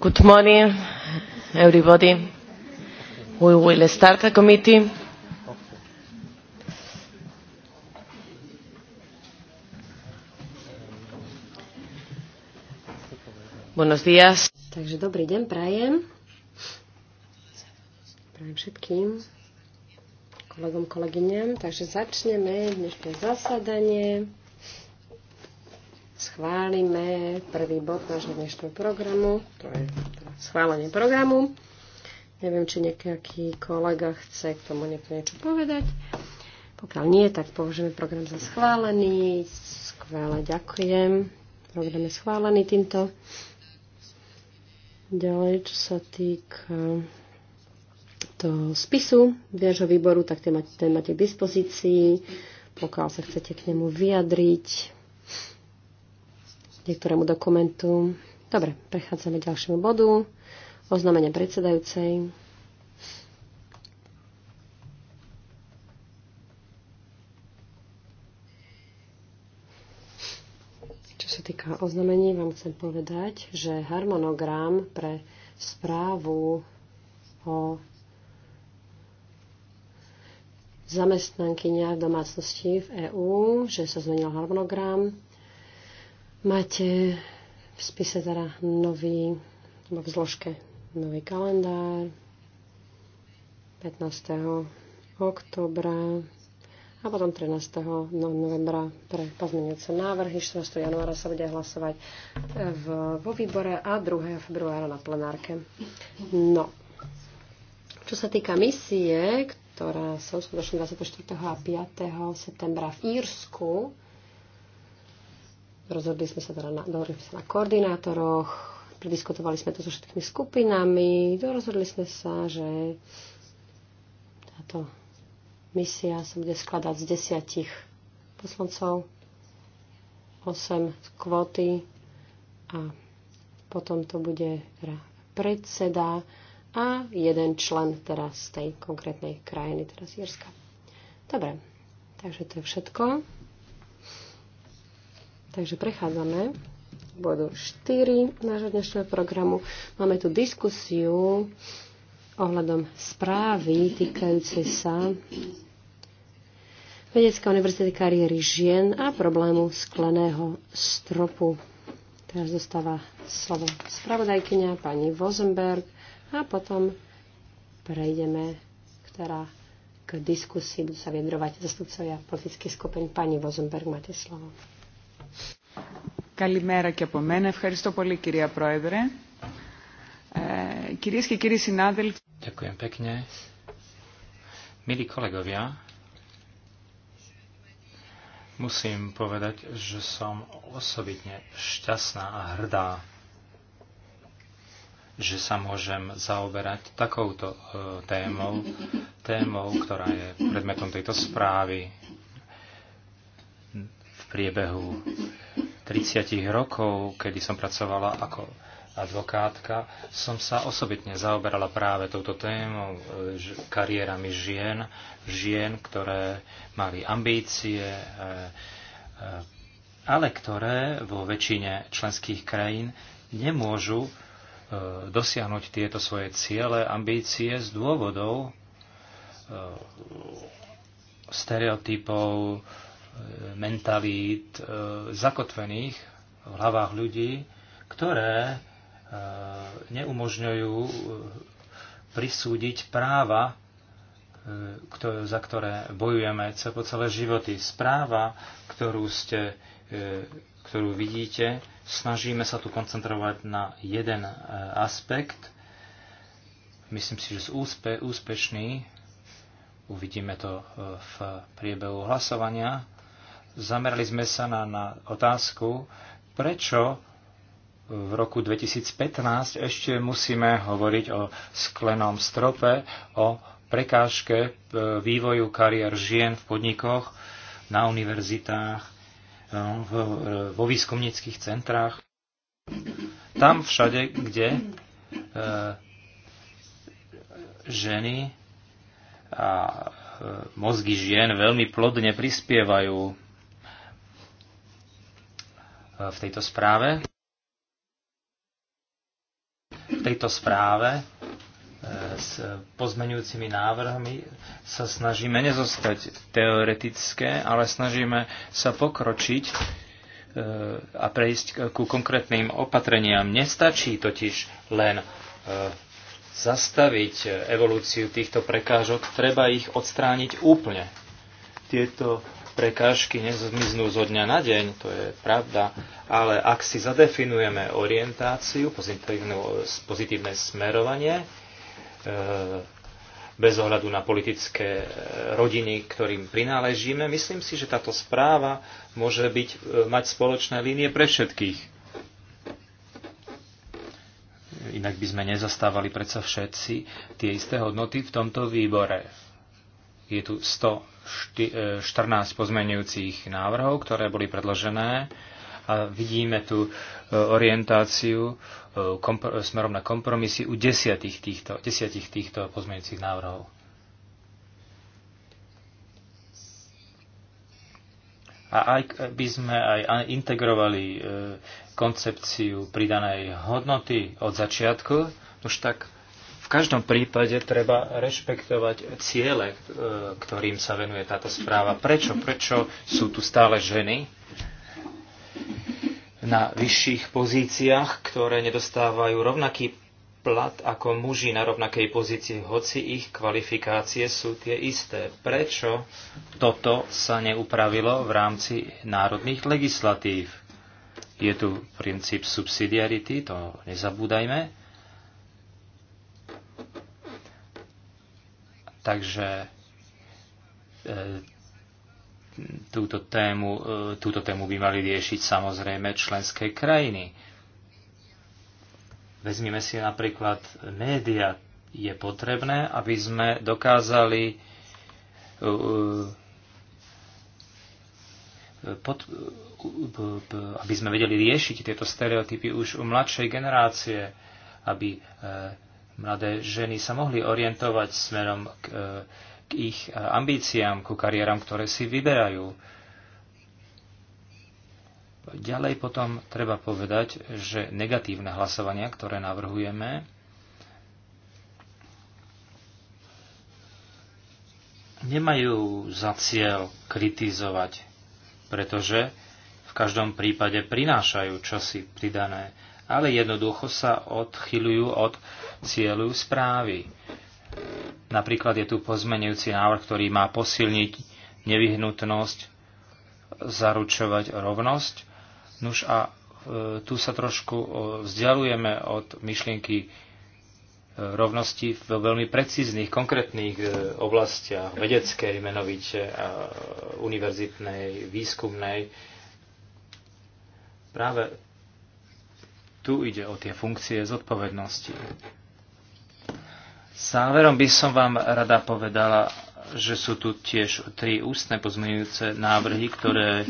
Good morning, everybody. We will start the committee. Buenos días. Takže dobrý deň prajem. Prajem všetkým kolegom, kolegyňam. Takže začneme dnešné zasadanie schválime prvý bod nášho dnešného programu, to je schválenie programu. Neviem, či nejaký kolega chce k tomu niekto niečo povedať. Pokiaľ nie, tak považujeme program za schválený. Skvelé, ďakujem. Program je schválený týmto. Ďalej, čo sa týka toho spisu vášho výboru, tak ten máte, ten máte k dispozícii. Pokiaľ sa chcete k nemu vyjadriť, niektorému dokumentu. Dobre, prechádzame k ďalšiemu bodu. Oznámenie predsedajúcej. Čo sa týka oznámení, vám chcem povedať, že harmonogram pre správu o zamestnankyniach v domácnosti v EÚ, že sa zmenil harmonogram Máte v spise teda nový, v zložke nový kalendár 15. oktobra a potom 13. No-, novembra pre pozmeňujúce návrhy. 14. januára sa bude hlasovať e, v, vo výbore a 2. februára na plenárke. No, čo sa týka misie, ktorá sa uskutočnila 24. a 5. septembra v Írsku, Rozhodli sme sa teda na, dohodli sme sa na koordinátoroch, prediskutovali sme to so všetkými skupinami, rozhodli sme sa, že táto misia sa bude skladať z desiatich poslancov, 8 z kvóty a potom to bude teda predseda a jeden člen teraz z tej konkrétnej krajiny, teraz Jirska. Dobre, takže to je všetko. Takže prechádzame k bodu 4 nášho dnešného programu. Máme tu diskusiu ohľadom správy týkajúcej sa Vedecká univerzity kariéry žien a problému skleného stropu. Teraz zostáva slovo spravodajkynia pani Vozenberg a potom prejdeme ktorá k diskusii budú sa viedrovať zastupcovia politických skupín. Pani Vozenberg, máte slovo. Καλημέρα και από μένα. Ευχαριστώ πολύ κυρία Πρόεδρε. Ε, κυρίες και κύριοι συνάδελφοι. Ďakujem pekne. Milí kolegovia, musím povedať, že som osobitne šťastná a hrdá, že sa môžem zaoberať takouto e, témou, témou, ktorá je predmetom tejto správy, priebehu 30 rokov, kedy som pracovala ako advokátka, som sa osobitne zaoberala práve touto témou, e, kariérami žien, žien, ktoré mali ambície, e, e, ale ktoré vo väčšine členských krajín nemôžu dosiahnuť tieto svoje ciele, ambície z dôvodov stereotypov, mentalít e, zakotvených v hlavách ľudí, ktoré e, neumožňujú e, prisúdiť práva, za ktoré bojujeme po celé životy. Správa, ktorú, ste, ktorú vidíte, snažíme sa tu koncentrovať na jeden aspekt. Myslím si, že úspe, úspešný. Uvidíme to v priebehu hlasovania Zamerali sme sa na, na otázku, prečo v roku 2015 ešte musíme hovoriť o sklenom strope, o prekážke e, vývoju kariér žien v podnikoch, na univerzitách, e, e, vo výskumníckých centrách. Tam všade, kde ženy a mozgy žien veľmi plodne prispievajú Eh, v tejto správe. V tejto správe eh, s pozmenujúcimi návrhmi sa snažíme nezostať teoretické, ale snažíme sa pokročiť eh, a prejsť ku konkrétnym opatreniam. Nestačí totiž len zastaviť evolúciu týchto prekážok, treba ich odstrániť úplne. Tieto prekážky nezmiznú zo dňa na deň, to je pravda, ale ak si zadefinujeme orientáciu, pozitívne smerovanie, e, bez ohľadu na politické e, rodiny, ktorým prináležíme, myslím si, že táto správa môže byť, e, mať spoločné línie pre všetkých. Inak by sme nezastávali predsa všetci tie isté hodnoty v tomto výbore je tu 114 e, pozmenujúcich návrhov, ktoré boli predložené a vidíme tu e, orientáciu e, smerom na kompromisy u desiatich týchto, desiatich týchto pozmenujúcich návrhov. A aj by sme aj integrovali koncepciu pridanej hodnoty od začiatku, už tak každom prípade treba rešpektovať ciele, e, ktorým sa venuje táto správa. Prečo? Prečo sú tu stále ženy na vyšších pozíciách, ktoré nedostávajú rovnaký plat ako muži na rovnakej pozícii, hoci ich kvalifikácie sú tie isté. Prečo toto sa neupravilo v rámci národných legislatív? Je tu princíp subsidiarity, to nezabúdajme Takže e, túto tému, e, túto tému by mali riešiť samozrejme členské krajiny. Vezmime si napríklad média. Je potrebné, aby sme dokázali e, pod, aby sme vedeli riešiť tieto stereotypy už u mladšej generácie, aby mladé ženy sa mohli orientovať smerom k, e, k ich e, ambíciám, ku kariéram, ktoré si vyberajú. Ďalej potom treba povedať, že negatívne hlasovania, ktoré navrhujeme, nemajú za cieľ kritizovať, pretože v každom prípade prinášajú čosi pridané, ale jednoducho sa odchyľujú od cieľu správy. Napríklad je tu pozmenujúci návrh, ktorý má posilniť nevyhnutnosť zaručovať rovnosť. Nuž a e, tu sa trošku e, vzdialujeme od myšlienky e, rovnosti v veľmi precíznych, konkrétnych e, oblastiach, vedeckej menovite, a univerzitnej, výskumnej. Práve tu ide o tie funkcie zodpovednosti. Záverom by som vám rada povedala, že sú tu tiež tri ústne pozmeňujúce návrhy, ktoré e,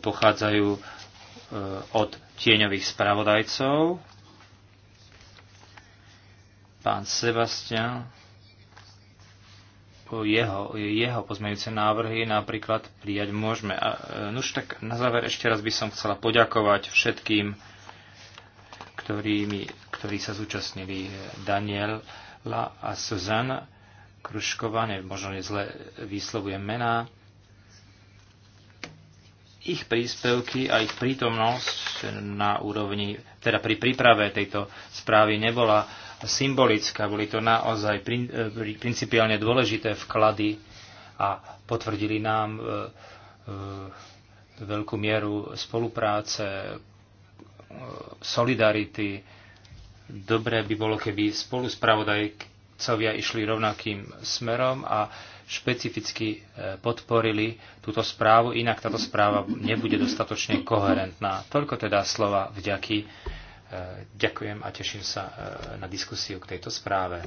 pochádzajú e, od tieňových spravodajcov. Pán Sebastian, jeho, jeho pozmeňujúce návrhy napríklad prijať môžeme. A, e, už tak na záver ešte raz by som chcela poďakovať všetkým, ktorí mi ktorí sa zúčastnili e, Daniela a Suzanne Krušková, neviem, možno nezle vyslovujem mená. Ich príspevky a ich prítomnosť na úrovni, teda pri príprave tejto správy nebola symbolická, boli to naozaj e, principiálne dôležité vklady a potvrdili nám e, veľkú mieru spolupráce, solidarity, Dobré by bolo, keby spolu spravodajcovia išli rovnakým smerom a špecificky e, podporili túto správu, inak táto správa nebude dostatočne koherentná. Toľko teda slova vďaky. E, ďakujem a teším sa e, na diskusiu k tejto správe.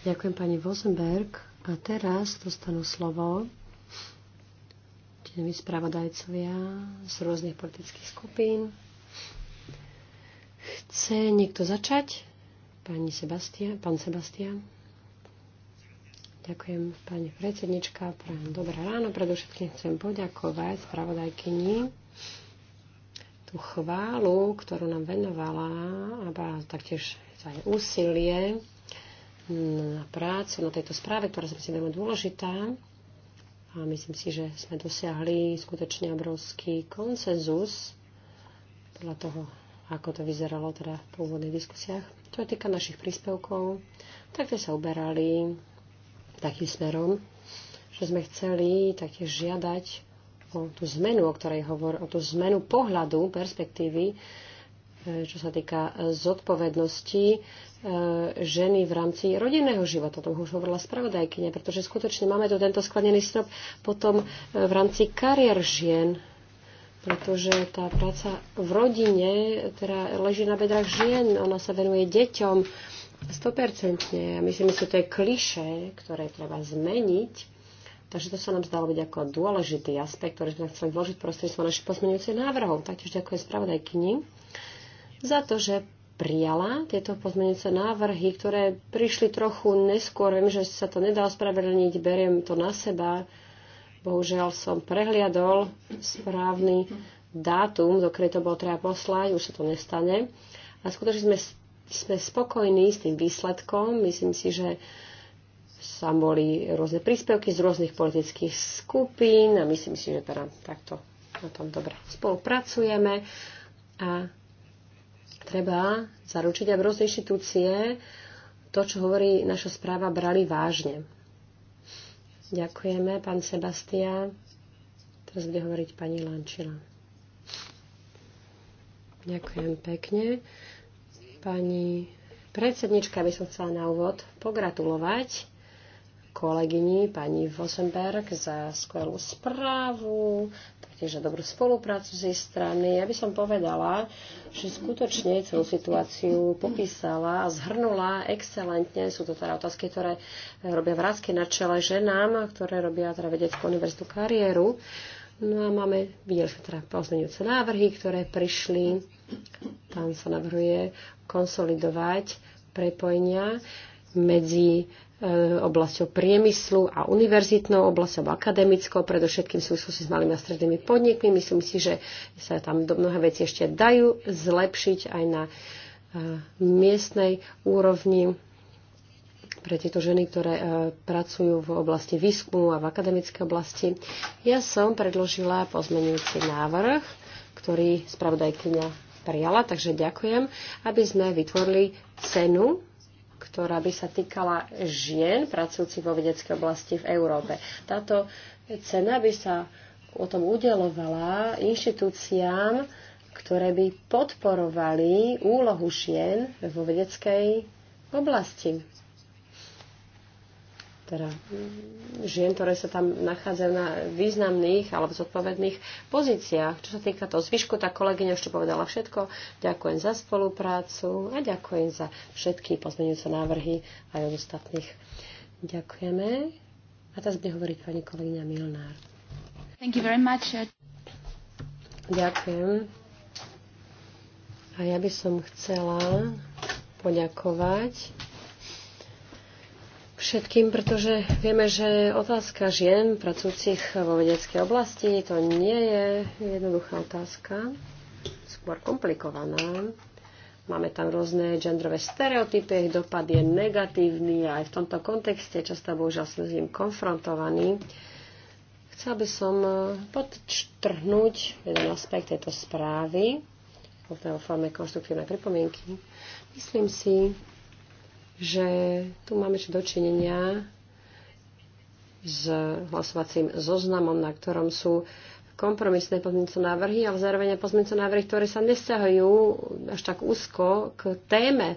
Ďakujem pani Vosenberg. A teraz dostanú slovo tieňoví spravodajcovia z rôznych politických skupín. Chce niekto začať? Pani Sebastian, pán Sebastian. Ďakujem, pani predsednička. Prajem dobré ráno. Predovšetkým chcem poďakovať spravodajkyni tú chválu, ktorú nám venovala a taktiež aj úsilie na prácu na tejto správe, ktorá sa myslím veľmi dôležitá. A myslím si, že sme dosiahli skutočne obrovský konsenzus podľa toho, ako to vyzeralo teda v pôvodných diskusiách. Čo týka našich príspevkov, tak tie sa uberali takým smerom, že sme chceli taktiež žiadať o tú zmenu, o ktorej hovor, o tú zmenu pohľadu, perspektívy, e, čo sa týka zodpovednosti e, ženy v rámci rodinného života. O tom už hovorila spravodajkyňa, pretože skutočne máme tu tento skladený strop potom e, v rámci kariér žien pretože tá práca v rodine ktorá teda leží na bedrách žien, ona sa venuje deťom 100%. A myslím, si, že to je kliše, ktoré treba zmeniť. Takže to sa nám zdalo byť ako dôležitý aspekt, ktorý sme chceli vložiť prostredníctvom našich pozmeňujúcich návrhov. Taktiež ďakujem spravodajkyni za to, že prijala tieto pozmeňujúce návrhy, ktoré prišli trochu neskôr. Viem, že sa to nedá ospravedlniť, beriem to na seba Bohužiaľ som prehliadol správny dátum, do ktorej to bolo treba poslať, už sa to nestane. A skutočne sme, sme spokojní s tým výsledkom. Myslím si, že sa boli rôzne príspevky z rôznych politických skupín a myslím si, že teda takto na tom dobre spolupracujeme. A treba zaručiť, aby rôzne inštitúcie to, čo hovorí naša správa, brali vážne. Ďakujeme, pán Sebastián. Teraz bude hovoriť pani Lančila. Ďakujem pekne. Pani predsednička by som chcela na úvod pogratulovať kolegyni pani Vosenberg za skvelú správu, taktiež za dobrú spoluprácu z jej strany. Ja by som povedala, že skutočne celú situáciu popísala a zhrnula excelentne. Sú to teda otázky, ktoré robia vrázky na čele ženám, ktoré robia teda vedeckú univerzitu kariéru. No a máme, videli sme teda pozmeňujúce návrhy, ktoré prišli. Tam sa navrhuje konsolidovať prepojenia medzi e, oblasťou priemyslu a univerzitnou oblasťou akademickou, predovšetkým súvislosti s malými a strednými podnikmi. Myslím si, že sa tam do mnohé veci ešte dajú zlepšiť aj na e, miestnej úrovni pre tieto ženy, ktoré e, pracujú v oblasti výskumu a v akademickej oblasti. Ja som predložila pozmenujúci návrh, ktorý spravodajkyňa prijala, takže ďakujem, aby sme vytvorili cenu ktorá by sa týkala žien pracujúcich vo vedeckej oblasti v Európe. Táto cena by sa o tom udelovala inštitúciám, ktoré by podporovali úlohu žien vo vedeckej oblasti teda žien, ktoré sa tam nachádzajú na významných alebo zodpovedných pozíciách. Čo sa týka toho zvyšku, tá kolegyňa už to povedala všetko. Ďakujem za spoluprácu a ďakujem za všetky pozmeňujúce návrhy aj od ostatných. Ďakujeme. A teraz bude hovoriť pani kolegyňa Milnár. Thank you very much. Ďakujem. A ja by som chcela poďakovať všetkým, pretože vieme, že otázka žien pracujúcich vo vedeckej oblasti to nie je jednoduchá otázka, skôr komplikovaná. Máme tam rôzne genderové stereotypy, ich dopad je negatívny a aj v tomto kontexte často bohužiaľ sme s ním konfrontovaní. Chcela by som e, podčtrhnúť jeden aspekt tejto správy, v forme konštruktívnej pripomienky. Myslím si, že tu máme čo dočinenia s hlasovacím zoznamom, na ktorom sú kompromisné pozmeňujúce návrhy, ale zároveň aj pozmeňujúce návrhy, ktoré sa nesťahujú až tak úzko k téme e,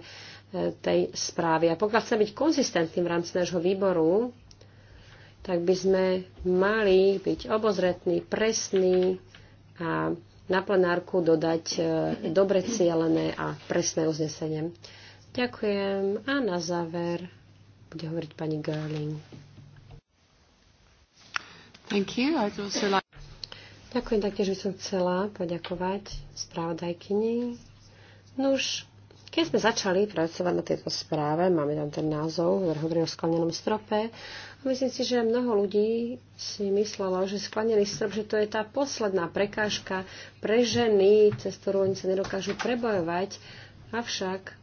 tej správy. A pokiaľ chceme byť konzistentní v rámci nášho výboru, tak by sme mali byť obozretní, presní a na plenárku dodať e, dobre cielené a presné uznesenie. Ďakujem a na záver bude hovoriť pani Görling. Thank you. I'd also like... Ďakujem taktiež, by som chcela poďakovať správodajkyni. No už, keď sme začali pracovať na tejto správe, máme tam ten názov, ktorý hovorí o sklenenom strope, a myslím si, že mnoho ľudí si myslelo, že sklenený strop, že to je tá posledná prekážka pre ženy, cez ktorú oni sa nedokážu prebojovať. Avšak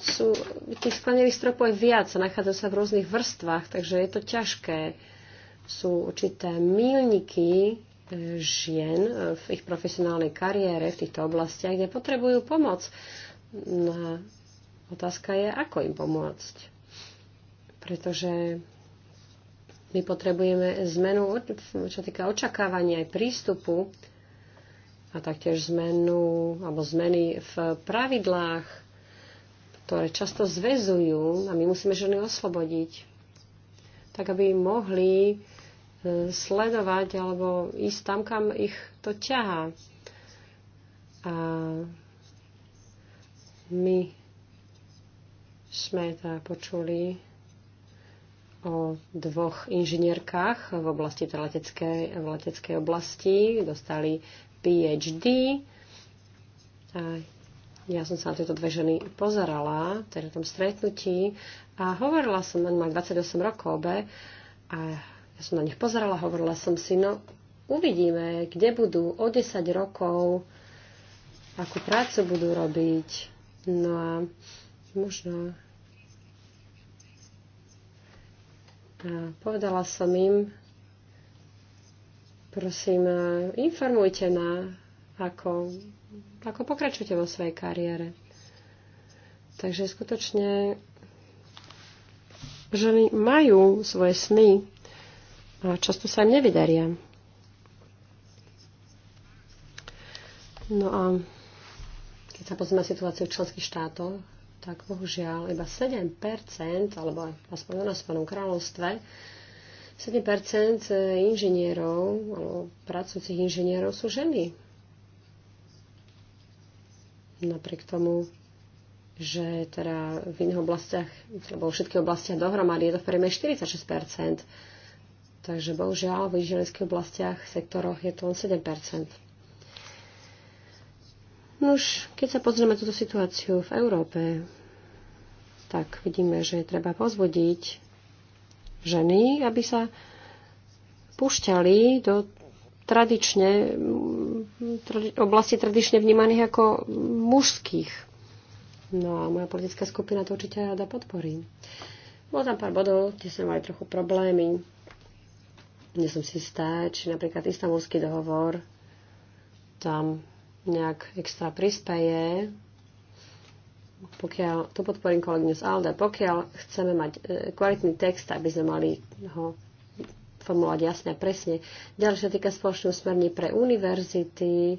sú, tých sklenených stropov je viac, nachádzajú sa v rôznych vrstvách, takže je to ťažké. Sú určité mílniky e, žien e, v ich profesionálnej kariére, v týchto oblastiach, kde potrebujú pomoc. No, otázka je, ako im pomôcť. Pretože my potrebujeme zmenu, čo týka očakávania aj prístupu a taktiež zmenu alebo zmeny v pravidlách ktoré často zväzujú a my musíme ženy oslobodiť, tak aby mohli e, sledovať alebo ísť tam, kam ich to ťahá. A my sme teda počuli o dvoch inžinierkách v oblasti teda leteckej, v leteckej oblasti. Dostali PhD. A ja som sa na tieto dve ženy pozerala, teda na tom stretnutí a hovorila som, oni má 28 rokov obe a ja som na nich pozerala, hovorila som si, no uvidíme, kde budú o 10 rokov, akú prácu budú robiť. No a možno a povedala som im, prosím, informujte ma ako, ako pokračujete vo svojej kariére. Takže skutočne ženy majú svoje sny a často sa im nevydaria. No a keď sa pozrieme situáciu v členských štátoch, tak bohužiaľ iba 7%, alebo aspoň u nás v kráľovstve, 7% inžinierov, alebo pracujúcich inžinierov sú ženy. Napriek tomu, že teda v iných oblastiach, alebo teda vo všetkých oblastiach dohromady je to v priemere 46 Takže bohužiaľ v inžinierských oblastiach, sektoroch je to len 7 No už, keď sa pozrieme túto situáciu v Európe, tak vidíme, že je treba pozbudiť ženy, aby sa púšťali do tradične oblasti tradične vnímaných ako mužských. No a moja politická skupina to určite rada podporí. Bolo tam pár bodov, kde sme mali trochu problémy. Nie som si stáť, či napríklad istambulský dohovor tam nejak extra prispeje. Pokiaľ, tu podporím kolegyňu z ALDE, pokiaľ chceme mať e, kvalitný text, aby sme mali ho formulovať jasne a presne. Ďalšia sa týka spoločného smerní pre univerzity,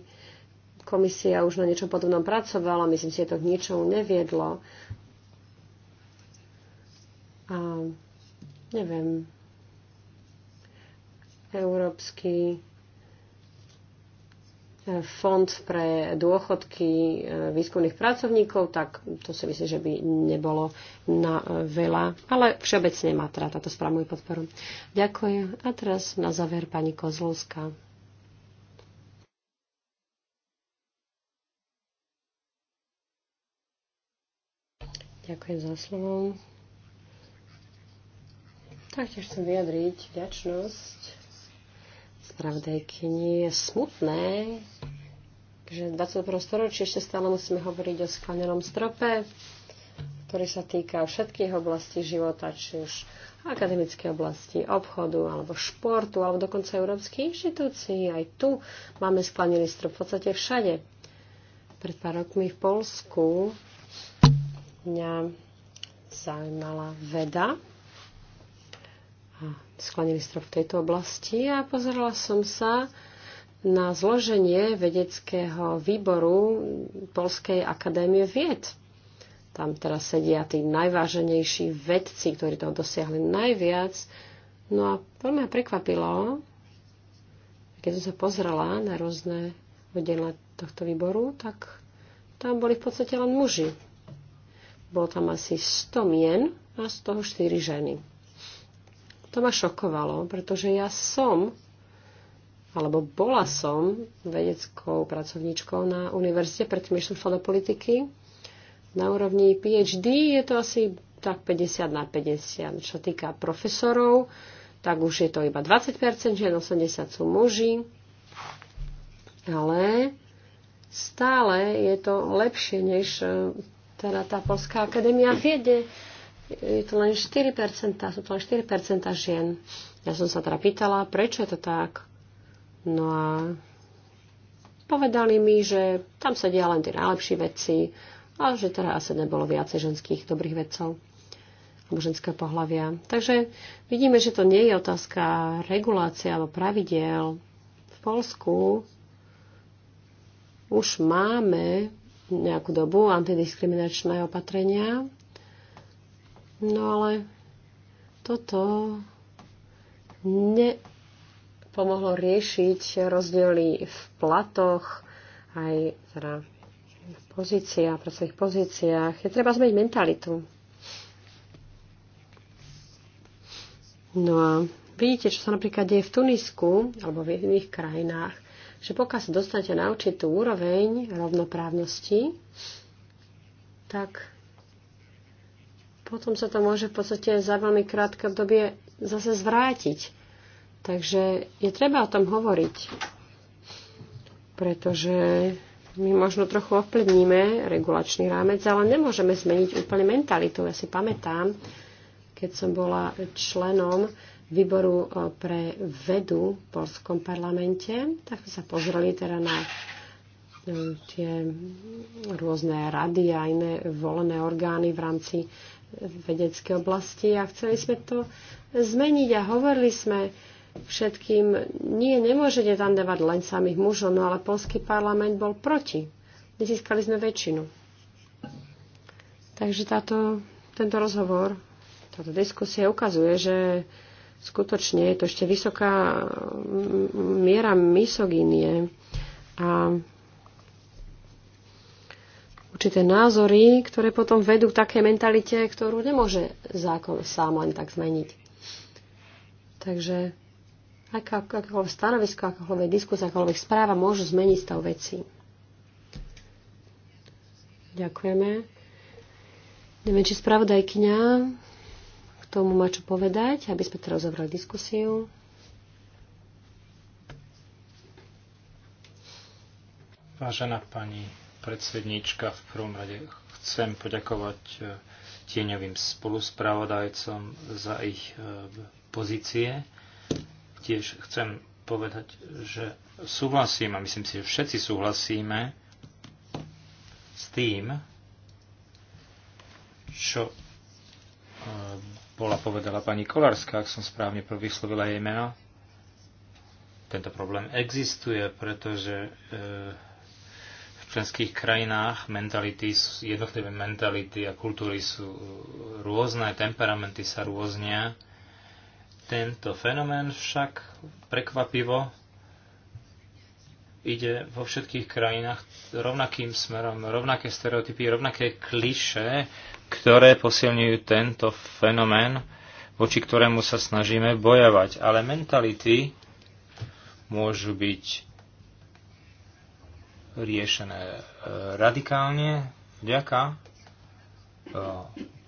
komisia už na niečo podobnom pracovala, myslím si, že to k ničomu neviedlo. A neviem, európsky fond pre dôchodky e, výskumných pracovníkov, tak to si myslím, že by nebolo na veľa. Ale všeobecne má teda táto správa moju podporu. Ďakujem. A teraz na záver pani Kozlovská. Ďakujem za slovo. Taktiež chcem vyjadriť vďačnosť nie Je smutné, Takže v 21. storočí ešte stále musíme hovoriť o sklenenom strope, ktorý sa týka všetkých oblastí života, či už akademické oblasti, obchodu, alebo športu, alebo dokonca európskych inštitúcií. Aj tu máme sklenený strop v podstate všade. Pred pár rokmi v Polsku mňa zaujímala veda a sklenený strop v tejto oblasti a pozerala som sa, na zloženie vedeckého výboru Polskej akadémie vied. Tam teraz sedia tí najváženejší vedci, ktorí toho dosiahli najviac. No a veľmi ma prekvapilo, keď som sa pozrela na rôzne oddelenia tohto výboru, tak tam boli v podstate len muži. Bolo tam asi 100 mien a z toho 4 ženy. To ma šokovalo, pretože ja som alebo bola som vedeckou pracovníčkou na univerzite, predtým som šla do politiky. Na úrovni PhD je to asi tak 50 na 50. Čo týka profesorov, tak už je to iba 20%, žien 80 sú muži. Ale stále je to lepšie, než e, teda tá Polská akadémia viede. Je to len 4%, sú to len 4% žien. Ja som sa teda pýtala, prečo je to tak. No a povedali mi, že tam sa dia len tie najlepšie veci a že teda asi nebolo viacej ženských dobrých vedcov alebo ženského pohľavia. Takže vidíme, že to nie je otázka regulácie alebo pravidel. V Polsku už máme nejakú dobu antidiskriminačné opatrenia, no ale toto ne pomohlo riešiť rozdiely v platoch, aj teda v pozíciách, v pracovných pozíciách. Je treba zmeniť mentalitu. No a vidíte, čo sa napríklad deje v Tunisku alebo v iných krajinách, že pokiaľ sa dostanete na určitú úroveň rovnoprávnosti, tak potom sa to môže v podstate za veľmi krátke obdobie zase zvrátiť. Takže je treba o tom hovoriť, pretože my možno trochu ovplyvníme regulačný rámec, ale nemôžeme zmeniť úplne mentalitu. Ja si pamätám, keď som bola členom výboru eh, pre vedu v Polskom parlamente, tak sme sa pozreli teda na eh, tie rôzne rady a iné volené orgány v rámci eh, vedeckej oblasti a chceli sme to zmeniť a hovorili sme, všetkým, nie, nemôžete tam dávať len samých mužov, no ale polský parlament bol proti. Nezískali sme väčšinu. Takže táto, tento rozhovor, táto diskusia ukazuje, že skutočne je to ešte vysoká miera misogynie a určité názory, ktoré potom vedú k takej mentalite, ktorú nemôže zákon sám len tak zmeniť. Takže aká, akákoľvek stanovisko, akákoľvek diskusia, akákoľvek správa môžu zmeniť stav veci. Ďakujeme. Neviem, či spravodajkyňa k tomu má čo povedať, aby sme teraz zobrali diskusiu. Vážená pani predsedníčka, v prvom rade chcem poďakovať e, tieňovým spoluspravodajcom za ich e, pozície Tiež chcem povedať, že súhlasím a myslím si, že všetci súhlasíme s tým, čo e, bola povedala pani Kolárska, ak som správne vyslovila jej meno. Tento problém existuje, pretože e, v členských krajinách mentality, jednotlivé mentality a kultúry sú rôzne, temperamenty sa rôznia. Tento fenomén však prekvapivo ide vo všetkých krajinách rovnakým smerom, rovnaké stereotypy, rovnaké kliše, ktoré posilňujú tento fenomén, voči ktorému sa snažíme bojovať. Ale mentality môžu byť riešené eh, radikálne vďaka E,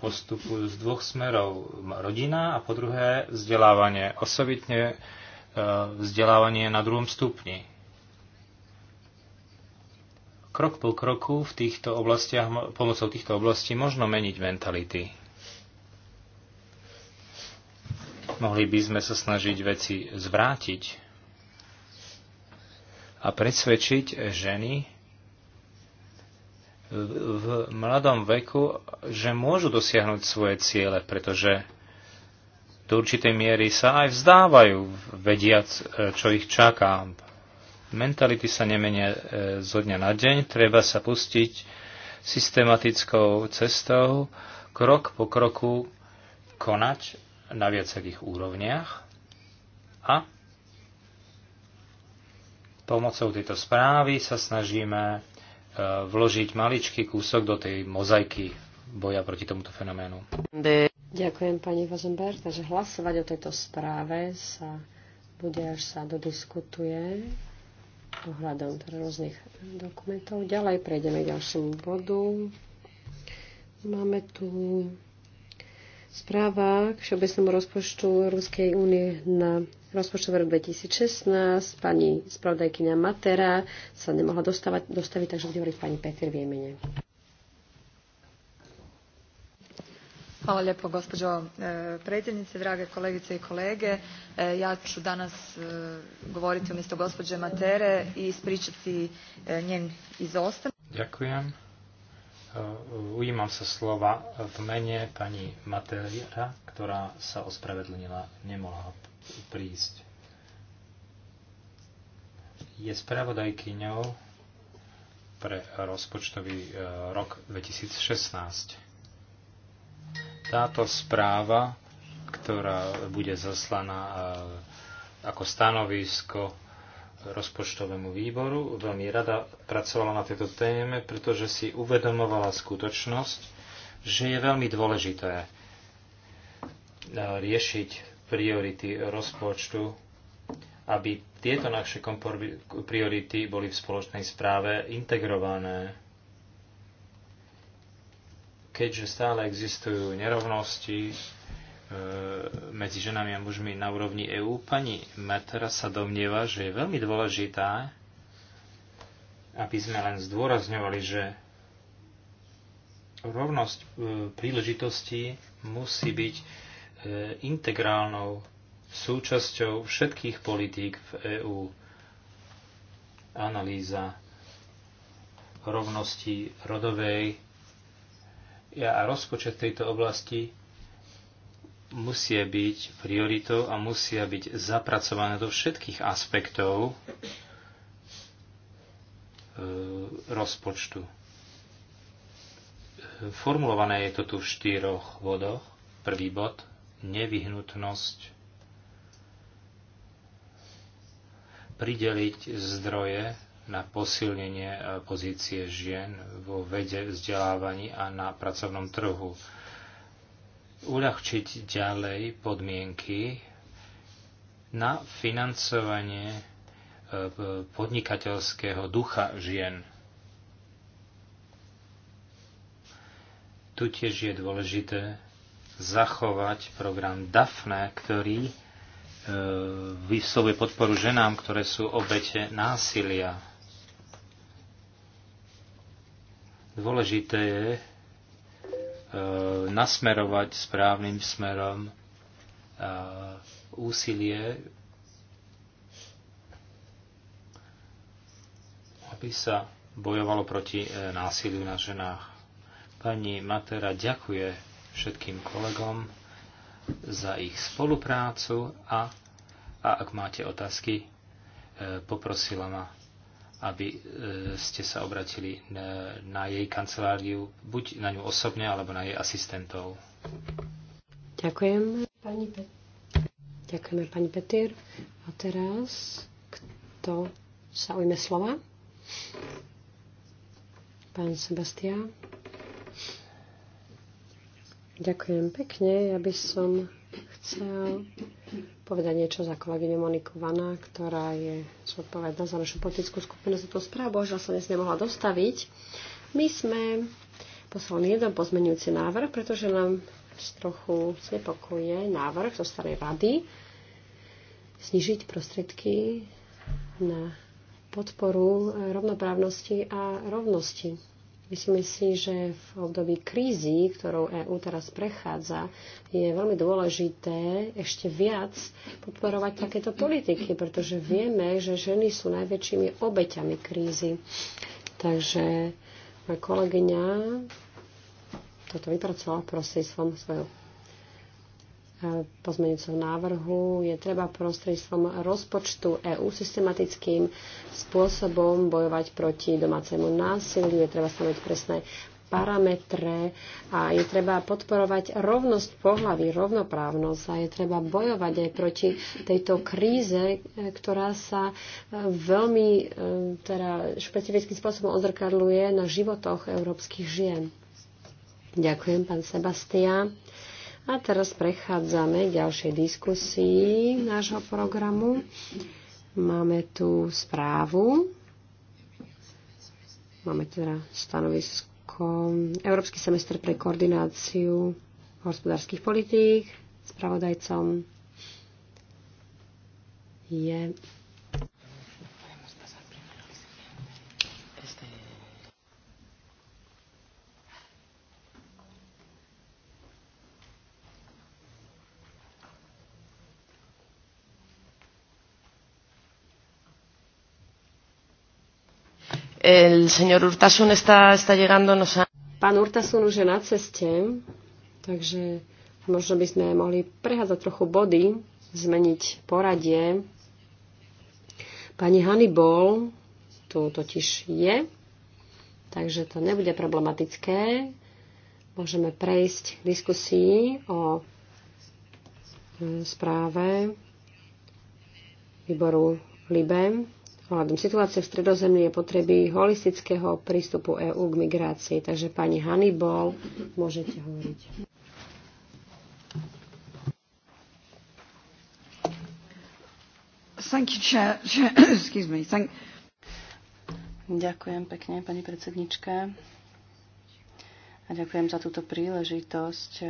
postupu z dvoch smerov. Rodina a po druhé vzdelávanie. Osobitne e, vzdelávanie na druhom stupni. Krok po kroku v týchto oblastiach, pomocou týchto oblastí možno meniť mentality. Mohli by sme sa snažiť veci zvrátiť a presvedčiť ženy, v mladom veku, že môžu dosiahnuť svoje ciele, pretože do určitej miery sa aj vzdávajú, vediac, e, čo ich čaká. Mentality sa nemenia e, zo dňa na deň, treba sa pustiť systematickou cestou, krok po kroku konať na viacerých úrovniach a pomocou tejto správy sa snažíme vložiť maličký kúsok do tej mozaiky boja proti tomuto fenoménu. Ďakujem pani Vozenberg, takže hlasovať o tejto správe sa bude, až sa dodiskutuje ohľadom teda rôznych dokumentov. Ďalej prejdeme k ďalšiemu bodu. Máme tu Správa k všeobecnému rozpočtu Ruskej únie na rozpočtový rok 2016. Pani spravodajkyňa Matera sa nemohla dostavať, dostaviť, takže bude hovoriť pani Petir v jemene. Hvala lijepo gospođo e, predsjednice, drage kolegice i kolege. E, ja ću danas e, govoriti umjesto gospođe Matere i ispričati njen izostanak. Ďakujem. Eh, ujímam sa slova v mene pani Matéria, ktorá sa ospravedlnila, nemohla prísť. Je spravodajkyňou pre rozpočtový eh, rok 2016. Táto správa, ktorá bude zaslaná eh, ako stanovisko rozpočtovému výboru. Veľmi rada pracovala na tejto téme, pretože si uvedomovala skutočnosť, že je veľmi dôležité e, riešiť priority rozpočtu, aby tieto naše priority boli v spoločnej správe integrované. Keďže stále existujú nerovnosti, E, medzi ženami a mužmi na úrovni EÚ. Pani Metera sa domnieva, že je veľmi dôležitá, aby sme len zdôrazňovali, že rovnosť e, príležitostí musí byť e, integrálnou súčasťou všetkých politík v EÚ. Analýza rovnosti rodovej a rozpočet tejto oblasti musia byť prioritou a musia byť zapracované do všetkých aspektov e, rozpočtu. Formulované je to tu v štyroch bodoch. Prvý bod, nevyhnutnosť prideliť zdroje na posilnenie e, pozície žien vo vede, vzdelávaní a na pracovnom trhu uľahčiť ďalej podmienky na financovanie e, podnikateľského ducha žien. Tu tiež je dôležité zachovať program DAFNE, ktorý e, vyslovuje podporu ženám, ktoré sú obete násilia. Dôležité je E, nasmerovať správnym smerom e, úsilie, aby sa bojovalo proti e, násiliu na ženách. Pani Matera ďakuje všetkým kolegom za ich spoluprácu a, a ak máte otázky, poprosila ma aby e, ste sa obratili na, jej kanceláriu, buď na ňu osobne, alebo na jej asistentov. Ďakujem, pani Pe- Ďakujeme, pani Petir. A teraz, kto sa ujme slova? Pán Sebastián. Ďakujem pekne. Ja by som chcel povedať niečo za kolegyňu Moniku Vana, ktorá je zodpovedná za našu politickú skupinu za tú správu. Bohužiaľ sa dnes nemohla dostaviť. My sme poslali jeden pozmenujúci návrh, pretože nám trochu znepokuje návrh zo starej rady znižiť prostriedky na podporu rovnoprávnosti a rovnosti. Myslím si, že v období krízy, ktorou EÚ teraz prechádza, je veľmi dôležité ešte viac podporovať takéto politiky, pretože vieme, že ženy sú najväčšími obeťami krízy. Takže moja kolegyňa toto vypracovala prostredstvom svojho pozmeňujúceho návrhu je treba prostredstvom rozpočtu EÚ systematickým spôsobom bojovať proti domácemu násiliu, je treba stanoviť presné parametre a je treba podporovať rovnosť pohľavy, rovnoprávnosť a je treba bojovať aj proti tejto kríze, ktorá sa e, veľmi e, teda, špecifickým spôsobom odzrkadluje na životoch európskych žien. Ďakujem, pán Sebastián. A teraz prechádzame k ďalšej diskusii nášho programu. Máme tu správu. Máme teda stanovisko Európsky semestr pre koordináciu hospodárskych politík. Spravodajcom je El señor Urtasun está, está llegando, nos ha... Pán Urtasun už je na ceste, takže možno by sme mohli prehádzať trochu body, zmeniť poradie. Pani Hannibal tu totiž je, takže to nebude problematické. Môžeme prejsť k diskusii o e, správe výboru Libem ohľadom situácie v stredozemí je potreby holistického prístupu EÚ k migrácii. Takže pani Hannibal, môžete hovoriť. Thank you, chair. Excuse me. Thank... Ďakujem pekne, pani predsednička. A ďakujem za túto príležitosť e,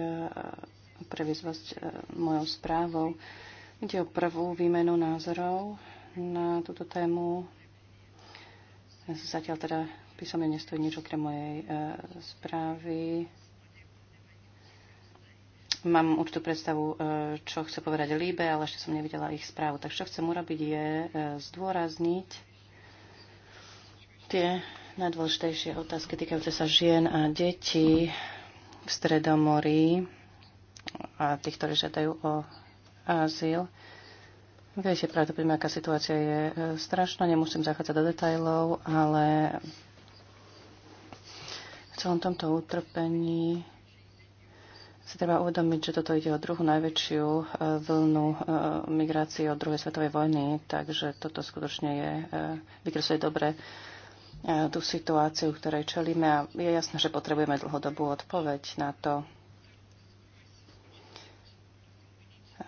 previesť vás e, mojou správou. Ide o prvú výmenu názorov na túto tému. Zatiaľ teda písomne nestojí nič okrem mojej e, správy. Mám určitú predstavu, e, čo chce povedať Líbe, ale ešte som nevidela ich správu. Takže čo chcem urobiť je e, zdôrazniť tie najdôležitejšie otázky týkajúce sa žien a detí v Stredomorí a tých, ktorí žiadajú o azyl. Viete, pravdepodobne, aká situácia je e, strašná, nemusím zachádzať do detajlov, ale v celom tomto utrpení si treba uvedomiť, že toto ide o druhú najväčšiu e, vlnu e, migrácie od druhej svetovej vojny, takže toto skutočne je, vykresuje dobre tú situáciu, ktorej čelíme a je jasné, že potrebujeme dlhodobú odpoveď na to,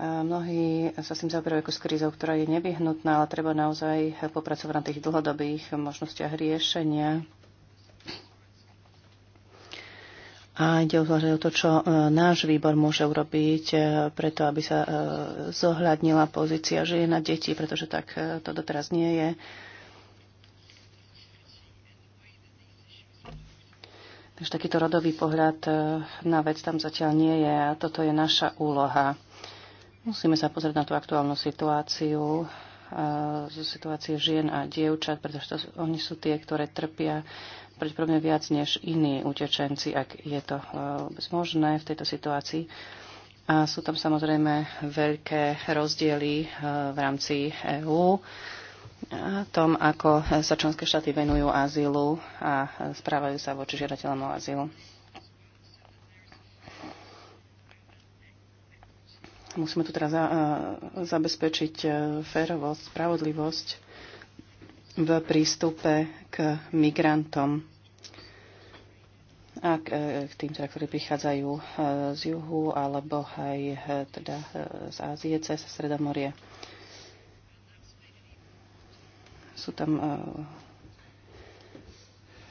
Mnohí sa s tým zaoberajú ako s krízou, ktorá je nevyhnutná, ale treba naozaj popracovať na tých dlhodobých možnostiach riešenia. A ide o to, čo e, náš výbor môže urobiť e, preto, aby sa e, zohľadnila pozícia žien a detí, pretože tak to doteraz nie je. Takže takýto rodový pohľad na vec tam zatiaľ nie je a toto je naša úloha. Musíme sa pozrieť na tú aktuálnu situáciu eh, zo situácie žien a dievčat, pretože to, oni sú tie, ktoré trpia pravdepodobne viac než iní utečenci, ak je to eh, vôbec možné v tejto situácii. A sú tam samozrejme veľké rozdiely eh, v rámci EÚ a tom, ako sa členské štáty venujú azylu a správajú sa voči žiadateľom o azylu. Musíme tu teraz za, eh, zabezpečiť eh, férovosť, spravodlivosť v prístupe k migrantom a eh, k tým, teda, ktorí prichádzajú z juhu alebo aj teda z Ázie cez Sredomorie. Sú tam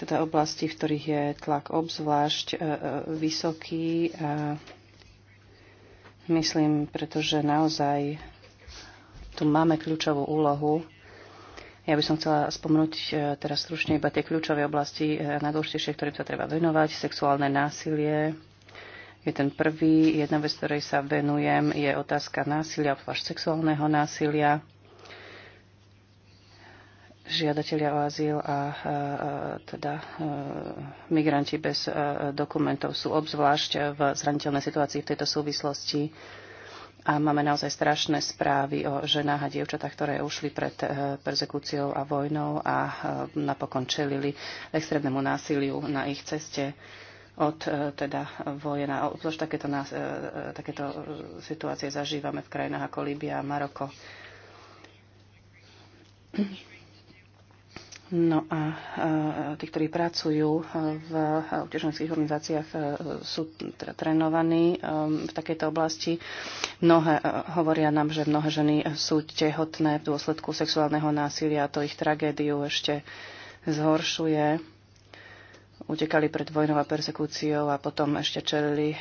teda oblasti, v ktorých je tlak obzvlášť vysoký a myslím, pretože naozaj tu máme kľúčovú úlohu. Ja by som chcela spomnúť e, teraz stručne iba tie kľúčové oblasti e, najdôležitejšie, ktorým sa treba venovať. Sexuálne násilie je ten prvý. Jedna vec, ktorej sa venujem, je otázka násilia, obzvlášť sexuálneho násilia žiadatelia o azyl a, a, teda e, migranti bez e, dokumentov sú obzvlášť v zraniteľnej situácii v tejto súvislosti. A máme naozaj strašné správy o ženách a dievčatách, ktoré ušli pred e, persekúciou a vojnou a napokon čelili extrémnemu násiliu na ich ceste od teda vojen. A obzvlášť takéto, nás, takéto situácie zažívame v krajinách ako Líbia a Maroko. No a tí, ktorí pracujú e, v e, utečeneckých organizáciách, e, sú teda trénovaní v takejto oblasti. Mnohé, hovoria nám, že mnohé ženy sú tehotné v dôsledku sexuálneho násilia a to ich tragédiu ešte zhoršuje utekali pred vojnou a persekúciou a potom ešte čelili eh,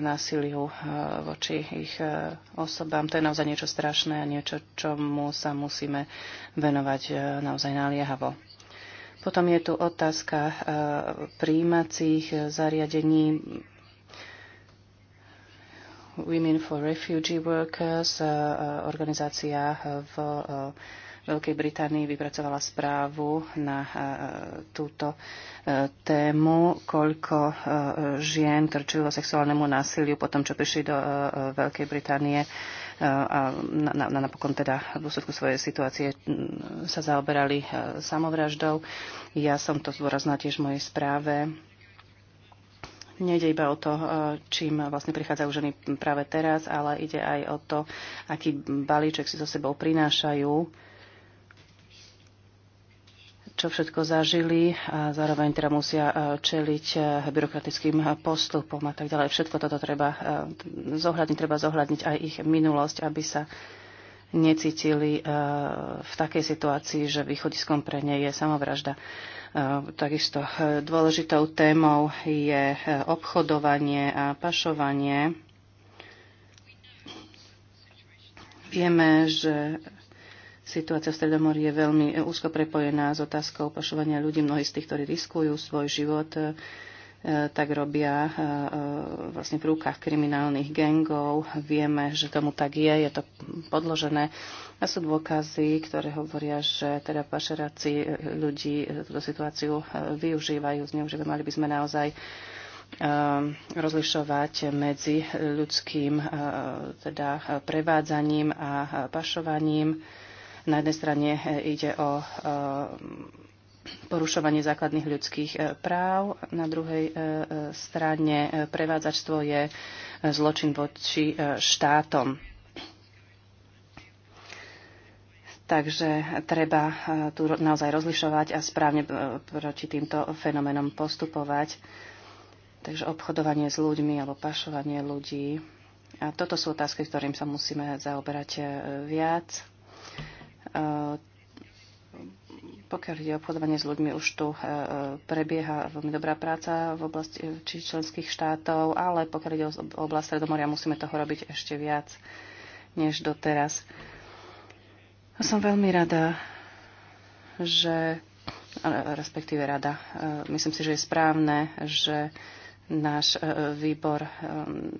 násiliu eh, voči ich eh, osobám. To je naozaj niečo strašné a niečo, čomu sa musíme venovať naozaj naliehavo. Potom je tu otázka príjímacích zariadení Women for Refugee Workers, organizácia v Veľkej Británii vypracovala správu na e, túto e, tému, koľko e, žien, trčujú sexuálnemu násiliu potom, čo prišli do Veľkej Británie a na, na, napokon teda v dôsledku svojej situácie sa zaoberali samovraždou. Ja som to zdôraznila tiež v mojej správe. Nejde iba o to, čím vlastne prichádzajú ženy práve teraz, ale ide aj o to, aký balíček si so sebou prinášajú čo všetko zažili a zároveň teda musia e, čeliť e, byrokratickým e, postupom a tak ďalej. Všetko toto treba zohľadniť, treba zohľadniť aj ich minulosť, aby sa necítili v takej situácii, že východiskom pre ne je samovražda. Takisto dôležitou témou je obchodovanie a pašovanie. Vieme, že Situácia v Stredomorí je veľmi e, úzko prepojená s otázkou pašovania ľudí. Mnohí z tých, ktorí riskujú svoj život, e, tak robia e, vlastne v rukách kriminálnych gengov. Vieme, že tomu tak je, je to podložené. A sú dôkazy, ktoré hovoria, že teda pašeráci ľudí túto situáciu využívajú, zneužívajú. Mali by sme naozaj rozlišovať medzi ľudským teda prevádzaním a pašovaním na jednej strane e, ide o e, porušovanie základných ľudských e, práv. Na druhej strane prevádzačstvo je zločin voči štátom. Takže treba tu naozaj rozlišovať a správne proti týmto fenomenom postupovať. Takže obchodovanie s ľuďmi alebo pašovanie ľudí. A toto sú otázky, ktorým sa musíme zaoberať viac. E, pokiaľ ide o obchodovanie s ľuďmi, už tu e, e, prebieha veľmi dobrá práca v oblasti či členských štátov, ale pokiaľ ide o oblast Stredomoria, musíme toho robiť ešte viac než doteraz. A som veľmi rada, že respektíve rada. Myslím si, že je správne, že náš výbor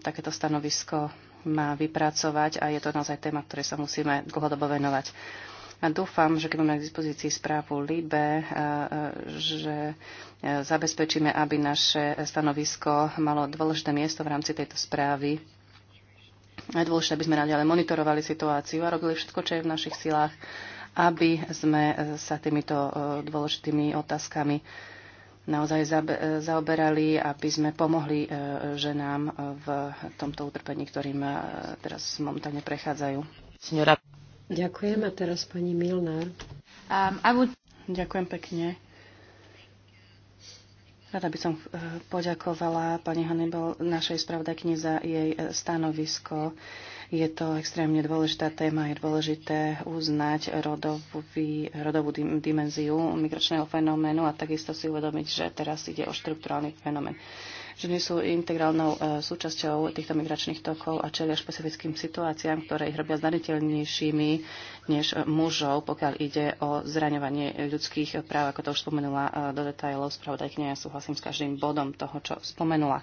takéto stanovisko má vypracovať a je to naozaj téma, ktorej sa musíme dlhodobo venovať. A dúfam, že keď máme k dispozícii správu LIBE, e, e, že e, zabezpečíme, aby naše stanovisko malo dôležité miesto v rámci tejto správy. Je dôležité, aby sme naďalej monitorovali situáciu a robili všetko, čo je v našich silách, aby sme sa týmito dôležitými otázkami naozaj zaoberali, aby sme pomohli ženám v tomto utrpení, ktorým teraz momentálne prechádzajú. Ďakujem a teraz pani Milnár. Um, abu... Ďakujem pekne. Rada by som e, poďakovala pani Hannibal, našej spravodajkyni, za jej e, stanovisko. Je to extrémne dôležitá téma, je dôležité uznať rodový, rodovú dimenziu migračného fenoménu a takisto si uvedomiť, že teraz ide o štruktúrálny fenomén že nie sú integrálnou e, súčasťou týchto migračných tokov a čelia špecifickým situáciám, ktoré ich robia zraniteľnejšími než mužov, pokiaľ ide o zraňovanie ľudských práv, ako to už spomenula e, do detajlov spravodajkňa. Ja súhlasím s každým bodom toho, čo spomenula.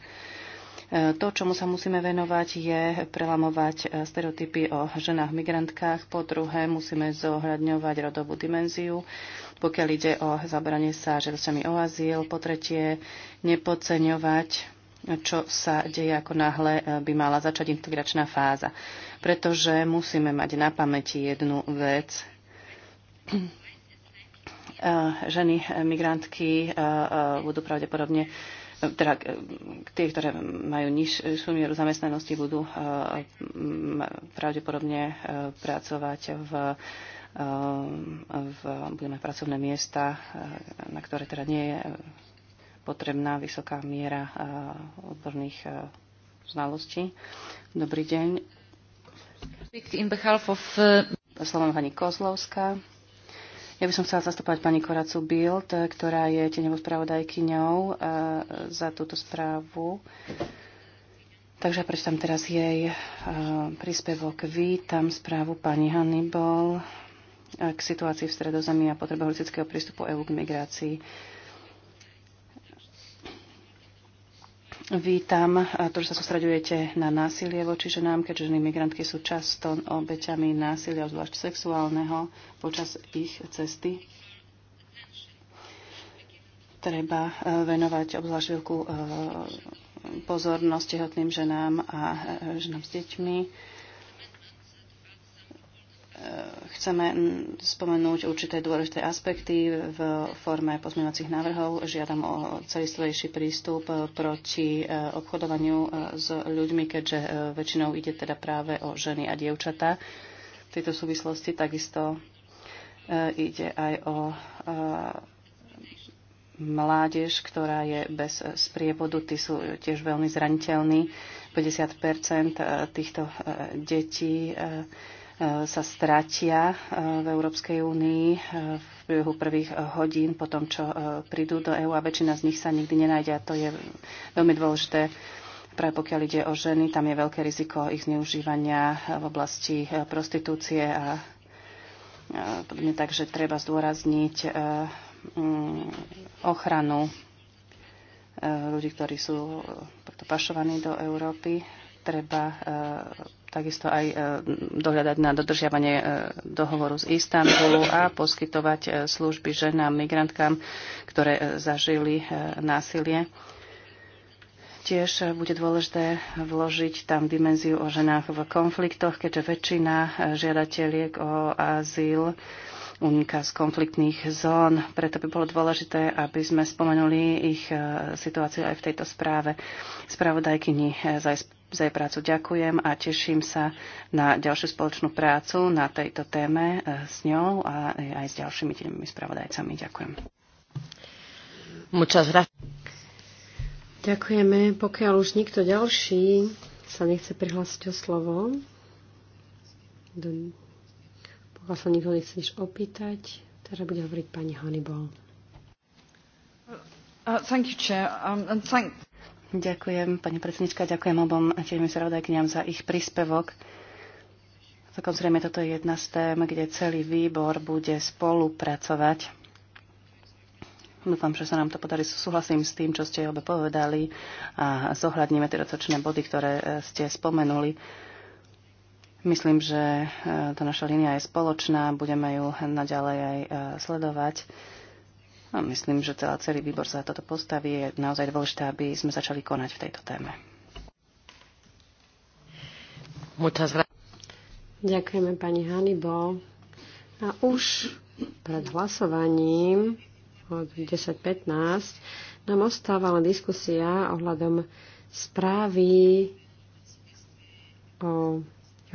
To, čomu sa musíme venovať, je prelamovať eh, stereotypy o ženách migrantkách. Po druhé, musíme zohľadňovať rodovú dimenziu, pokiaľ ide o zabranie sa žiadosťami o azyl. Po tretie, nepodceňovať čo sa deje, ako náhle eh, by mala začať integračná fáza. Pretože musíme mať na pamäti jednu vec. Eh, Ženy migrantky budú pravdepodobne teda e, tie, ktoré majú nižšiu mieru zamestnanosti, budú e, pravdepodobne e, pracovať v, v budeme pracovné miesta, na ktoré teda nie je potrebná vysoká miera odborných znalostí. Dobrý deň. Slovom pani Kozlovská. Ja by som chcela zastupovať pani Koracu Bild, ktorá je tenevou spravodajkyňou eh, za túto správu. Takže ja prečítam teraz jej eh, príspevok. Vítam správu pani Hannibal eh, k situácii v stredozemí a potrebe holistického prístupu EÚ k migrácii. Vítam to, že sa sústredujete na násilie voči ženám, keďže ženy migrantky sú často obeťami násilia, zvlášť sexuálneho, počas ich cesty. Treba e, venovať obzvlášť veľkú e, pozornosť tehotným ženám a e, ženám s deťmi chceme spomenúť určité dôležité aspekty v forme pozmeňovacích návrhov. Žiadam o celistvejší prístup e, proti e, obchodovaniu e, s ľuďmi, keďže väčšinou ide teda práve o ženy a dievčatá. V tejto súvislosti takisto ide aj o mládež, ktorá je bez sprievodu. Tí sú tiež veľmi zraniteľní. 50 týchto detí sa stratia e, v Európskej únii e, v priebehu prvých e, hodín po tom, čo prídu do EÚ a väčšina z nich sa nikdy nenájde a to je veľmi dôležité. Práve pokiaľ ide o ženy, tam je veľké riziko ich zneužívania v oblasti prostitúcie a podobne tak, že treba zdôrazniť mm, ochranu ľudí, ktorí sú pašovaní do Európy. Treba takisto aj e, dohľadať na dodržiavanie e, dohovoru z Istanbulu a poskytovať e, služby ženám, migrantkám, ktoré zažili násilie. Tiež bude dôležité vložiť tam dimenziu o ženách v konfliktoch, keďže väčšina žiadateľiek o azyl uniká z konfliktných zón. Preto by bolo dôležité, aby sme spomenuli ich situáciu aj v tejto správe. Spravodajkyni za jej prácu ďakujem a teším sa na ďalšiu spoločnú prácu na tejto téme eh, s ňou a aj s ďalšími tými spravodajcami. Ďakujem. Muchas gracias. Ďakujeme. Pokiaľ už nikto ďalší sa nechce prihlásiť o slovo, pokiaľ sa nikto nechce nič opýtať, teraz bude hovoriť pani Hannibal. Uh, thank you, Chair. Um, and thank... Ďakujem, pani predsednička, ďakujem obom tým kniam za ich príspevok. Takom zrejme toto je jedna z tém, kde celý výbor bude spolupracovať. Dúfam, že sa nám to podarí. Súhlasím s tým, čo ste obe povedali a zohľadníme tie rotočné body, ktoré e, ste spomenuli. Myslím, že e, tá naša línia je spoločná, budeme ju naďalej aj e, sledovať. A myslím, že celá celý výbor sa toto postaví. Je naozaj dôležité, aby sme začali konať v tejto téme. Ďakujeme pani Hanibo. A už pred hlasovaním od 10.15 nám ostávala diskusia ohľadom správy o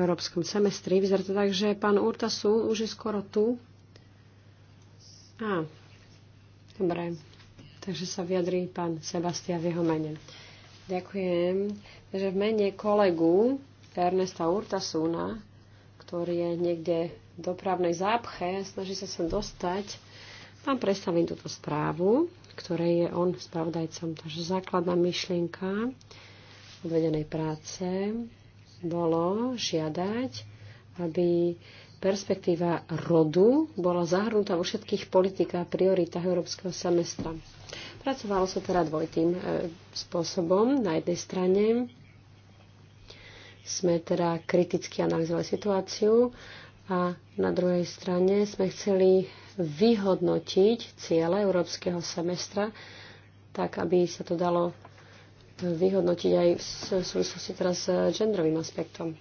európskom semestri. Vyzerá to tak, že pán Urtasu už je skoro tu. A, Dobre, takže sa vyjadrí pán Sebastian v jeho mene. Ďakujem. Takže v mene kolegu Ernesta Urtasuna, ktorý je niekde v dopravnej zápche, snaží sa sem dostať, vám predstavím túto správu, ktorej je on spravodajcom. Takže základná myšlienka odvedenej práce bolo žiadať aby perspektíva rodu bola zahrnutá vo všetkých politikách a prioritách európskeho semestra. Pracovalo sa teda dvojitým e, spôsobom. Na jednej strane sme teda kriticky analyzovali situáciu a na druhej strane sme chceli vyhodnotiť ciele európskeho semestra, tak aby sa to dalo vyhodnotiť aj v súvislosti teraz s genderovým aspektom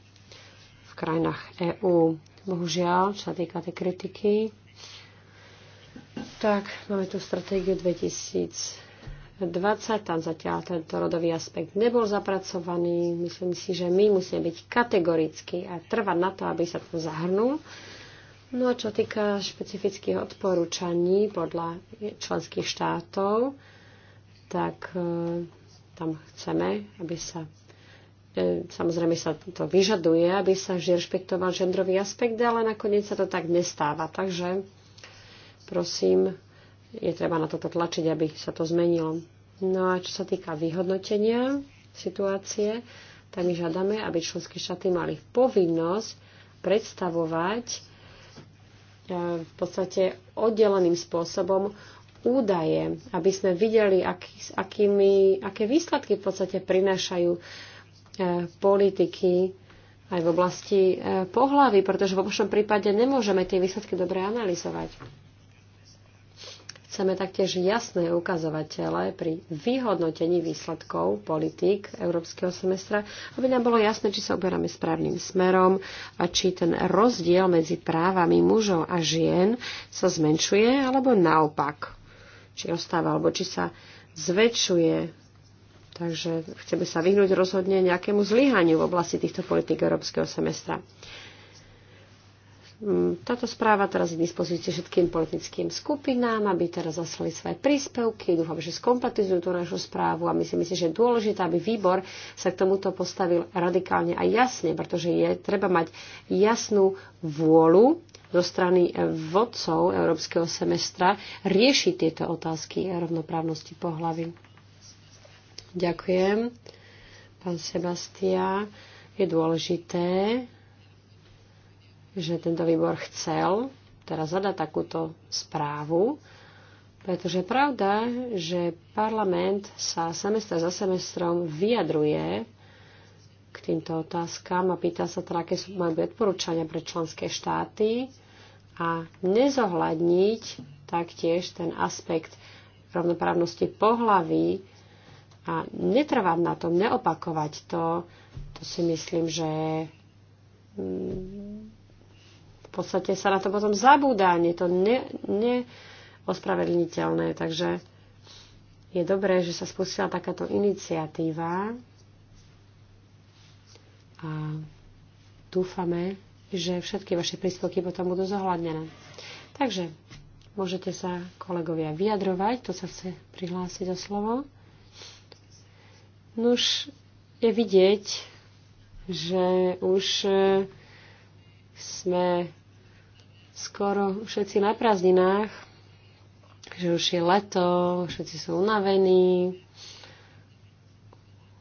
krajinách EÚ. Bohužiaľ, čo sa týka tej kritiky, tak máme tu stratégiu 2000 20, tam zatiaľ tento rodový aspekt nebol zapracovaný. Myslím si, že my musíme byť kategorickí a trvať na to, aby sa to zahrnul. No a čo týka špecifických odporúčaní podľa členských štátov, tak e, tam chceme, aby sa E, samozrejme sa to vyžaduje, aby sa vždy rešpektoval žendrový aspekt, ale nakoniec sa to tak nestáva. Takže prosím, je treba na toto tlačiť, aby sa to zmenilo. No a čo sa týka vyhodnotenia situácie, tak my žiadame, aby členské štáty mali povinnosť predstavovať e, v podstate oddeleným spôsobom údaje, aby sme videli, aký, akými, aké výsledky v podstate prinášajú E, politiky aj v oblasti e, pohlavy, pretože v vašom prípade nemôžeme tie výsledky dobre analyzovať. Chceme taktiež jasné ukazovatele pri vyhodnotení výsledkov politík Európskeho semestra, aby nám bolo jasné, či sa oberáme správnym smerom a či ten rozdiel medzi právami mužov a žien sa zmenšuje, alebo naopak, či ostáva, alebo či sa zväčšuje Takže chceme sa vyhnúť rozhodne nejakému zlyhaniu v oblasti týchto politik európskeho semestra. Mm, táto správa teraz je k dispozícii všetkým politickým skupinám, aby teraz zaslali svoje príspevky. Dúfam, že skompatizujú tú našu správu a my si myslím, že je dôležité, aby výbor sa k tomuto postavil radikálne a jasne, pretože je treba mať jasnú vôľu zo strany vodcov európskeho semestra riešiť tieto otázky rovnoprávnosti pohlavy. Ďakujem. Pán Sebastia, je dôležité, že tento výbor chcel teraz zadať takúto správu, pretože pravda, že parlament sa semestr za semestrom vyjadruje k týmto otázkam a pýta sa teda, aké sú majú odporúčania pre členské štáty a nezohľadniť taktiež ten aspekt rovnoprávnosti pohlaví a netrvám na tom, neopakovať to. To si myslím, že mm, v podstate sa na to potom zabúda. Je to ne, Takže je dobré, že sa spustila takáto iniciatíva. A dúfame, že všetky vaše príspevky potom budú zohľadnené. Takže môžete sa kolegovia vyjadrovať, to sa chce prihlásiť o slovo už je vidieť, že už e, sme skoro všetci na prázdninách, že už je leto, všetci sú unavení,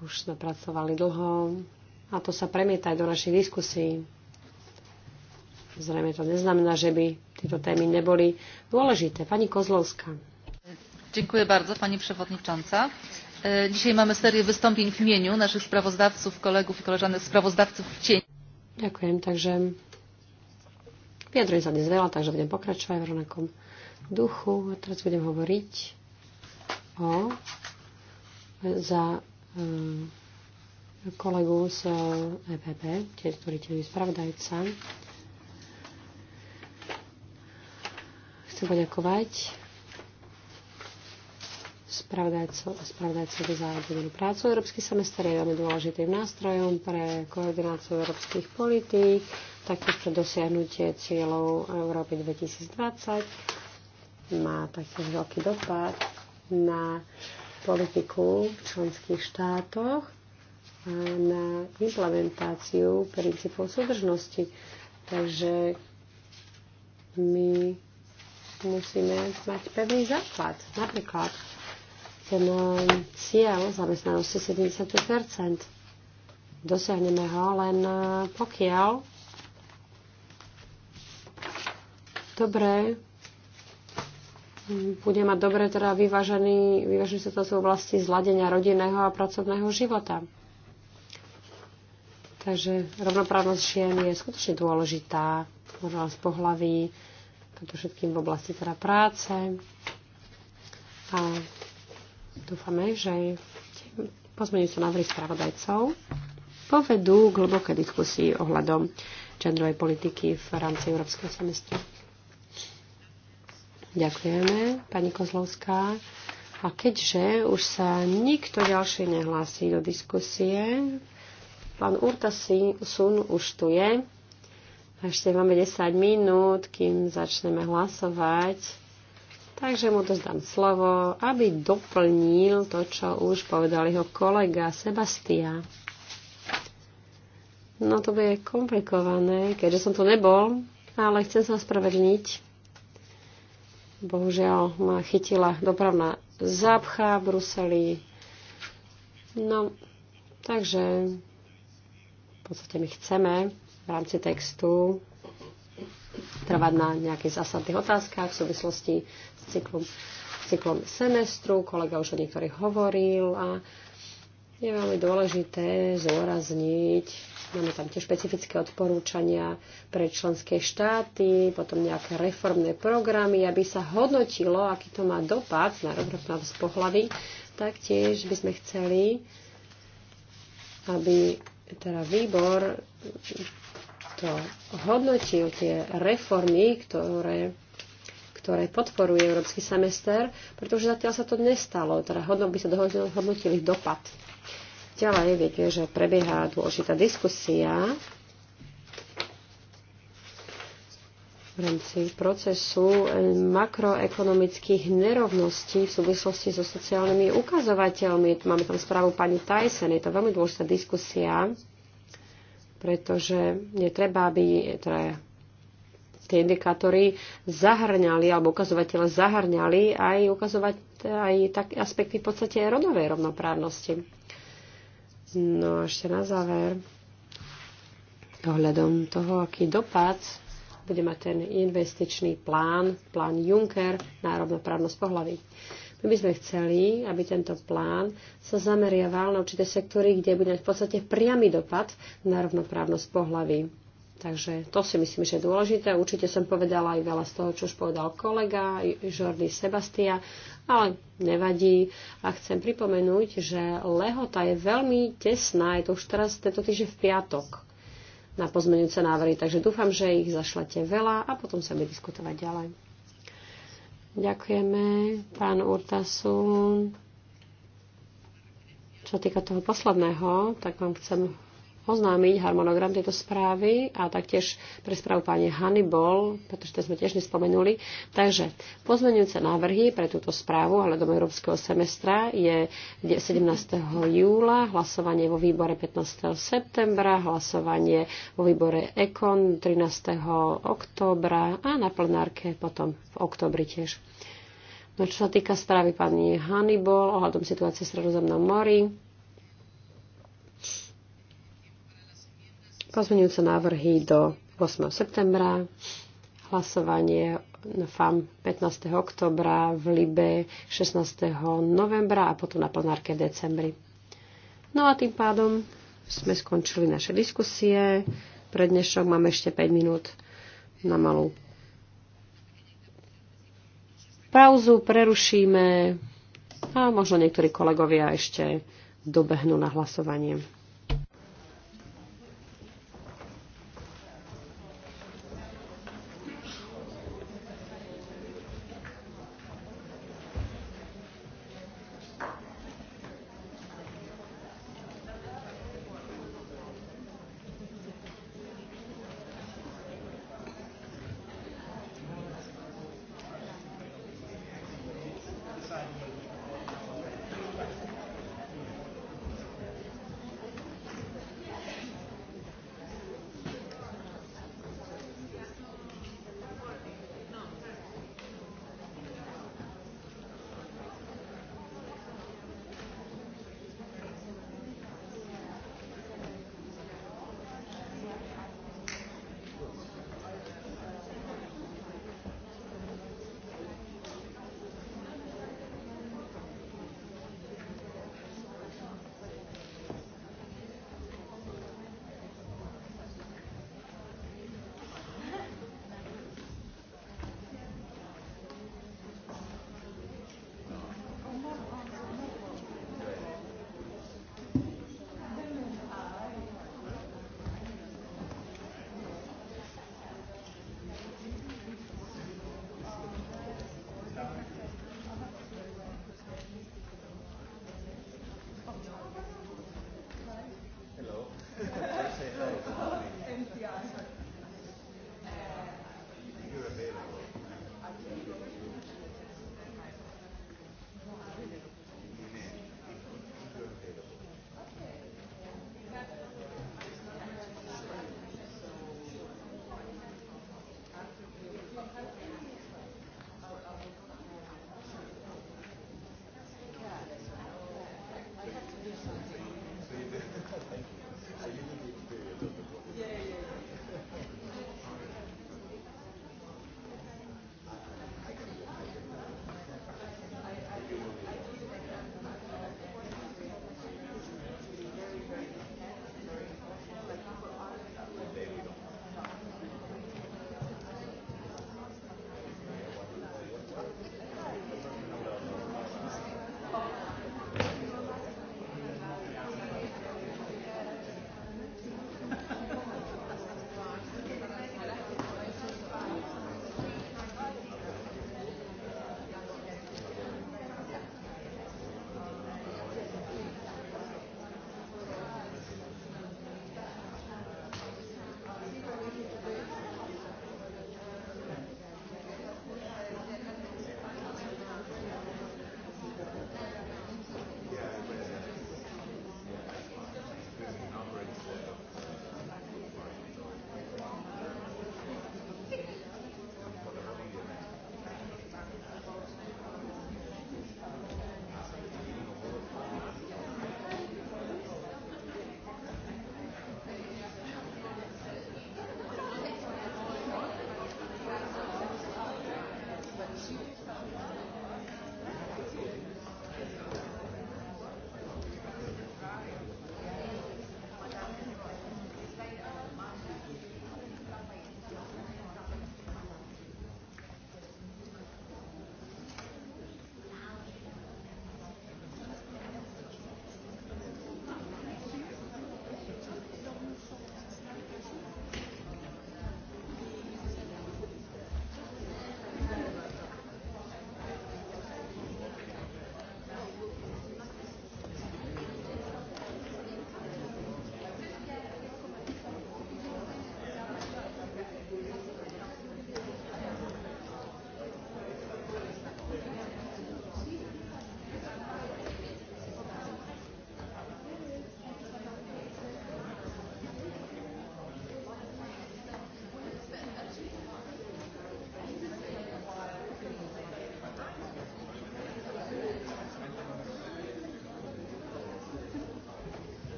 už sme pracovali dlho a to sa premieta aj do našich diskusí. Zrejme to neznamená, že by tieto témy neboli dôležité. Pani Kozlovská. Dziękuję bardzo, pani przewodnicząca. E, dzisiaj mamy serię wystąpień w imieniu naszych sprawozdawców, kolegów i koleżanek sprawozdawców w cieniu. Ďakujem, takže vyjadrujem sa dnes veľa, takže budem pokračovať v rovnakom duchu. A teraz budem hovoriť o za e, kolegu z EPP, ktorý tiež je spravodajca. Chcem poďakovať spravodajcovi za odvedenú prácu. Európsky semester je veľmi dôležitým nástrojom pre koordináciu európskych politík, taktiež pre dosiahnutie cieľov Európy 2020. Má taktiež veľký dopad na politiku v členských štátoch a na implementáciu princípov súdržnosti. Takže my musíme mať pevný základ. Napríklad ten cieľ zamestnanosti 70%. Dosiahneme ho len e, pokiaľ dobre bude mať dobre teda vyvážený, vyvážený to v oblasti zladenia rodinného a pracovného života. Takže rovnoprávnosť žien je skutočne dôležitá, možno z pohlaví, preto všetkým v oblasti teda práce. A Dúfame, že pozmeňujúce návrhy spravodajcov povedú k hlboké diskusii ohľadom genderovej politiky v rámci Európskeho semestru. Ďakujeme, pani Kozlovská. A keďže už sa nikto ďalší nehlási do diskusie, pán Urta Sun už tu je. Ešte máme 10 minút, kým začneme hlasovať. Takže mu to zdám slovo, aby doplnil to, čo už povedal jeho kolega Sebastia. No to bude komplikované, keďže som tu nebol, ale chcem sa spravedlniť. Bohužiaľ ma chytila dopravná zápcha v Bruseli. No, takže v podstate my chceme v rámci textu trvať na nejakých zásadných otázkach v súvislosti s cyklom, cyklom semestru. Kolega už o niektorých hovoril a je veľmi dôležité zôrazniť, máme tam tie špecifické odporúčania pre členské štáty, potom nejaké reformné programy, aby sa hodnotilo, aký to má dopad na rovnoprávnosť pohlavy, taktiež by sme chceli, aby teda výbor to hodnotil, tie reformy, ktoré, ktoré podporuje Európsky semester, pretože zatiaľ sa to nestalo, teda hodno by sa hodnotil ich dopad. Ďalej viete, že prebieha dôležitá diskusia v rámci procesu eh, makroekonomických nerovností v súvislosti so sociálnymi ukazovateľmi. Máme tam správu pani Tyson, je to veľmi dôležitá diskusia pretože netreba, aby teda tie indikátory zahrňali, alebo ukazovateľe zahrňali aj ukazovať aj tak aspekty v podstate rodovej rovnoprávnosti. No a ešte na záver, ohľadom toho, aký dopad bude mať ten investičný plán, plán Juncker na rovnoprávnosť pohlaví. My by sme chceli, aby tento plán sa zameriaval na určité sektory, kde bude mať v podstate priamy dopad na rovnoprávnosť pohlaví. Takže to si myslím, že je dôležité. Určite som povedala aj veľa z toho, čo už povedal kolega Jordi Sebastia, ale nevadí. A chcem pripomenúť, že lehota je veľmi tesná. Je to už teraz tento týždeň v piatok na pozmenujúce návrhy. Takže dúfam, že ich zašlete veľa a potom sa bude diskutovať ďalej. Ďakujeme pán Urtasun. Čo týka toho posledného, tak vám chcem oznámiť harmonogram tejto správy a taktiež pre správu pani Hannibal, pretože to sme tiež nespomenuli. Takže pozmenujúce návrhy pre túto správu hľadom Európskeho semestra je 17. júla, hlasovanie vo výbore 15. septembra, hlasovanie vo výbore EKON 13. októbra a na plenárke potom v oktobri tiež. No čo sa týka správy pani Hannibal ohľadom situácie v Sredozemnom mori, Pozmenujúce návrhy do 8. septembra, hlasovanie na FAM 15. oktobra, v Libe 16. novembra a potom na plnárke decembri. No a tým pádom sme skončili naše diskusie. Pre dnešok máme ešte 5 minút na malú pauzu, prerušíme a možno niektorí kolegovia ešte dobehnú na hlasovanie.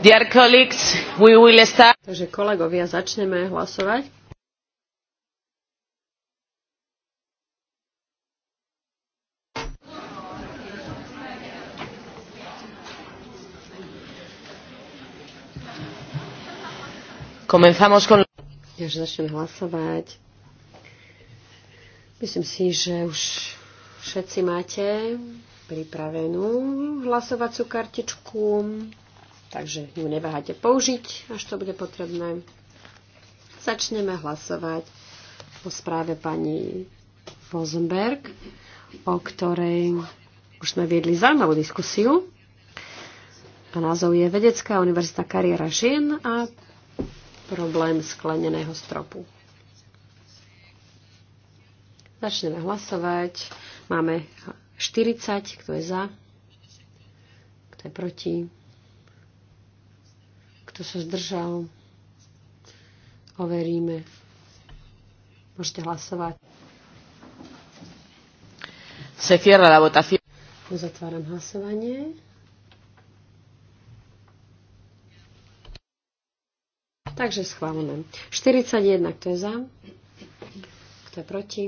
Takže kolegovia, začneme hlasovať. Comenzamos con... Ja už začnem hlasovať. Myslím si, že už všetci máte pripravenú hlasovacú kartičku takže ju neváhajte použiť, až to bude potrebné. Začneme hlasovať o správe pani Rosenberg, o ktorej už sme viedli zaujímavú diskusiu. A názov je Vedecká univerzita kariéra žien a problém skleneného stropu. Začneme hlasovať. Máme 40, kto je za, kto je proti. Kto sa zdržal? Overíme. Môžete hlasovať. Se cierra la votación. Uzatváram hlasovanie. Takže schválené. 41, kto je za? Kto je proti?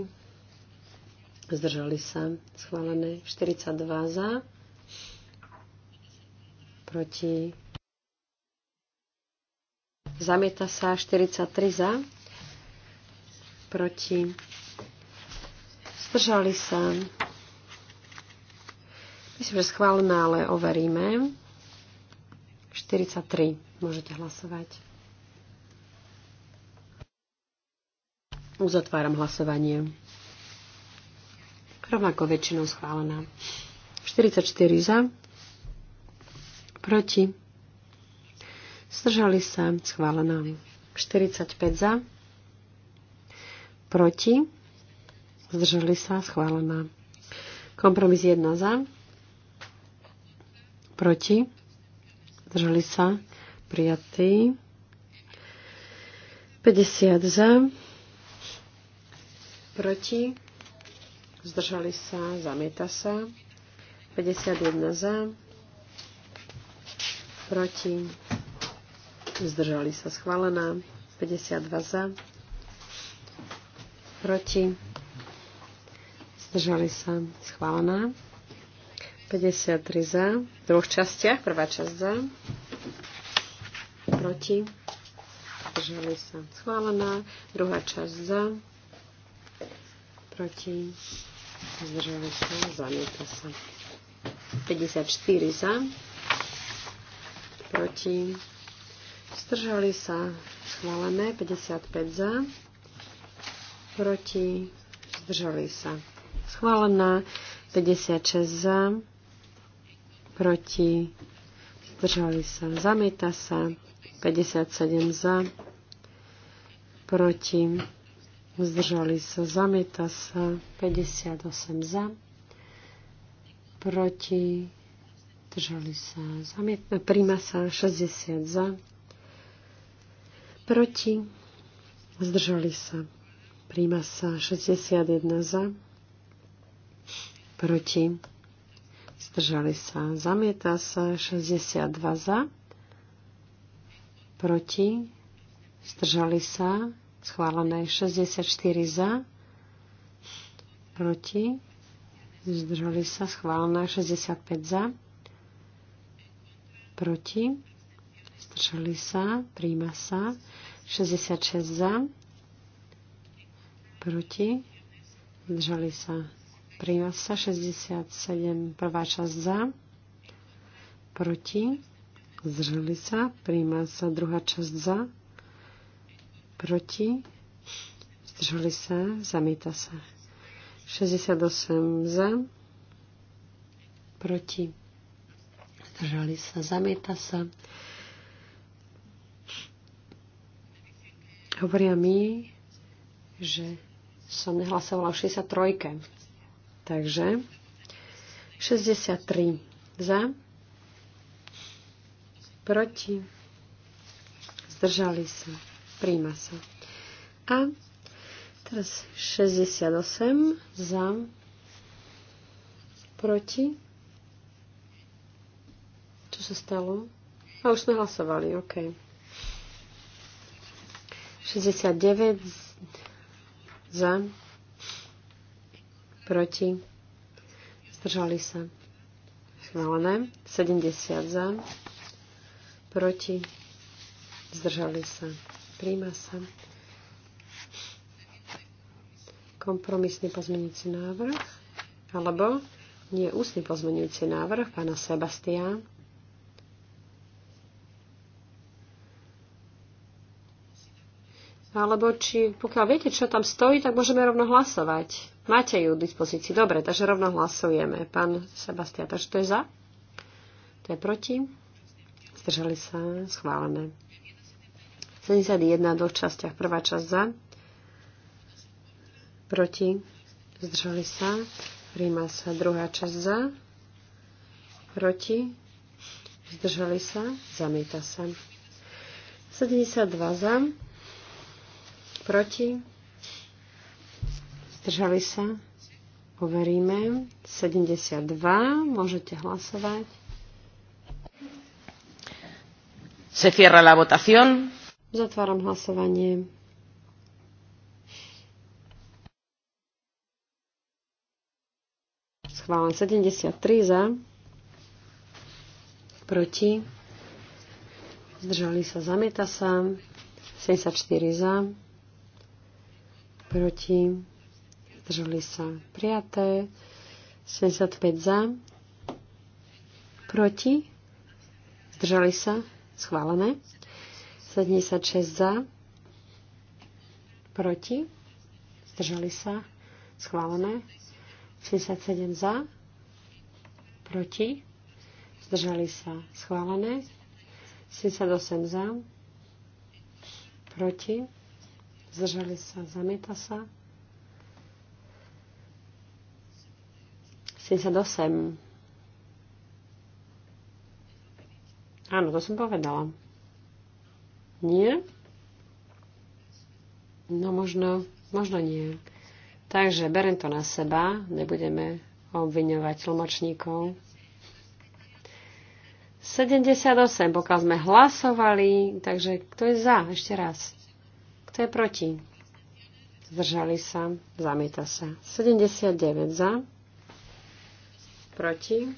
Zdržali sa. Schválené. 42 za. Proti. Zamieta sa 43 za. Proti. Zdržali sa. Myslím, že schválená, ale overíme. 43. Môžete hlasovať. Uzatváram hlasovanie. Rovnako väčšinou schválená. 44 za. Proti. Zdržali sa. Schválená. 45 za. Proti. Zdržali sa. Schválená. Kompromis 1 za. Proti. Zdržali sa. Prijatý. 50 za. Proti. Zdržali sa. Zamieta sa. 51 za. Proti zdržali sa schválená, 52 za, proti, zdržali sa schválená, 53 za, v dvoch častiach, prvá časť za, proti, zdržali sa schválená, druhá časť za, proti, zdržali sa, zamieta sa. 54 za, proti, Zdržali sa schválené 55 za. Proti zdržali sa schválená 56 za. Proti zdržali sa zamieta sa 57 za. Proti zdržali sa zamieta sa 58 za. Proti zdržali sa zamieta, príjma sa 60 za proti, zdržali sa. Príjma sa 61 za, proti, zdržali sa. Zamieta sa 62 za, proti, zdržali sa. Schválené 64 za, proti, zdržali sa. Schválené 65 za, proti, Zdržali sa. Príjma sa. 66 za. Proti. Zdržali sa. Príjma sa. 67. Prvá časť za. Proti. Zdržali sa. Príjma sa. Druhá časť za. Proti. Zdržali sa. zamýta sa. 68 za. Proti. Zdržali sa. Zamieta sa. Hovoria mi, že som nehlasovala v 63. Takže 63 za, proti, zdržali sa, príjma sa. A teraz 68 za, proti, čo sa stalo? A už sme hlasovali, OK. 69 za, proti, zdržali sa. Schválené. 70 za, proti, zdržali sa. Príjma sa. Kompromisný pozmenujúci návrh, alebo nie ústny pozmenujúci návrh pána Sebastia. Alebo či, pokiaľ viete, čo tam stojí, tak môžeme rovno hlasovať. Máte ju v dispozícii. Dobre, takže rovno hlasujeme. Pán Sebastian, takže to je za? To je proti? Zdržali sa? Schválené. 71 v dvoch častiach. Prvá časť za. Proti? Zdržali sa? Príjma sa druhá časť za. Proti? Zdržali sa? Zamieta sa. 72 za Proti? Zdržali sa? Overíme. 72. Môžete hlasovať. Se cierra la votación. Zatváram hlasovanie. Schválen 73 za. Proti. Zdržali sa, zamieta sa. 74 za proti, zdržali sa prijaté, 75 za, proti, zdržali sa, schválené, 76 za, proti, zdržali sa, schválené, 67 za, proti, zdržali sa, schválené, 78 za, proti, zdržali sa, zamieta sa. 78. Áno, to som povedala. Nie? No možno, možno nie. Takže berem to na seba, nebudeme obviňovať tlmočníkov. 78, pokiaľ sme hlasovali, takže kto je za? Ešte raz. Kto je proti? Zdržali sa. Zamieta sa. 79 za. Proti.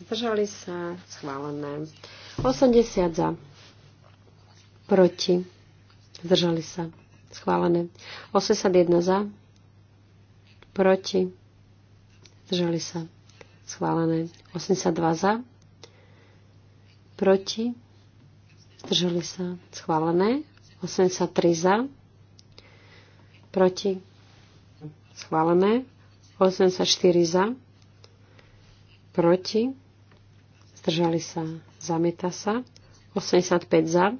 Zdržali sa. Schválené. 80 za. Proti. Zdržali sa. Schválené. 81 za. Proti. Zdržali sa. Schválené. 82 za. Proti. Zdržali sa. Schválené. 83 za, proti, schválené, 84 za, proti, zdržali sa, zamieta sa, 85 za,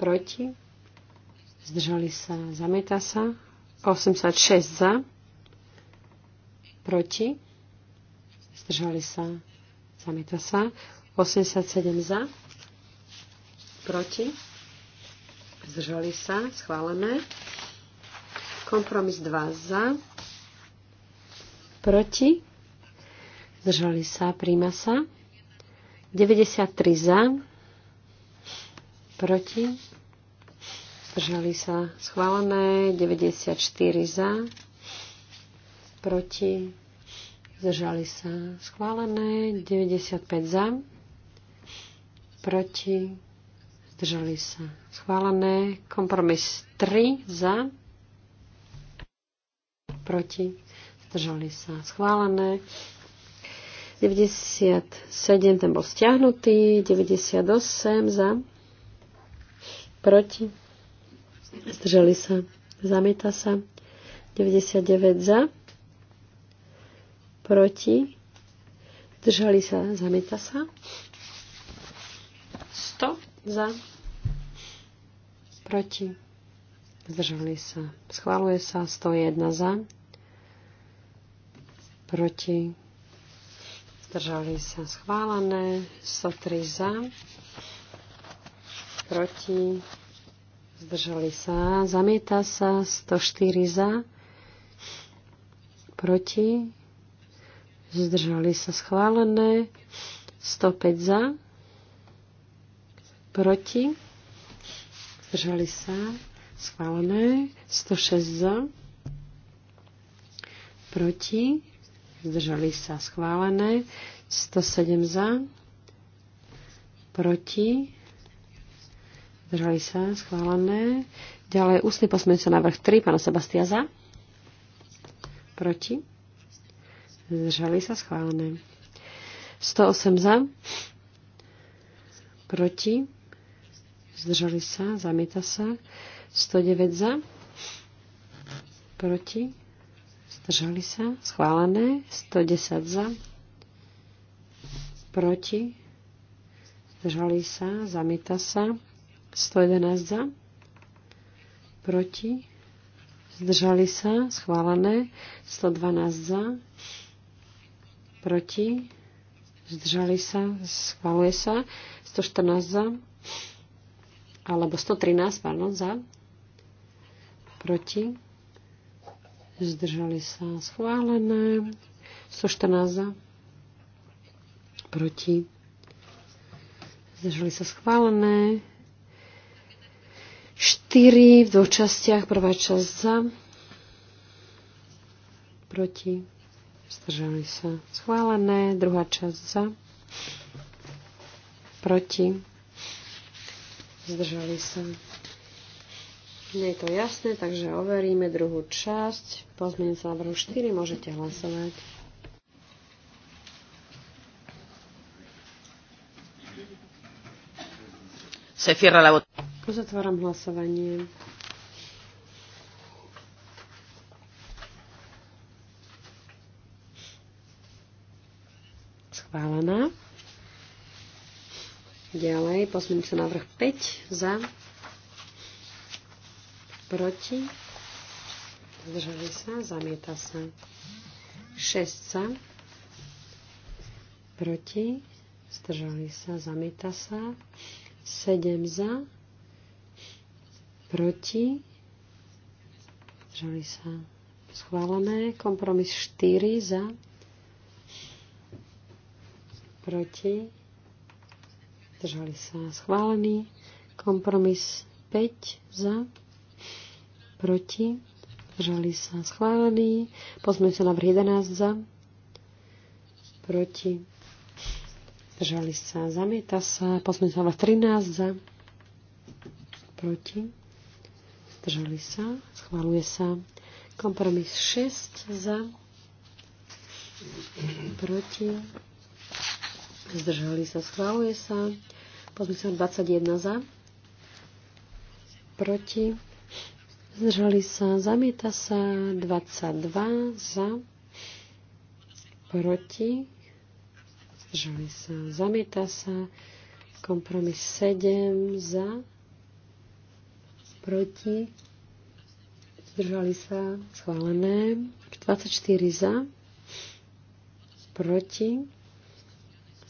proti, zdržali sa, zamieta sa, 86 za, proti, zdržali sa, zamieta sa, 87 za, proti, zdržali sa, schválené. Kompromis 2 za, proti, zdržali sa, príjma sa. 93 za, proti, zdržali sa, schválené. 94 za, proti, zdržali sa, schválené. 95 za, proti, zdržali sa schválené. Kompromis 3 za, proti, zdržali sa schválené. 97 ten bol stiahnutý, 98 za, proti, zdržali sa, zamieta sa, 99 za, proti, zdržali sa, zamieta sa, 100 za. Proti. Zdržali sa. Schváluje sa 101 za. Proti. Zdržali sa. Schválené 103 za. Proti. Zdržali sa. Zamieta sa 104 za. Proti. Zdržali sa. Schválené 105 za proti, zdržali sa, schválené, 106 za, proti, zdržali sa, schválené, 107 za, proti, zdržali sa, schválené, ďalej ústny na vrch 3, pána Sebastia za, proti, zdržali sa, schválené, 108 za, proti, zdržali sa, zamieta sa. 109 za, proti, zdržali sa, schválené. 110 za, proti, zdržali sa, zamieta sa. 111 za, proti, zdržali sa, schválené. 112 za, proti, zdržali sa, schváluje sa. 114 za, alebo 113, pardon, za, proti, zdržali sa schválené, 114 za, proti, zdržali sa schválené, 4 v dvoch častiach, prvá časť za, proti, zdržali sa schválené, druhá časť za, proti, zdržali sa. Nie je to jasné, takže overíme druhú časť. pozmeň sa návrhu 4, môžete hlasovať. Se cierra la Uzatváram hlasovanie. Schválená. Ďalej, pozmeňujúci návrh 5 za, proti, zdržali sa, zamieta sa. 6 za, proti, zdržali sa, zamieta sa. 7 za, proti, zdržali sa, schválené. Kompromis 4 za, proti, zdržali sa schválený. Kompromis 5 za, proti, zdržali sa schválený. sa návrh 11 za, proti, zdržali sa, zamieta sa. sa návrh 13 za, proti, zdržali sa, schváluje sa. Kompromis 6 za, proti, zdržali sa, schváluje sa. Pozme sa 21 za. Proti. Zdržali sa. Zamieta sa 22 za. Proti. Zdržali sa. Zamieta sa. Kompromis 7 za. Proti. Zdržali sa. Schválené. 24 za. Proti.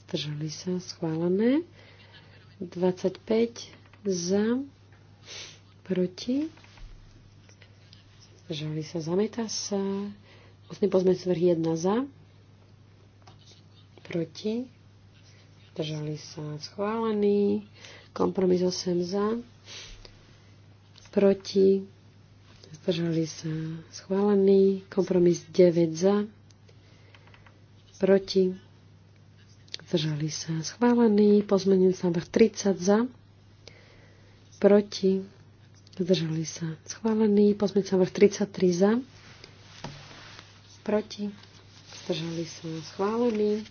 Zdržali sa. Schválené. 25 za, proti, žali sa, zameta sa. Ústny pozmeň svrch 1 za, proti, držali sa, schválený. Kompromis 8 za, proti, zdržali sa, schválený. Kompromis 9 za, proti, zdržali sa schválený, pozmenujúci návrh 30 za, proti, zdržali sa schválený, pozmenujúci návrh 33 za, proti, zdržali sa schválený,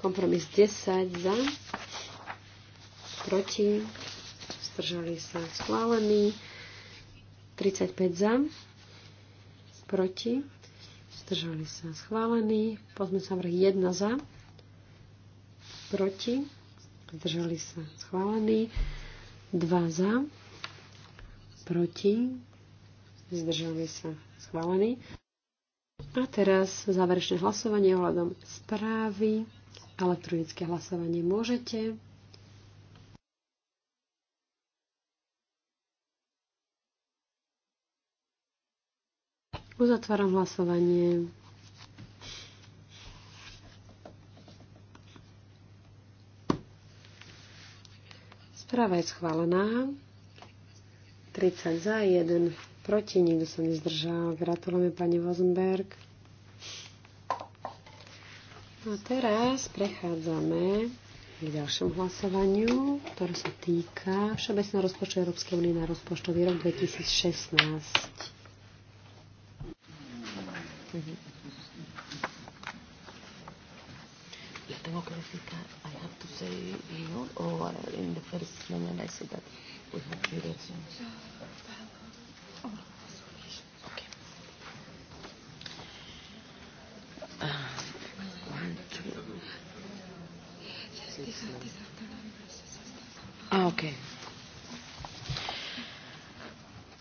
kompromis 10 za, proti, zdržali sa schválený, 35 za, proti, zdržali sa schválený, pozme sa vrch 1 za, proti, zdržali sa schválení, 2 za, proti, zdržali sa schválení. A teraz záverečné hlasovanie ohľadom správy. Elektronické hlasovanie môžete. Uzatváram hlasovanie. Správa je schválená. 30 za, 1 proti, nikto sa nezdržal. Gratulujeme pani Vozenberg. A teraz prechádzame k ďalšom hlasovaniu, ktoré sa týka Všeobecného rozpočtu Európskej únie na rozpočtový rok 2016. Mm-hmm. democracy, can, I have to say, you know, or oh, uh, in the first moment I said that we have three versions. Okay. ah, okay.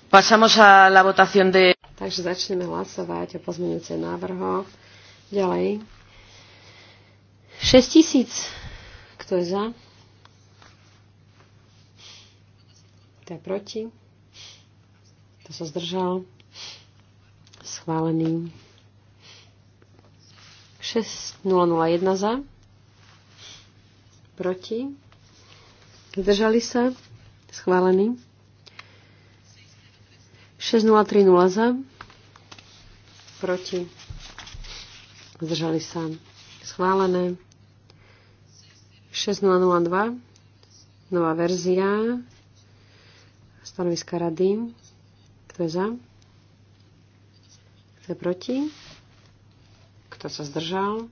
Pasamos a la votación de... Takže začneme hlasovať o pozmeňujúce návrho. Ďalej. 6 tisíc. Kto je za? Kto je proti? Kto sa zdržal? Schválený. 6001 za. Proti. Zdržali sa. Schválený. 6030 za. Proti. Zdržali sa. Schválené. 6002, nová verzia stanoviska rady. Kto je za? Kto je proti? Kto sa zdržal?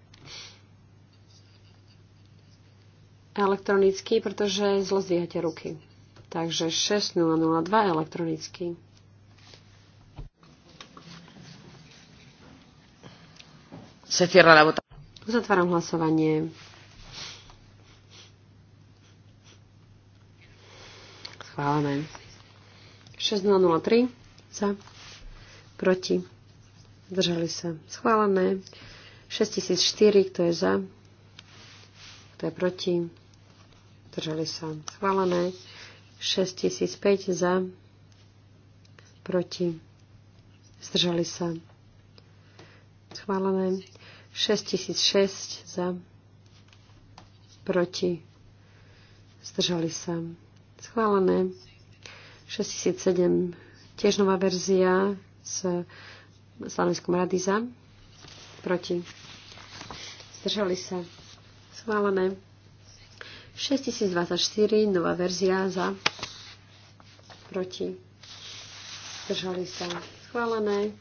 Elektronicky, pretože zle zdvíhate ruky. Takže 6002 elektronicky. Zatváram hlasovanie. Schválené. 6003 za. Proti. držali sa. Schválené. 6004, kto je za. Kto je proti. držali sa. Schválené. 6005 za. Proti. Zdržali sa. Schválené. 6006 za. Proti. Zdržali sa Schválené. 6007. Tiež nová verzia s stanoviskom rady za. Proti. Zdržali sa. Schválené. 6024. Nová verzia za. Proti. Zdržali sa. Schválené.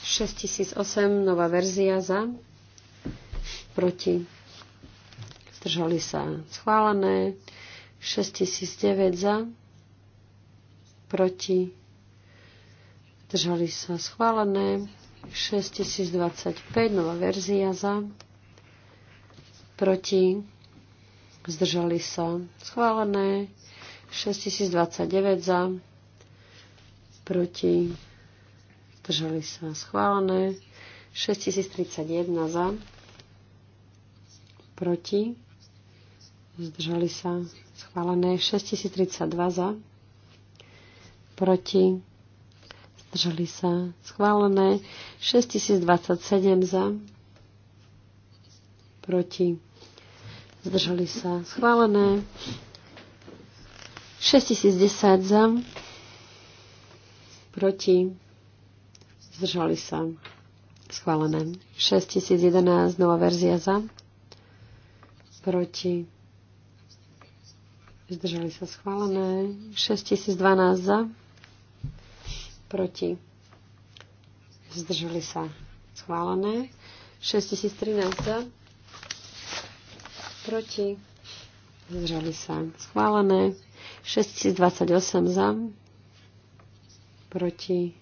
6008. Nová verzia za. Proti zdržali sa schválené, 6009 za, proti, zdržali sa schválené, 6025, nová verzia za, proti, zdržali sa schválené, 6029 za, proti, zdržali sa schválené, 6031 za, proti, zdržali sa, schválené 6032 za, proti, zdržali sa, schválené 6027 za, proti, zdržali sa, schválené 6010 za, proti, zdržali sa, schválené 6011 nová verzia za, proti, Zdržali sa schválené. 6012 za. Proti. Zdržali sa schválené. 6013 za. Proti. Zdržali sa schválené. 6028 za. Proti.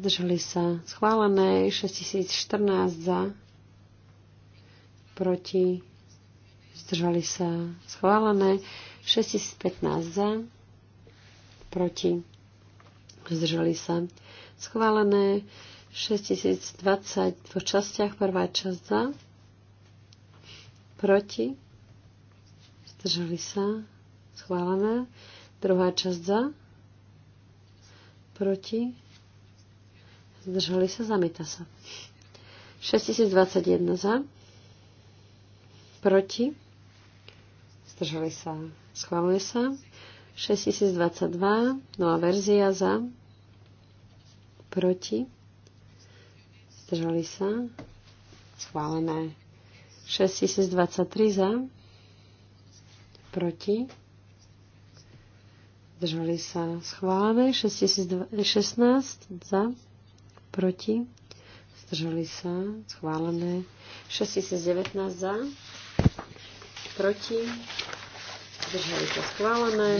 Zdržali sa schválené. 6014 za. Proti zdržali sa schválené, 6015 za, proti, zdržali sa schválené, 6020 v častiach, prvá časť za, proti, zdržali sa schválené, druhá časť za, proti, zdržali sa, zamieta sa. 6021 za, proti, Zdržali sa. Schváluje sa. 6022, nová verzia za, proti, zdržali sa, schválené. 6023 za, proti, zdržali sa, schválené. 6016 za, proti, zdržali sa, schválené. 6019 za, proti, zdržali sa schválené.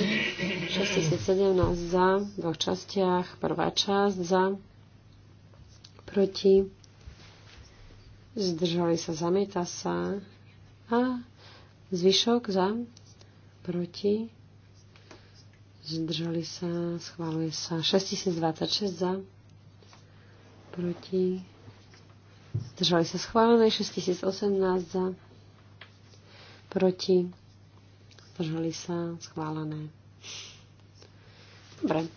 617 za, v dvoch častiach, prvá časť za, proti, zdržali sa, zamieta sa a zvyšok za, proti, zdržali sa, schváluje sa 6026 za, proti, zdržali sa schválené 6018 za, proti, zdržali sa, schválené. Dobre,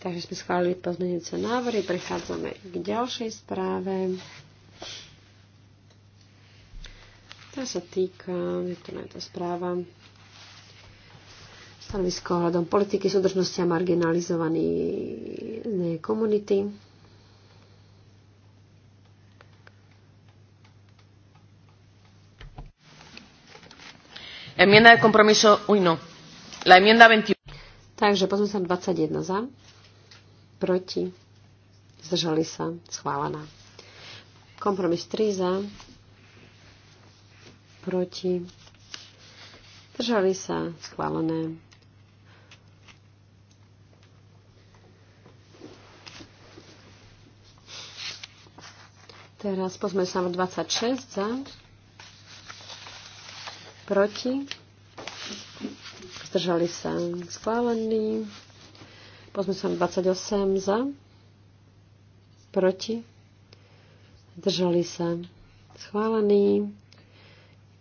takže sme schválili pozmeňujúce návrhy, prechádzame k ďalšej správe. Tá sa týka, je to na to správa, stanovisko hľadom politiky súdržnosti a marginalizovaných komunity. Enmienda de compromiso... Uy, no. La enmienda 21. Takže pozme sa 21 za. Proti. Zdržali sa. Schválená. Kompromis 3 za. Proti. Zdržali sa. Schválené. Teraz pozme sa 26 za proti, zdržali sa schválení, pozme sa 28 za, proti, zdržali sa schválení,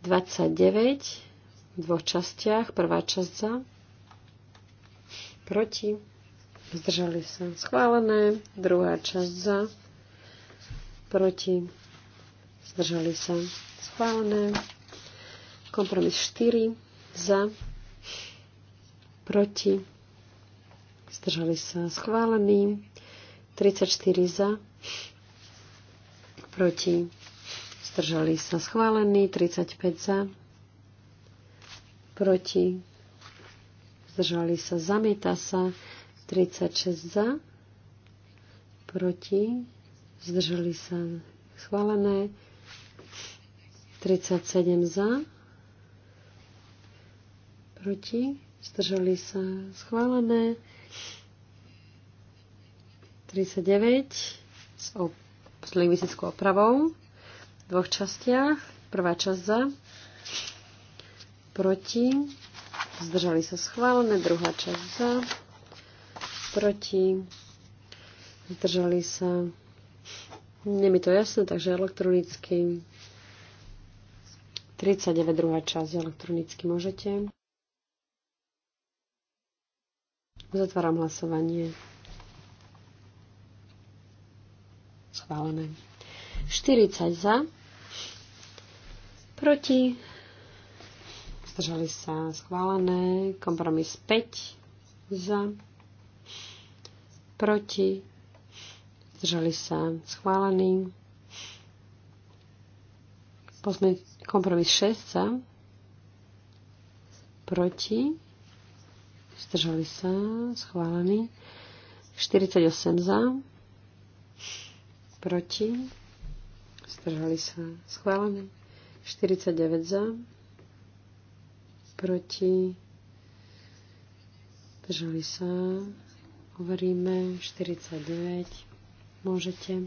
29 v dvoch častiach, prvá časť za, proti, zdržali sa schválené, druhá časť za, proti, zdržali sa schválené. Kompromis 4 za, proti, zdržali sa schválený. 34 za, proti, zdržali sa schválený. 35 za, proti, zdržali sa, zamieta sa. 36 za, proti, zdržali sa schválené. 37 za, proti, zdržali sa schválené. 39 s, op- s lingvistickou opravou v dvoch častiach. Prvá časť za, proti, zdržali sa schválené, druhá časť za, proti, zdržali sa. Nie mi to jasné, takže elektronicky. 39 druhá časť elektronicky môžete. Uzatváram hlasovanie. Schválené. 40 za. Proti. Zdržali sa schválené. Kompromis 5 za. Proti. Zdržali sa schválený. Pozme kompromis 6 za. Proti Zdržali sa. schválení. 48 za. Proti. Zdržali sa. schválení. 49 za. Proti. Zdržali sa. Hovoríme 49. Môžete.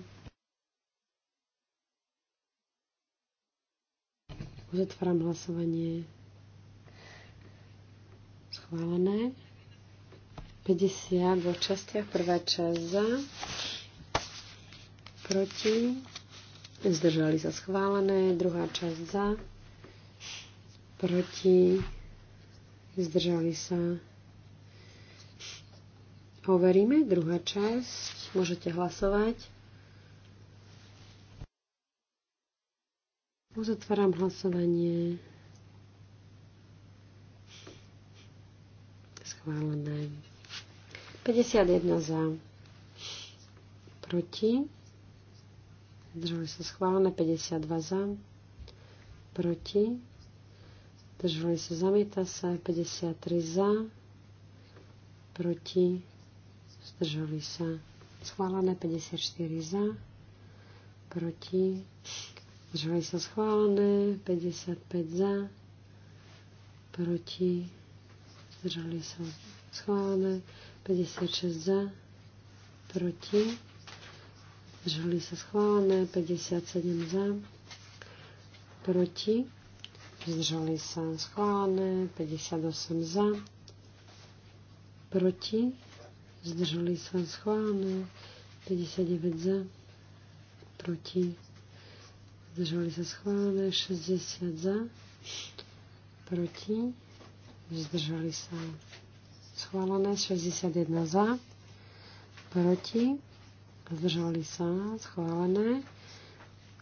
Uzatváram hlasovanie schválené. 50 vo častiach, prvá časť za, proti, zdržali sa schválené, druhá časť za, proti, zdržali sa. Overíme, druhá časť, môžete hlasovať. Uzatváram hlasovanie. Schválené. 51 za. Proti. Zdržali sa schválené. 52 za. Proti. Zdržali sa zamieta sa. 53 za. Proti. Zdržali sa. Schválené. 54 za. Proti. Zdržali sa schválené. 55 za. Proti zdržali sa schválené, 56 za, proti, zdržali sa schválené, 57 za, proti, zdržali sa schválené, 58 za, proti, zdržali sa schválené, 59 za, proti, zdržali sa schválené, 60 za, proti, zdržali sa schválené, 61 za, proti, zdržali sa schválené,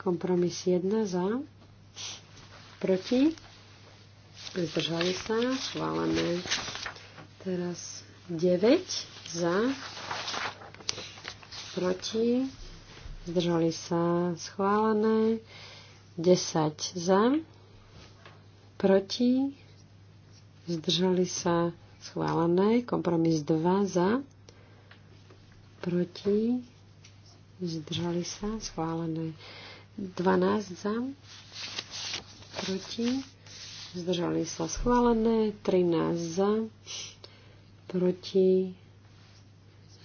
kompromis 1 za, proti, zdržali sa schválené, teraz 9 za, proti, zdržali sa schválené, 10 za, proti, zdržali sa schválené, kompromis 2 za, proti, zdržali sa schválené, 12 za, proti, zdržali sa schválené, 13 za, proti,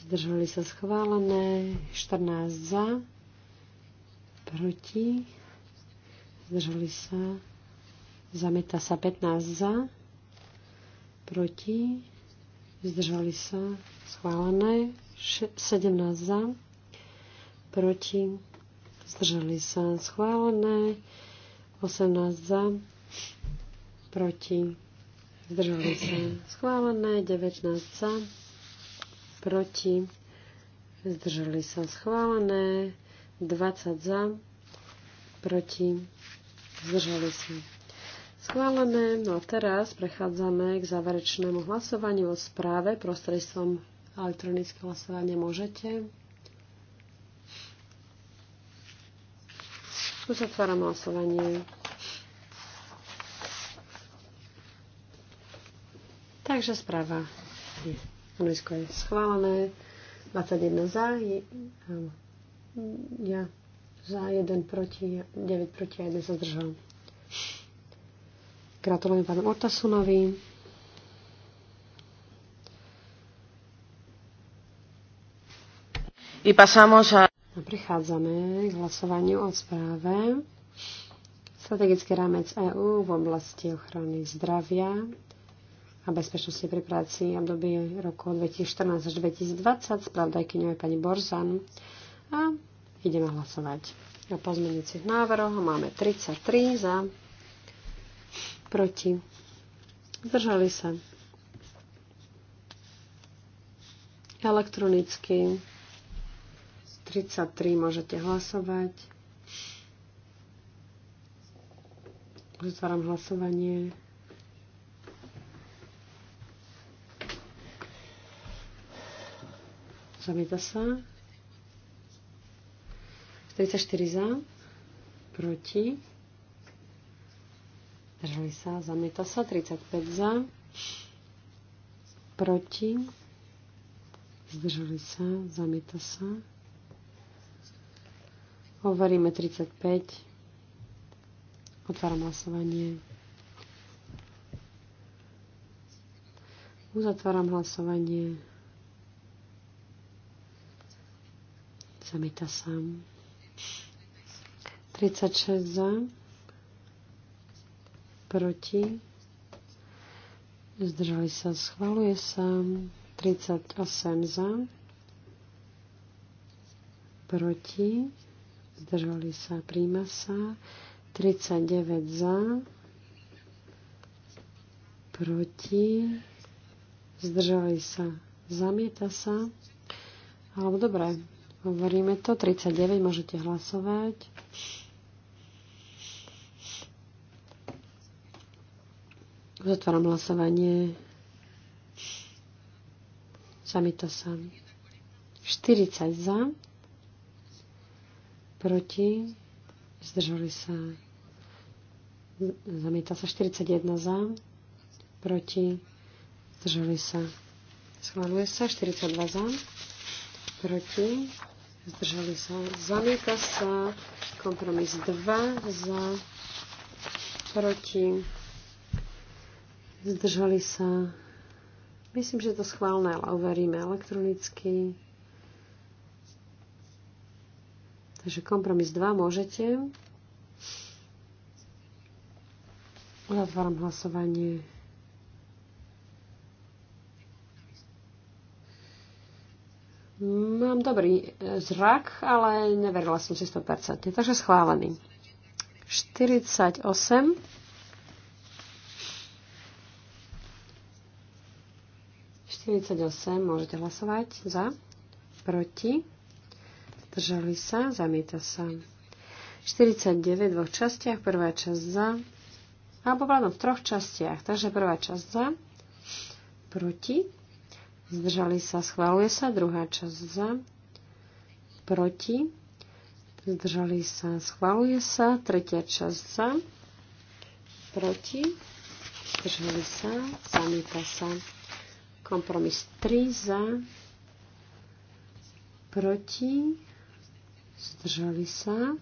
zdržali sa schválené, 14 za, proti, zdržali sa, Zameta sa 15 za, proti, zdržali sa, schválené, 17 za, proti, zdržali sa, schválené, 18 za, proti, zdržali sa, schválené, 19 za, proti, zdržali sa, schválené, 20 za, proti, zdržali sa, Schválené. No a teraz prechádzame k záverečnému hlasovaniu o správe prostredstvom elektronické hlasovanie Môžete. zatváram hlasovanie. Takže správa je. Stanovisko je schválené. 21 za, je, ja za, 1 proti, 9 proti a 1 zadržal. Gratulujem pánu Ortasunovi. I pasamos a... Prichádzame k hlasovaniu o správe. Strategický rámec EÚ v oblasti ochrany zdravia a bezpečnosti pri práci období roku 2014 až 2020. Spravdajkyňou je pani Borzan. A ideme hlasovať. O pozmeňujúcich návrhoch máme 33 za, proti, zdržali sa. Elektronicky 33 môžete hlasovať. Zatváram hlasovanie. Zamieta sa. 34 za, proti Zdržali sa, zamieta sa. 35 za. Proti. Zdržali sa, zamieta sa. Hovoríme 35. Otváram hlasovanie. Uzatváram hlasovanie. Zamieta sa. 36 za proti, zdržali sa, schvaluje sa, 38 za, proti, zdržali sa, príjma sa, 39 za, proti, zdržali sa, zamieta sa, alebo dobre, hovoríme to, 39 môžete hlasovať, Zatváram hlasovanie. Zamýta sa. 40 za. Proti. Zdržali sa. Zamieta sa 41 za. Proti. Zdržali sa. Schváluje sa 42 za. Proti. Zdržali sa. Zamieta sa. Kompromis 2 za. Proti Zdržali sa. Myslím, že to schválne, ale overíme elektronicky. Takže kompromis 2 môžete. Zatváram hlasovanie. Mám dobrý e, zrak, ale neverila som si 100%. Takže schválený. 48. 48, môžete hlasovať za, proti, zdržali sa, zamieta sa. 49 v dvoch častiach, prvá časť za, alebo vládom v troch častiach, takže prvá časť za, proti, zdržali sa, schváluje sa, druhá časť za, proti, zdržali sa, schváluje sa, tretia časť za, proti, zdržali sa, zamieta sa. Kompromis 3 za, proti, zdržali sa.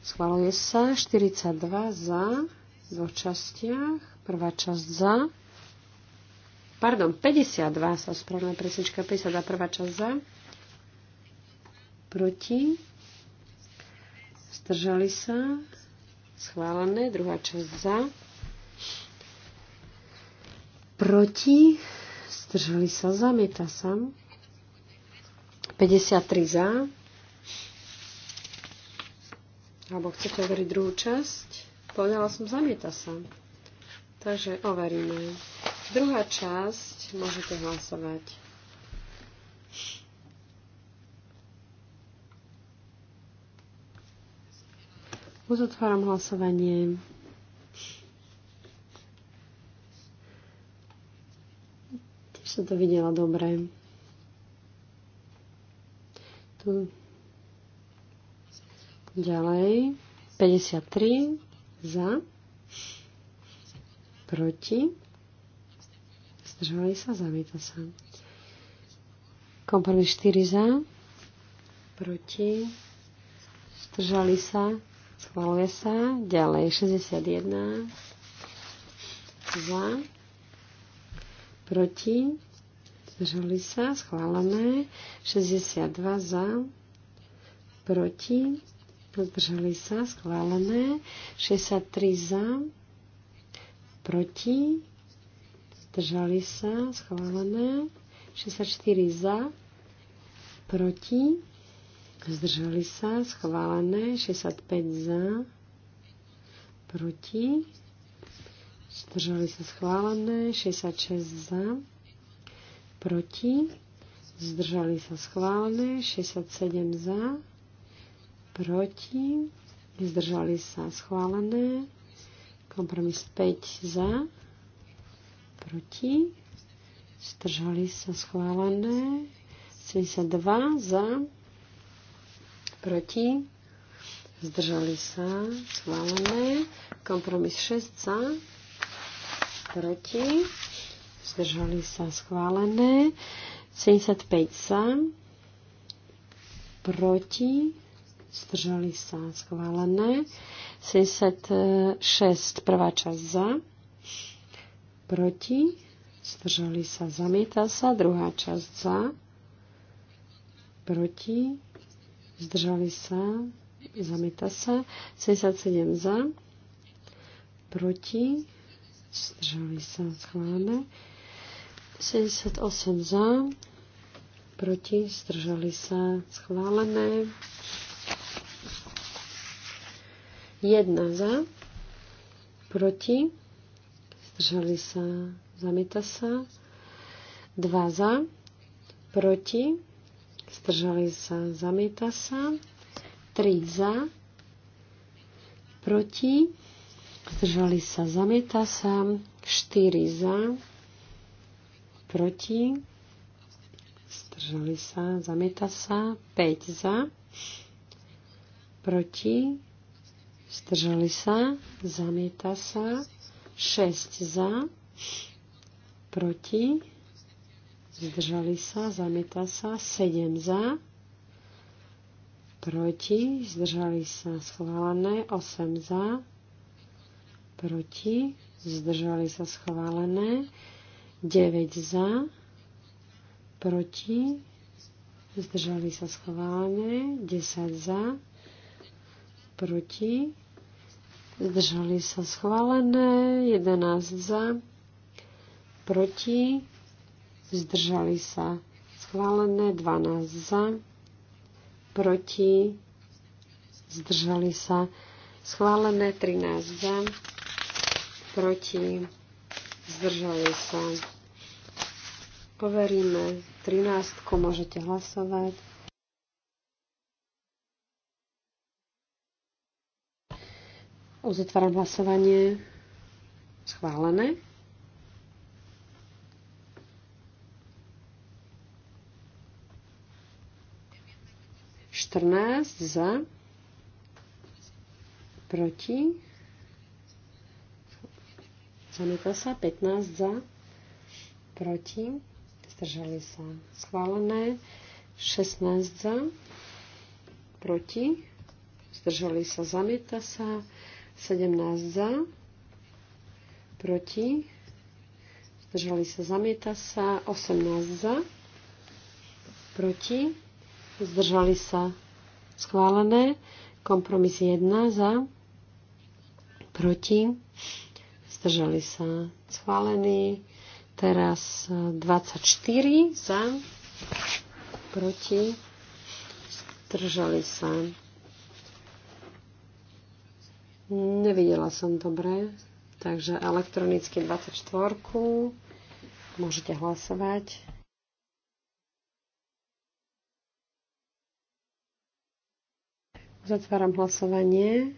Schvaluje sa 42 za, v dvoch častiach. Prvá časť za, pardon, 52 sa spravila presnička, 52 prvá časť za, proti, zdržali sa, schválené, druhá časť za, proti, zdržali sa, zamieta sa. 53 za. Alebo chcete overiť druhú časť? Povedala som, zamieta sa. Takže overíme. Druhá časť, môžete hlasovať. Uzatváram hlasovanie. som to videla dobre. Tu. Ďalej. 53 za. Proti. Zdržali sa, zamieta sa. Kompromis 4 za. Proti. Zdržali sa. Schvaluje sa. Ďalej 61 za proti, zdržali sa, schválené. 62 za, proti, zdržali sa, schválené. 63 za, proti, zdržali sa, schválené. 64 za, proti, zdržali sa, schválené. 65 za, proti, zdržali sa, schválené. 66 za, proti, zdržali sa schválené, 67 za, proti, zdržali sa schválené, kompromis 5 za, proti, zdržali sa schválené, 72 za, proti, zdržali sa schválené, kompromis 6 za, proti, zdržali sa schválené. 75 za, proti, zdržali sa schválené. 76 prvá časť za, proti, zdržali sa, zamieta sa, druhá časť za, proti, zdržali sa, zamieta sa, 77 za, proti, zdržali sa, schválené. 78 za, proti, zdržali sa, schválené. 1 za, proti, zdržali sa, zamieta sa. 2 za, proti, zdržali sa, zamieta sa. 3 za, proti, zdržali sa, zamieta sa. 4 za, proti, zdržali sa, zamieta sa, 5 za, proti, zdržali sa, zamieta sa, 6 za, proti, zdržali sa, zamieta sa, 7 za, proti, zdržali sa, schválené, 8 za, proti, zdržali sa, schválené, 9 za, proti, zdržali sa schválne, 10 za, proti, zdržali sa schválené, 11 za, proti, zdržali sa schválené, 12 za, proti, zdržali sa schválené, 13 za, proti, zdržali sa. poveríme. 13, môžete hlasovať. Uzatváram hlasovanie. Schválené. Štrnáct za. Proti. Zamieta sa 15 za, proti, zdržali sa schválené, 16 za, proti, zdržali sa, zamieta sa, 17 za, proti, zdržali sa, zamieta sa, 18 za, proti, zdržali sa, schválené, kompromis 1 za, proti, zdržali sa schválení. Teraz 24 e, za, proti, zdržali sa. Nevidela som dobre, takže elektronicky 24. Môžete hlasovať. Zatváram hlasovanie.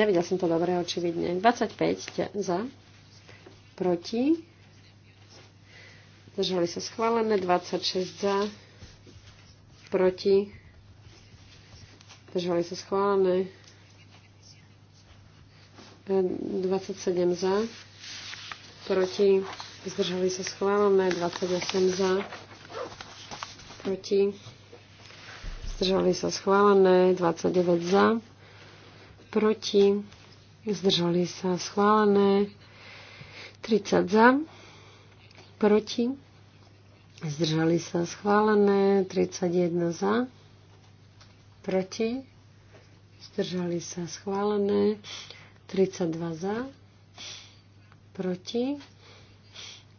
Nevidel som to dobre, očividne. 25 za, proti. Zdržali sa schválené. 26 za, proti. Zdržali sa schválené. 27 za, proti. Zdržali sa schválené. 28 za, proti. Zdržali sa schválené. 29 za proti, zdržali sa schválené, 30 za, proti, zdržali sa schválené, 31 za, proti, zdržali sa schválené, 32 za, proti,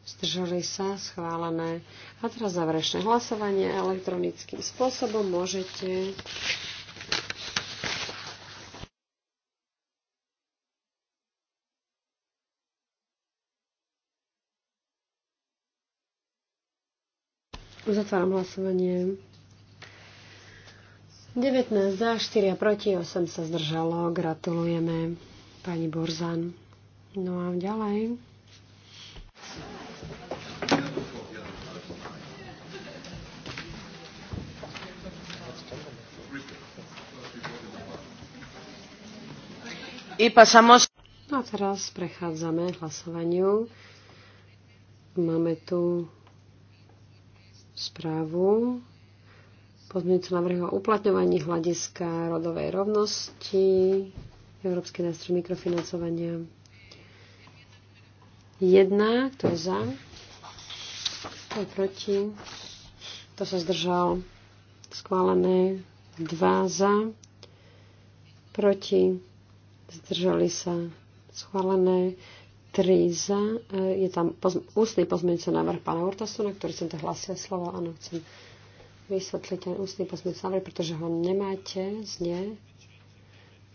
zdržali sa schválené. A teraz záverečné hlasovanie elektronickým spôsobom môžete Uzatváram hlasovanie. 19 za, 4 a proti, 8 sa zdržalo. Gratulujeme pani Borzan. No a ďalej. No a teraz prechádzame hlasovaniu. Máme tu správu pozmeňujúce návrhy o uplatňovaní hľadiska rodovej rovnosti, Európsky nástroj mikrofinancovania. Jedna, kto je za, kto je proti, kto sa zdržal, schválené, dva za, proti, zdržali sa, schválené, 3 za. E, je tam pozme, ústny pozmeňujúci návrh pána Urtasu, na ktorý som to hlasil slovo. Áno, chcem vysvetliť ten ústny pozmeňujúci návrh, pretože ho nemáte, znie.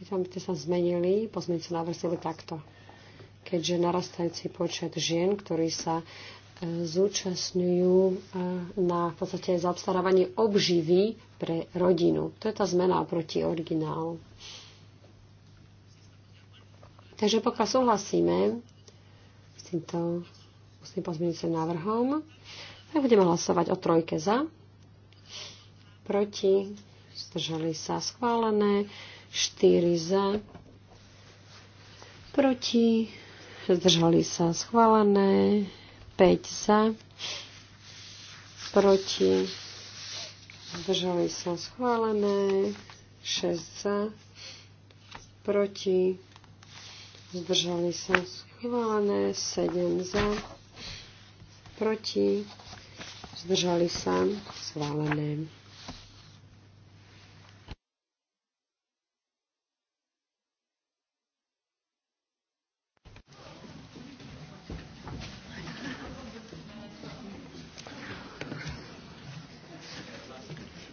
Vy tam ste sa zmenili, pozmeňujúci návrh ste takto. Keďže narastajúci počet žien, ktorí sa e, zúčastňujú e, na v podstate zaobstarávanie obživy pre rodinu. To je tá zmena oproti originálu. Takže pokiaľ súhlasíme týmto ústnym pozmeňujúcim návrhom. Tak budeme hlasovať o trojke za, proti, zdržali sa schválené, 4 za, proti, zdržali sa schválené, 5 za, proti, zdržali sa schválené, 6 za, proti, zdržali sa schválené Schválené 7 za. Proti. Zdržali sa. Schválené.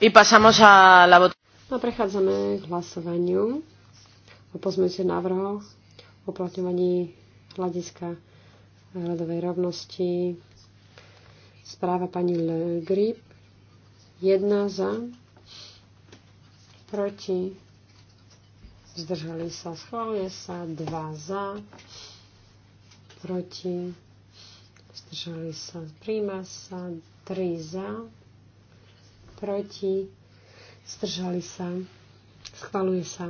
Y pasamos a la votación. prechádzame k hlasovaniu o pozmeňujúcich návrhoch o uplatňovaní hľadiska rodovej rovnosti. Správa pani Le Grip. Jedna za, proti, zdržali sa, schváluje sa, dva za, proti, zdržali sa, príjma sa, tri za, proti, zdržali sa, schváluje sa.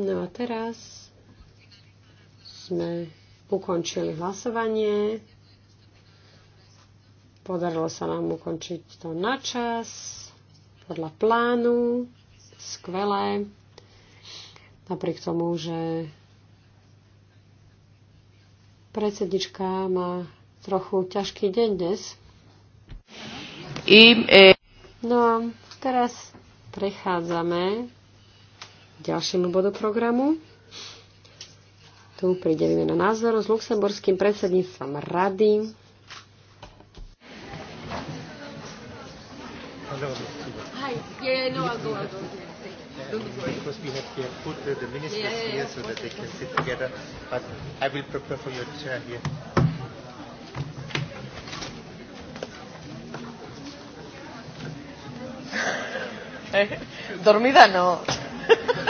No a teraz sme ukončili hlasovanie. Podarilo sa nám ukončiť to na čas, podľa plánu, skvelé. Napriek tomu, že predsednička má trochu ťažký deň dnes. E, no a teraz prechádzame k ďalšiemu bodu programu. Tu príde na názor s luxemburským predsedníctvom rady. Dormida no.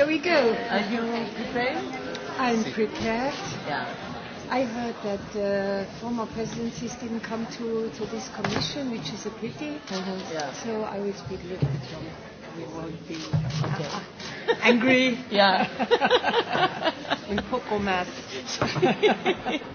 here we go. Are you prepared? I'm prepared. Yeah. I heard that the uh, former presidencies didn't come to, to this commission, which is a pity. Mm-hmm. Yeah. So I will speak a little bit longer. We won't be ah, okay. Ah. angry. yeah. In poco mass.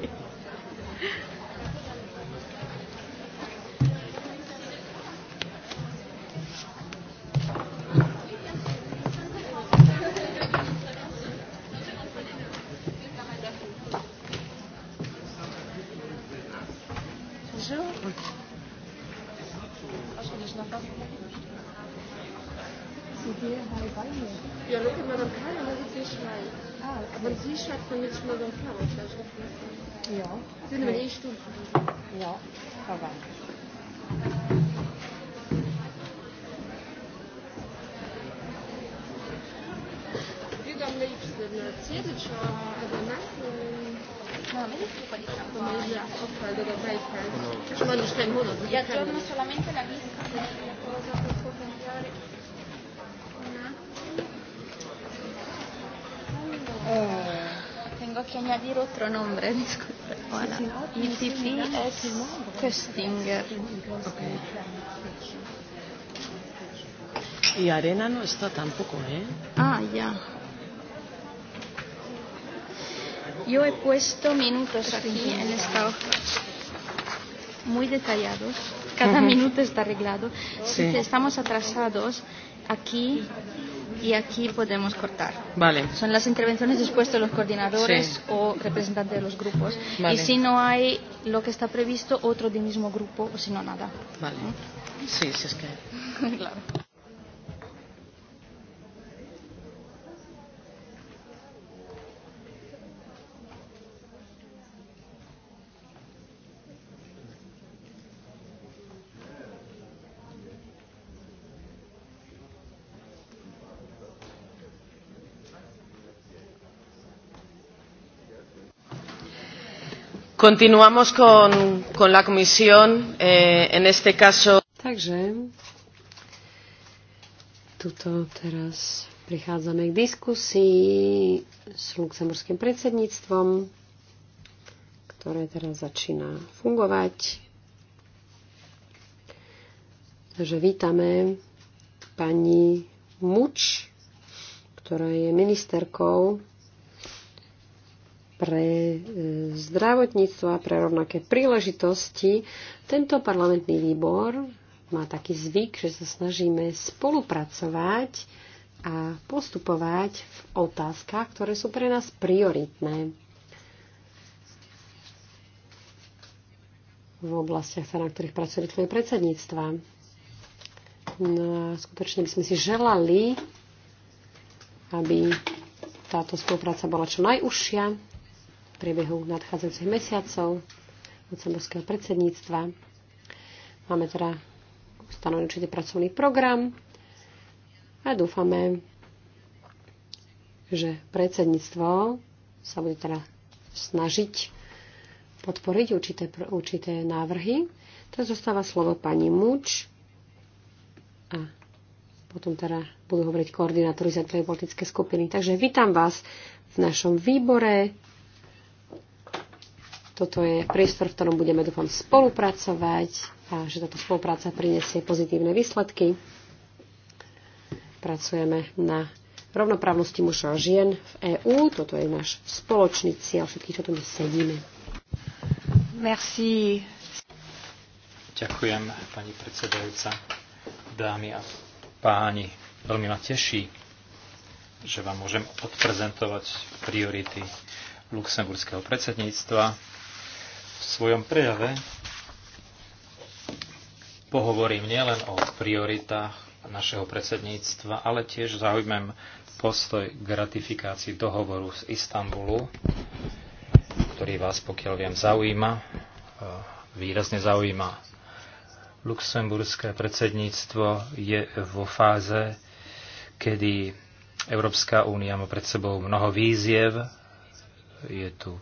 Köstinger. Okay. Y Arena no está tampoco, ¿eh? Ah, ya. Yo he puesto minutos aquí en esta hoja, muy detallados. Cada uh -huh. minuto está arreglado. Sí. Si estamos atrasados, aquí y aquí podemos cortar. Vale. Son las intervenciones después de los coordinadores sí. o representantes de los grupos. Vale. Y si no hay lo que está previsto, otro del mismo grupo o si no, nada. Vale. ¿Eh? Sí, si es que. claro. Continuamos con, con la comisión, eh, en este caso. Takže, tuto teraz prichádzame k diskusii s luxemburským predsedníctvom, ktoré teraz začína fungovať. Takže vítame pani Muč, ktorá je ministerkou pre e, zdravotníctvo a pre rovnaké príležitosti. Tento parlamentný výbor má taký zvyk, že sa snažíme spolupracovať a postupovať v otázkach, ktoré sú pre nás prioritné. v oblastiach, na ktorých pracuje tvoje predsedníctva. No, skutočne by sme si želali, aby táto spolupráca bola čo najúžšia v priebehu nadchádzajúcich mesiacov lucemburského predsedníctva. Máme teda stanovený určite pracovný program a dúfame, že predsedníctvo sa bude teda snažiť podporiť určité, určité návrhy. Teraz zostáva slovo pani Muč a potom teda budú hovoriť koordinátori za tie politické skupiny. Takže vítam vás v našom výbore. Toto je priestor, v ktorom budeme, dúfam, spolupracovať a že táto spolupráca prinesie pozitívne výsledky. Pracujeme na rovnoprávnosti mužov a žien v EÚ. Toto je náš spoločný cieľ všetkých, čo tu dnes sedíme. Merci. Ďakujem, pani predsedajúca, dámy a páni. Veľmi ma teší, že vám môžem odprezentovať priority luxemburského predsedníctva v svojom prejave pohovorím nielen o prioritách našeho predsedníctva, ale tiež zaujmem postoj k ratifikácii dohovoru z Istanbulu, ktorý vás, pokiaľ viem, zaujíma, e, výrazne zaujíma. Luxemburské predsedníctvo je vo fáze, kedy Európska únia má pred sebou mnoho víziev, je tu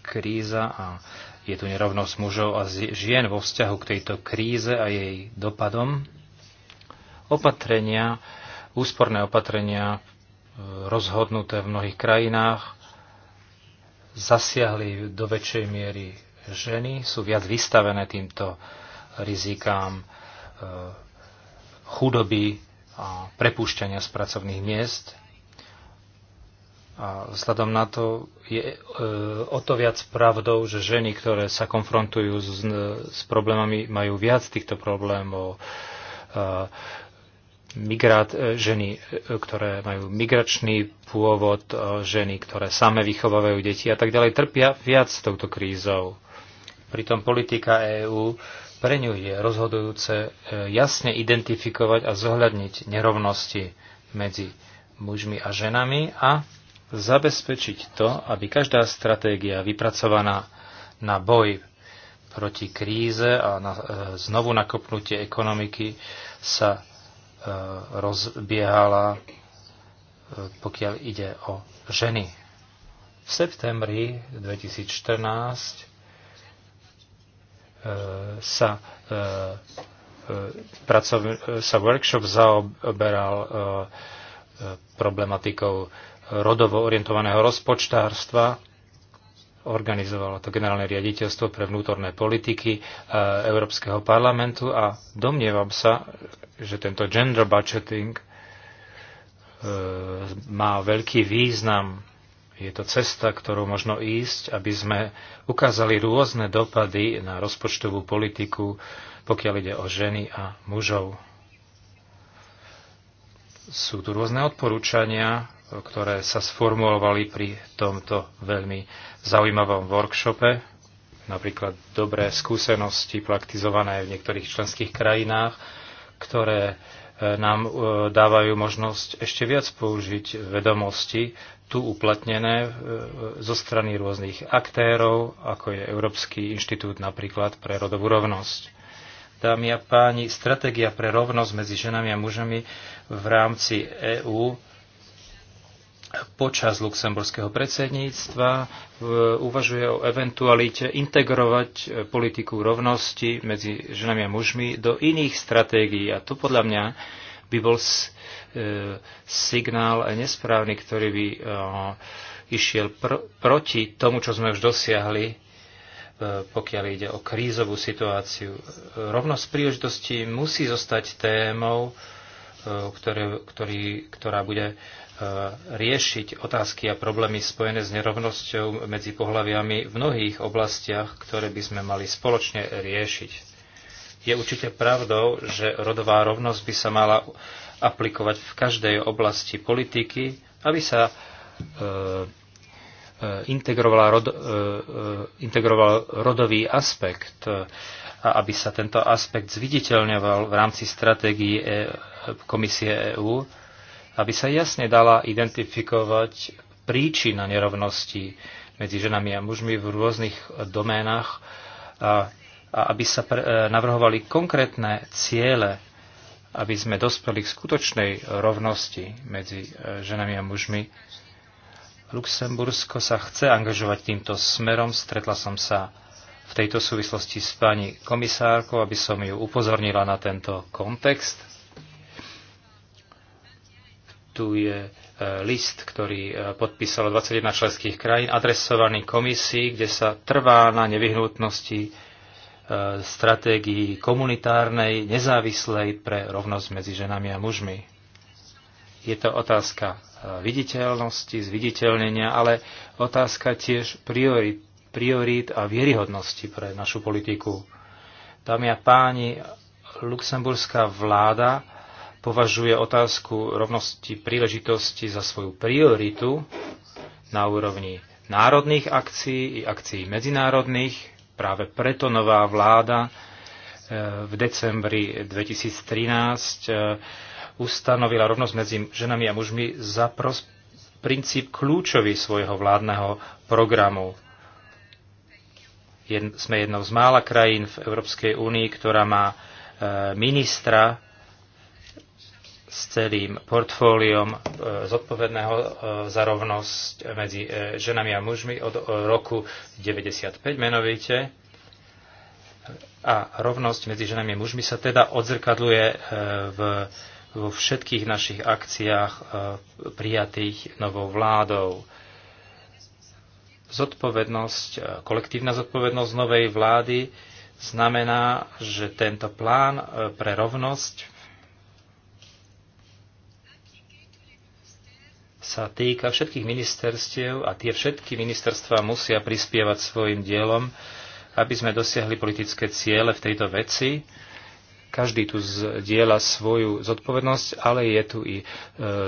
kríza a je tu nerovnosť mužov a žien vo vzťahu k tejto kríze a jej dopadom. Opatrenia, úsporné opatrenia e, rozhodnuté v mnohých krajinách zasiahli do väčšej miery ženy, sú viac vystavené týmto rizikám e, chudoby a prepúšťania z pracovných miest a vzhľadom na to je e, o to viac pravdou, že ženy, ktoré sa konfrontujú s, s problémami, majú viac týchto problémov. E, migrát, e, ženy, e, ktoré majú migračný pôvod, e, ženy, ktoré same vychovávajú deti a tak ďalej, trpia viac s touto krízou. Pritom politika EÚ pre ňu je rozhodujúce e, jasne identifikovať a zohľadniť nerovnosti medzi mužmi a ženami a zabezpečiť to, aby každá stratégia vypracovaná na boj proti kríze a na e, znovu nakopnutie ekonomiky sa e, rozbiehala, e, pokiaľ ide o ženy. V septembri 2014 sa, sa workshop zaoberal problematikou rodovo orientovaného rozpočtárstva. Organizovalo to generálne riaditeľstvo pre vnútorné politiky e, Európskeho parlamentu a domnievam sa, že tento gender budgeting e, má veľký význam. Je to cesta, ktorou možno ísť, aby sme ukázali rôzne dopady na rozpočtovú politiku, pokiaľ ide o ženy a mužov. Sú tu rôzne odporúčania, ktoré sa sformulovali pri tomto veľmi zaujímavom workshope. Napríklad dobré skúsenosti praktizované v niektorých členských krajinách, ktoré e, nám e, dávajú možnosť ešte viac použiť vedomosti tu uplatnené e, zo strany rôznych aktérov, ako je Európsky inštitút napríklad pre rodovú rovnosť. Dámy a páni, stratégia pre rovnosť medzi ženami a mužami v rámci EÚ počas luxemburského predsedníctva uvažuje o eventualite integrovať e, politiku rovnosti medzi ženami a mužmi do iných stratégií. A to podľa mňa by bol e, signál nesprávny, ktorý by e, išiel pr- proti tomu, čo sme už dosiahli, pokiaľ ide o krízovú situáciu. Rovnosť príležitosti musí zostať témou, ktoré, ktorý, ktorá bude Eh, riešiť otázky a problémy spojené s nerovnosťou medzi pohľaviami v mnohých oblastiach, ktoré by sme mali spoločne riešiť. Je určite pravdou, že rodová rovnosť by sa mala aplikovať v každej oblasti politiky, aby sa e, rod, integroval rodový aspekt a aby sa tento aspekt zviditeľňoval v rámci stratégií Komisie EÚ aby sa jasne dala identifikovať príčina nerovnosti medzi ženami a mužmi v rôznych doménach a, a aby sa pre, e, navrhovali konkrétne ciele, aby sme dospeli k skutočnej rovnosti medzi e, ženami a mužmi. Luxembursko sa chce angažovať týmto smerom. Stretla som sa v tejto súvislosti s pani komisárkou, aby som ju upozornila na tento kontext tu je e, list, ktorý e, podpísalo 21 členských krajín, adresovaný komisii, kde sa trvá na nevyhnutnosti e, stratégii komunitárnej, nezávislej pre rovnosť medzi ženami a mužmi. Je to otázka viditeľnosti, zviditeľnenia, ale otázka tiež priorit, priorit a vieryhodnosti pre našu politiku. Dámy a páni, luxemburská vláda považuje otázku rovnosti príležitosti za svoju prioritu na úrovni národných akcií i akcií medzinárodných. Práve preto nová vláda e, v decembri 2013 e, ustanovila rovnosť medzi ženami a mužmi za princíp kľúčový svojho vládneho programu. Jed, sme jednou z mála krajín v Európskej únii, ktorá má e, ministra s celým portfóliom e, zodpovedného e, za rovnosť medzi e, ženami a mužmi od roku 1995 menovite. A rovnosť medzi ženami a mužmi sa teda odzrkadluje v, vo všetkých našich akciách prijatých novou vládou. Zodpovednosť, kolektívna zodpovednosť novej vlády znamená, že tento plán pre rovnosť sa týka všetkých ministerstiev a tie všetky ministerstva musia prispievať svojim dielom, aby sme dosiahli politické ciele v tejto veci. Každý tu zdieľa svoju zodpovednosť, ale je tu i e,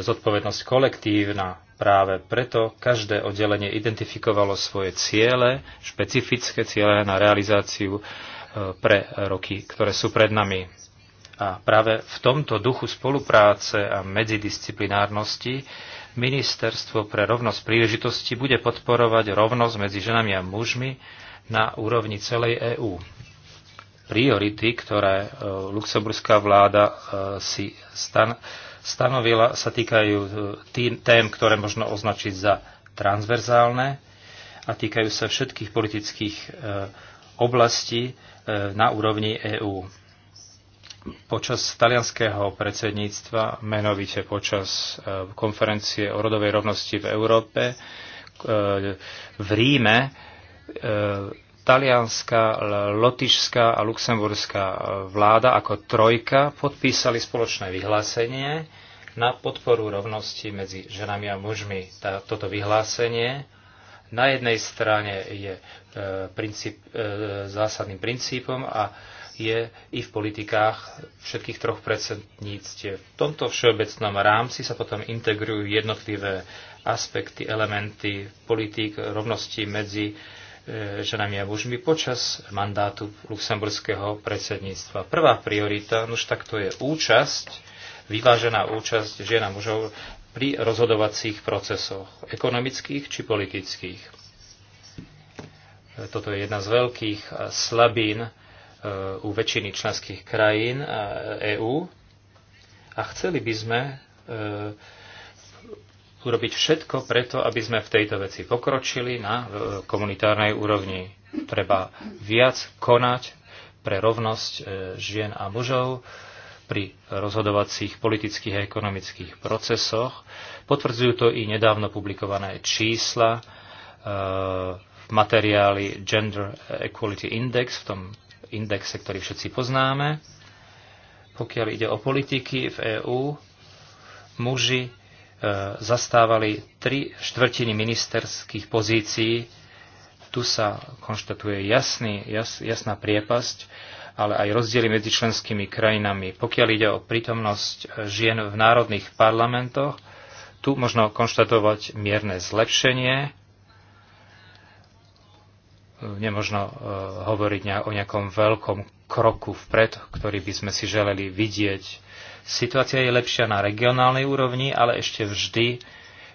zodpovednosť kolektívna. Práve preto každé oddelenie identifikovalo svoje ciele, špecifické ciele na realizáciu e, pre roky, ktoré sú pred nami. A práve v tomto duchu spolupráce a medzidisciplinárnosti Ministerstvo pre rovnosť príležitosti bude podporovať rovnosť medzi ženami a mužmi na úrovni celej EÚ. Priority, ktoré e, luxemburská vláda e, si stan- stanovila, sa týkajú e, tém, ktoré možno označiť za transverzálne a týkajú sa všetkých politických oblastí na úrovni EÚ počas talianského predsedníctva, menovite počas e, konferencie o rodovej rovnosti v Európe, e, v Ríme, e, talianská, lotišská a luxemburská vláda ako trojka podpísali spoločné vyhlásenie na podporu rovnosti medzi ženami a mužmi. Tá, toto vyhlásenie na jednej strane je e, princíp, e, zásadným princípom a e, je i v politikách všetkých troch predsedníctiev. V tomto všeobecnom rámci sa potom integrujú jednotlivé aspekty, elementy politík rovnosti medzi e, ženami a mužmi počas mandátu luxemburského predsedníctva. Prvá priorita, no už takto je účasť, vyvážená účasť žien a mužov pri rozhodovacích procesoch, ekonomických či politických. E, toto je jedna z veľkých e, slabín Eh, u väčšiny členských krajín EÚ eh, e a chceli by sme eh, urobiť všetko preto, aby sme v tejto veci pokročili na komunitárnej úrovni. Treba viac konať pre rovnosť žien a mužov pri rozhodovacích politických a ekonomických procesoch. Potvrdzujú to i nedávno publikované čísla v materiáli Gender Equality Index v tom indexe, ktorý všetci poznáme. Pokiaľ ide o politiky v EÚ, muži e, zastávali tri štvrtiny ministerských pozícií. Tu sa konštatuje jasný, jas, jasná priepasť, ale aj rozdiely medzi členskými krajinami. Pokiaľ ide o prítomnosť žien v národných parlamentoch, tu možno konštatovať mierne zlepšenie, nemožno e, hovoriť o nejakom veľkom kroku vpred, ktorý by sme si želeli vidieť. Situácia je lepšia na regionálnej úrovni, ale ešte vždy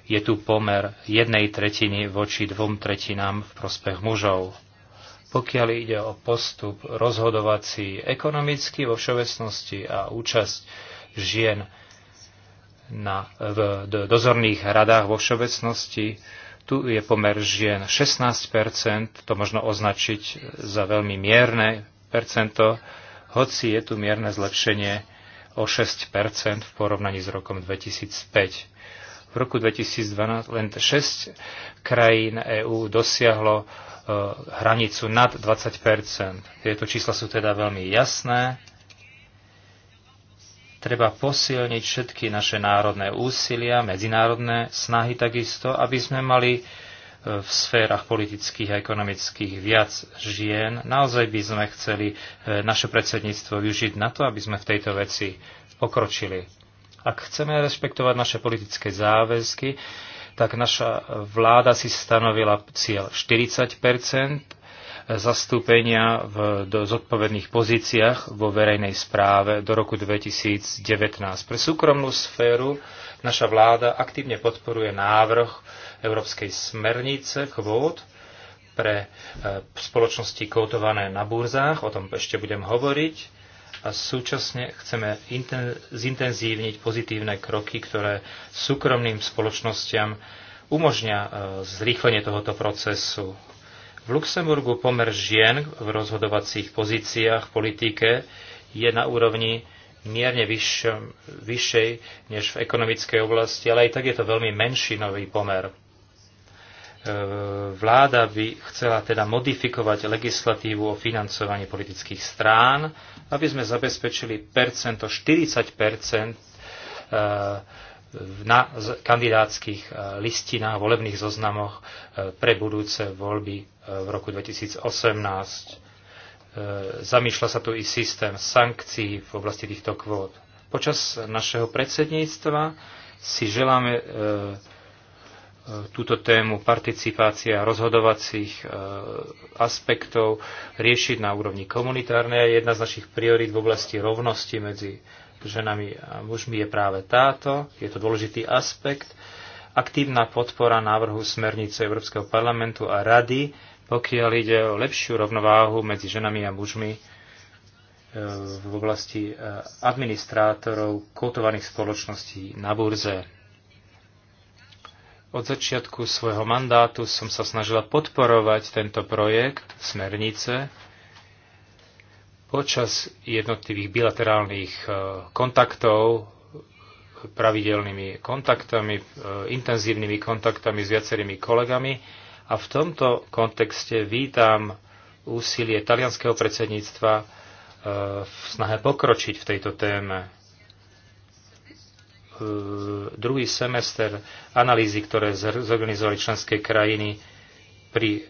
je tu pomer jednej tretiny voči dvom tretinám v prospech mužov. Pokiaľ ide o postup rozhodovací ekonomicky vo všeobecnosti a účasť žien na, v dozorných radách vo všeobecnosti, tu je pomer žien 16 to možno označiť za veľmi mierne percento, hoci je tu mierne zlepšenie o 6 v porovnaní s rokom 2005. V roku 2012 len 6 krajín EÚ dosiahlo e, hranicu nad 20 Tieto čísla sú teda veľmi jasné Treba posilniť všetky naše národné úsilia, medzinárodné snahy takisto, aby sme mali e, v sférach politických a ekonomických viac žien. Naozaj by sme chceli e, naše predsedníctvo využiť na to, aby sme v tejto veci pokročili. Ak chceme rešpektovať naše politické záväzky, tak naša vláda si stanovila cieľ 40 zastúpenia v do zodpovedných pozíciách vo verejnej správe do roku 2019. Pre súkromnú sféru naša vláda aktívne podporuje návrh Európskej smernice kvót pre e, spoločnosti kvotované na burzách, o tom ešte budem hovoriť, a súčasne chceme zintenzívniť pozitívne kroky, ktoré súkromným spoločnosťam umožňa e, zrýchlenie tohoto procesu. V Luxemburgu pomer žien v rozhodovacích pozíciách v politike je na úrovni mierne vyš, vyššej než v ekonomickej oblasti, ale aj tak je to veľmi menšinový pomer. E, vláda by chcela teda modifikovať legislatívu o financovaní politických strán, aby sme zabezpečili percento 40 percent e, na kandidátskych e, listinách, volebných zoznamoch e, pre budúce voľby e, v roku 2018. Zamýšľa sa tu i systém sankcií v oblasti týchto kvót. Počas našeho predsedníctva si želáme túto tému participácia rozhodovacích aspektov riešiť na úrovni komunitárnej. Jedna z našich priorít v oblasti rovnosti medzi ženami a mužmi je práve táto. Je to dôležitý aspekt. Aktívna podpora návrhu smernice Európskeho parlamentu a rady, pokiaľ ide o lepšiu rovnováhu medzi ženami a mužmi e, v oblasti e, administrátorov kotovaných spoločností na burze. Od začiatku svojho mandátu som sa snažila podporovať tento projekt smernice, Počas jednotlivých bilaterálnych e, kontaktov, pravidelnými kontaktami, e, intenzívnymi kontaktami s viacerými kolegami a v tomto kontexte vítam úsilie talianského predsedníctva e, v snahe pokročiť v tejto téme. Druhý semester analýzy, ktoré zorganizovali členské krajiny, pri e,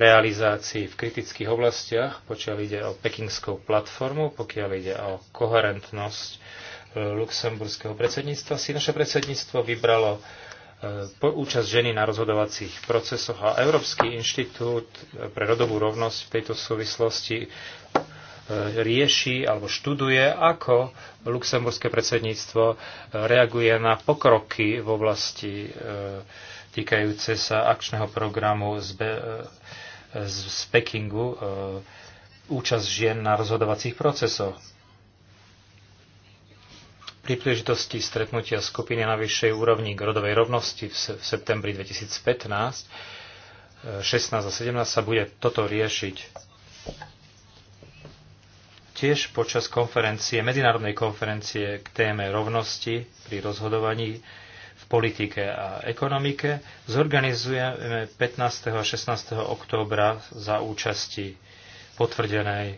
realizácii v kritických oblastiach, pokiaľ ide o pekingskou platformu, pokiaľ ide o koherentnosť e, luxemburského predsedníctva, si naše predsedníctvo vybralo e, účasť ženy na rozhodovacích procesoch a Európsky inštitút pre rodovú rovnosť v tejto súvislosti rieši alebo študuje, ako luxemburské predsedníctvo reaguje na pokroky v oblasti týkajúce sa akčného programu z, Be, e, z, z Pekingu, e, účasť žien na rozhodovacích procesoch. Pri príležitosti stretnutia skupiny na vyššej úrovni k rodovej rovnosti v, se, v septembri 2015, 16 e, a 17 sa bude toto riešiť tiež počas konferencie, medzinárodnej konferencie k téme rovnosti pri rozhodovaní politike a ekonomike zorganizujeme 15. a 16. októbra za účasti potvrdenej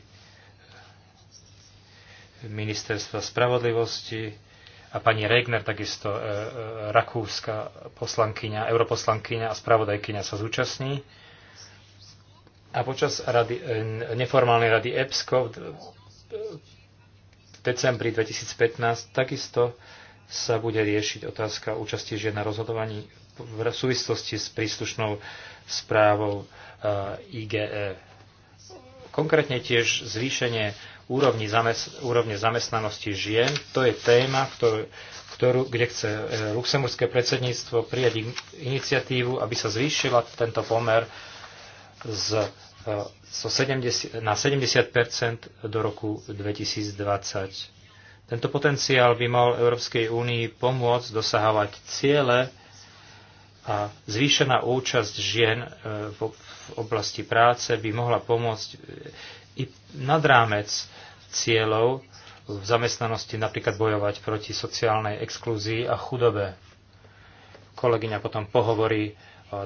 ministerstva spravodlivosti a pani Regner, takisto e, e, rakúska poslankyňa, europoslankyňa a spravodajkyňa sa zúčastní. A počas rady, e, neformálnej rady EPSCO v, e, v decembri 2015 takisto e, sa bude riešiť otázka účasti žien na rozhodovaní v súvislosti s príslušnou správou eh, IGE. Konkrétne tiež zvýšenie úrovni zamest- úrovne zamestnanosti žien, to je téma, ktorú, ktorú, kde chce eh, luxemburské predsedníctvo prijať iniciatívu, aby sa zvýšila tento pomer z, eh, z 70, na 70 do roku 2020 tento potenciál by mal Európskej únii pomôcť dosahovať ciele a zvýšená účasť žien e, v oblasti práce by mohla pomôcť e, i nad rámec cieľov v zamestnanosti napríklad bojovať proti sociálnej exklúzii a chudobe. Kolegyňa potom pohovorí e,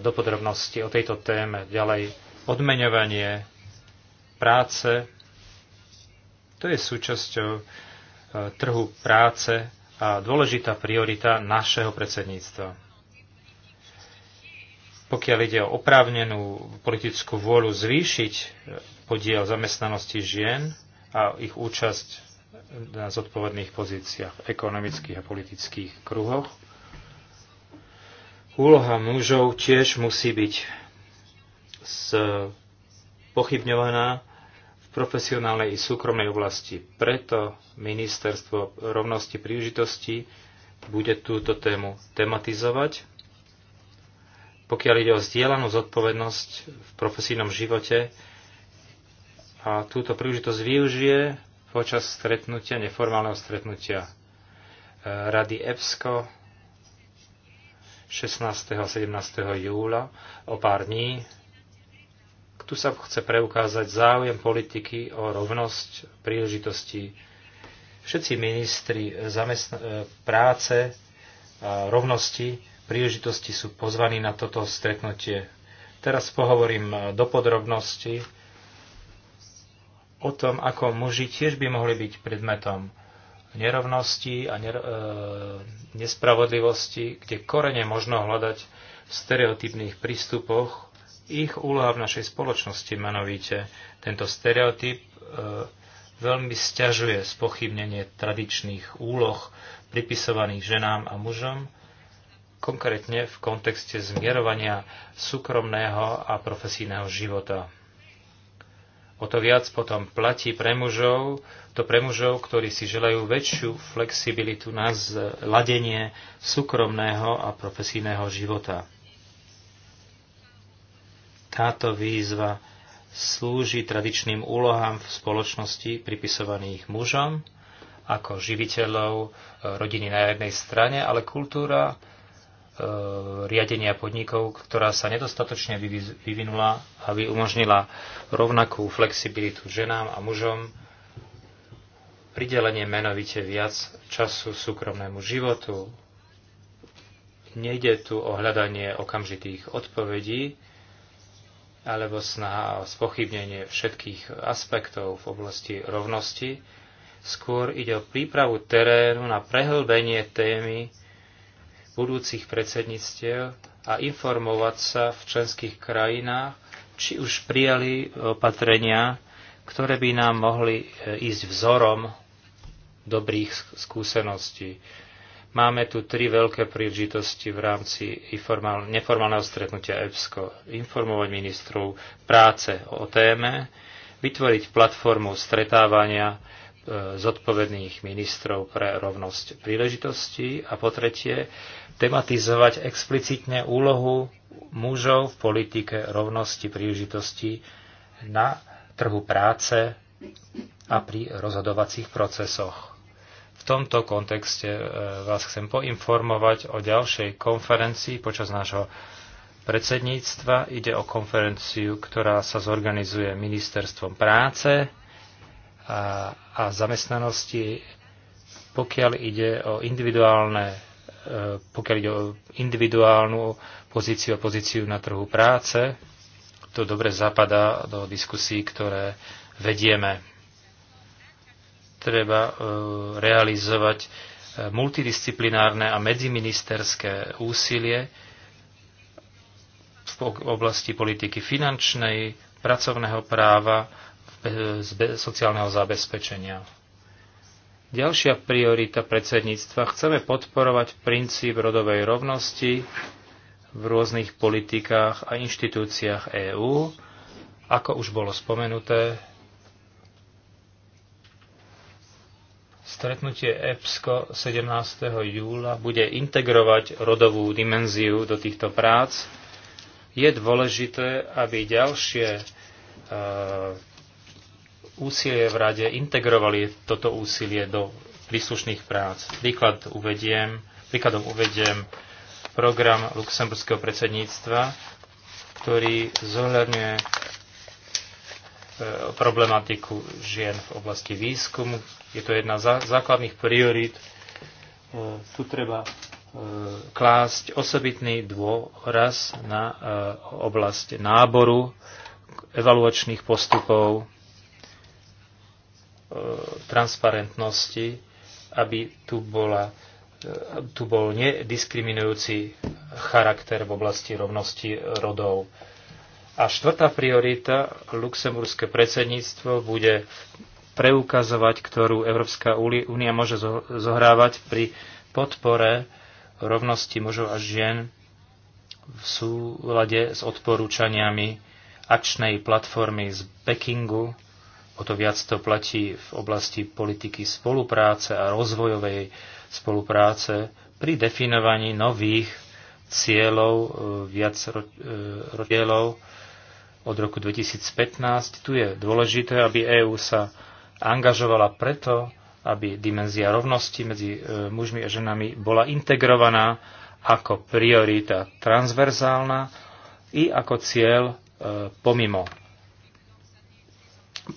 do podrobnosti o tejto téme ďalej odmeňovanie práce. To je súčasťou trhu práce a dôležitá priorita našeho predsedníctva. Pokiaľ ide o oprávnenú politickú vôľu zvýšiť podiel zamestnanosti žien a ich účasť na zodpovedných pozíciách v ekonomických a politických kruhoch, úloha mužov tiež musí byť pochybňovaná profesionálnej i súkromnej oblasti. Preto Ministerstvo rovnosti príležitosti bude túto tému tematizovať. Pokiaľ ide o zdieľanú zodpovednosť v profesijnom živote, a túto príležitosť využije počas stretnutia, neformálneho stretnutia e, Rady EPSCO 16. a 17. júla o pár dní tu sa chce preukázať záujem politiky o rovnosť príležitosti. Všetci ministri e, práce a rovnosti príležitosti sú pozvaní na toto stretnutie. Teraz pohovorím do podrobnosti o tom, ako muži tiež by mohli byť predmetom nerovnosti a ner- e, nespravodlivosti, kde korene možno hľadať v stereotypných prístupoch ich úloha v našej spoločnosti, menovite tento stereotyp, e, veľmi stiažuje spochybnenie tradičných úloh pripisovaných ženám a mužom, konkrétne v kontexte zmierovania súkromného a profesijného života. O to viac potom platí pre mužov, to pre mužov, ktorí si želajú väčšiu flexibilitu na zladenie súkromného a profesijného života. Táto výzva slúži tradičným úlohám v spoločnosti pripisovaných mužom, ako živiteľov e, rodiny na jednej strane, ale kultúra e, riadenia podnikov, ktorá sa nedostatočne vyvinula, aby umožnila rovnakú flexibilitu ženám a mužom, pridelenie menovite viac času súkromnému životu. Nejde tu o hľadanie okamžitých odpovedí, alebo snaha o spochybnenie všetkých aspektov v oblasti rovnosti. Skôr ide o prípravu terénu na prehlbenie témy budúcich predsedníctiev a informovať sa v členských krajinách, či už prijali opatrenia, ktoré by nám mohli e, ísť vzorom dobrých skúseností. Máme tu tri veľké príležitosti v rámci neformálneho stretnutia EBSCO. Informovať ministrov práce o téme, vytvoriť platformu stretávania e, zodpovedných ministrov pre rovnosť príležitostí a po tretie tematizovať explicitne úlohu mužov v politike rovnosti príležitostí na trhu práce a pri rozhodovacích procesoch tomto kontexte e, vás chcem poinformovať o ďalšej konferencii počas nášho predsedníctva. Ide o konferenciu, ktorá sa zorganizuje ministerstvom práce a, a zamestnanosti, pokiaľ ide o individuálne e, pokiaľ ide o individuálnu pozíciu a pozíciu na trhu práce, to dobre zapadá do diskusí, ktoré vedieme treba e, realizovať e, multidisciplinárne a medziministerské úsilie v oblasti politiky finančnej, pracovného práva, e, sociálneho zabezpečenia. Ďalšia priorita predsedníctva chceme podporovať princíp rodovej rovnosti v rôznych politikách a inštitúciách EÚ, ako už bolo spomenuté, Stretnutie EPSCO 17. júla bude integrovať rodovú dimenziu do týchto prác. Je dôležité, aby ďalšie e, úsilie v rade integrovali toto úsilie do príslušných prác. Príklad uvediem, príkladom uvediem program luxemburského predsedníctva, ktorý zohľadňuje E, problematiku žien v oblasti výskumu. Je to jedna z základných priorít. E, tu treba e, klásť osobitný dôraz na oblasť náboru, evaluačných postupov, transparentnosti, aby tu, bola, tu bol nediskriminujúci charakter v oblasti rovnosti rodov a štvrtá priorita, luxemburské predsedníctvo bude preukazovať, ktorú Európska únia môže zohrávať pri podpore rovnosti mužov a žien v súlade s odporúčaniami akčnej platformy z Pekingu. O to viac to platí v oblasti politiky spolupráce a rozvojovej spolupráce pri definovaní nových cieľov, e, viac cieľov, e, ro od roku 2015. Tu je dôležité, aby EÚ sa angažovala preto, aby dimenzia rovnosti medzi e, mužmi a ženami bola integrovaná ako priorita transverzálna i ako cieľ e, pomimo.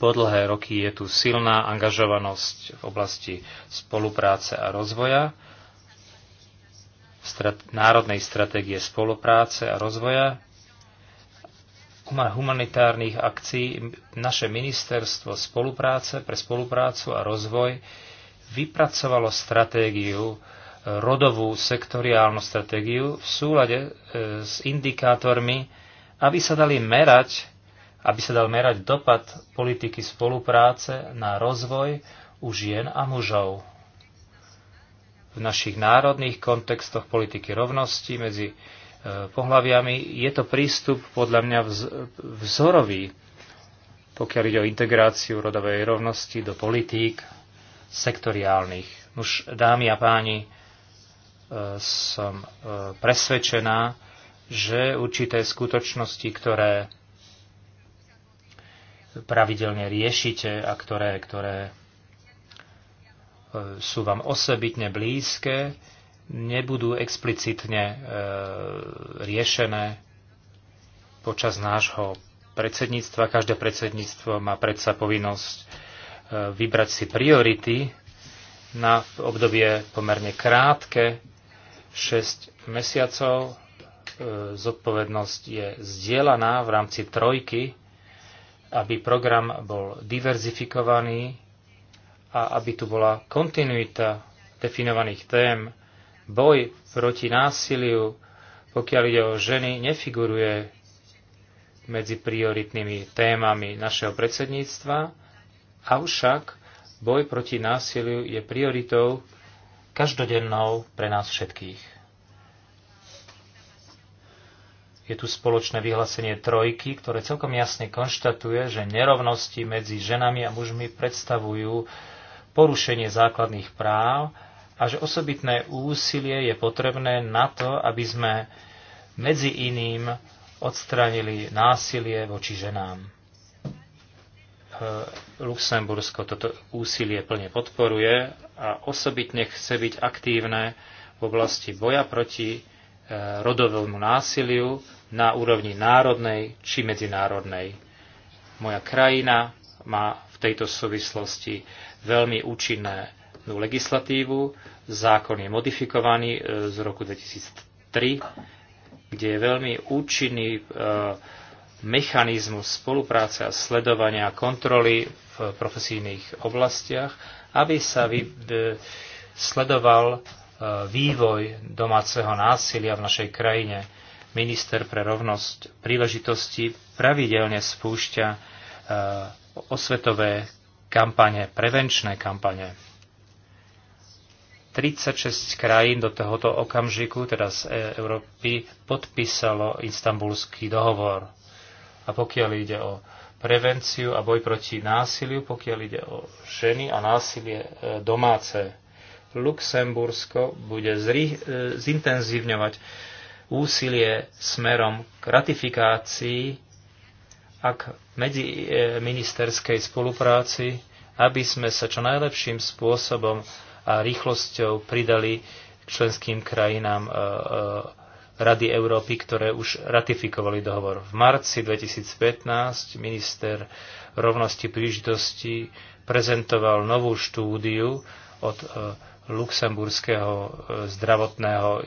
Po dlhé roky je tu silná angažovanosť v oblasti spolupráce a rozvoja, národnej stratégie spolupráce a rozvoja, humanitárnych akcií naše ministerstvo spolupráce pre spoluprácu a rozvoj vypracovalo stratégiu, e, rodovú sektoriálnu stratégiu v súlade e, s indikátormi, aby sa dali merať, aby sa dal merať dopad politiky spolupráce na rozvoj u žien a mužov. V našich národných kontextoch politiky rovnosti medzi E, pohľaviami, je to prístup podľa mňa vzorový, pokiaľ ide o integráciu rodovej rovnosti do politík sektoriálnych. Už dámy a páni, e, som e, presvedčená, že určité skutočnosti, ktoré pravidelne riešite a ktoré, ktoré sú vám osobitne blízke, nebudú explicitne e, riešené počas nášho predsedníctva. Každé predsedníctvo má predsa povinnosť e, vybrať si priority na obdobie pomerne krátke, 6 mesiacov. E, zodpovednosť je zdieľaná v rámci trojky, aby program bol diverzifikovaný a aby tu bola kontinuita definovaných tém Boj proti násiliu, pokiaľ ide o ženy, nefiguruje medzi prioritnými témami našeho predsedníctva, avšak boj proti násiliu je prioritou každodennou pre nás všetkých. Je tu spoločné vyhlásenie trojky, ktoré celkom jasne konštatuje, že nerovnosti medzi ženami a mužmi predstavujú porušenie základných práv a že osobitné úsilie je potrebné na to, aby sme medzi iným odstranili násilie voči ženám. Luxembursko toto úsilie plne podporuje a osobitne chce byť aktívne v oblasti boja proti e, rodovému násiliu na úrovni národnej či medzinárodnej. Moja krajina má v tejto súvislosti veľmi účinné legislatívu. Zákon je modifikovaný e, z roku 2003, kde je veľmi účinný e, mechanizmus spolupráce a sledovania a kontroly v profesijných oblastiach, aby sa e, sledoval vývoj domáceho násilia v našej krajine. Minister pre rovnosť príležitosti pravidelne spúšťa osvetové kampane, prevenčné kampane. 36 krajín do tohoto okamžiku, teda z e, Európy, podpísalo istambulský dohovor. A pokiaľ ide o prevenciu a boj proti násiliu, pokiaľ ide o ženy a násilie e, domáce, Luxembursko bude zri- e, zintenzívňovať úsilie smerom k ratifikácii a k medziministerskej spolupráci, aby sme sa čo najlepším spôsobom a rýchlosťou pridali k členským krajinám e, e, Rady Európy, ktoré už ratifikovali dohovor. V marci 2015 minister rovnosti príležitosti prezentoval novú štúdiu od e, Luxemburského zdravotného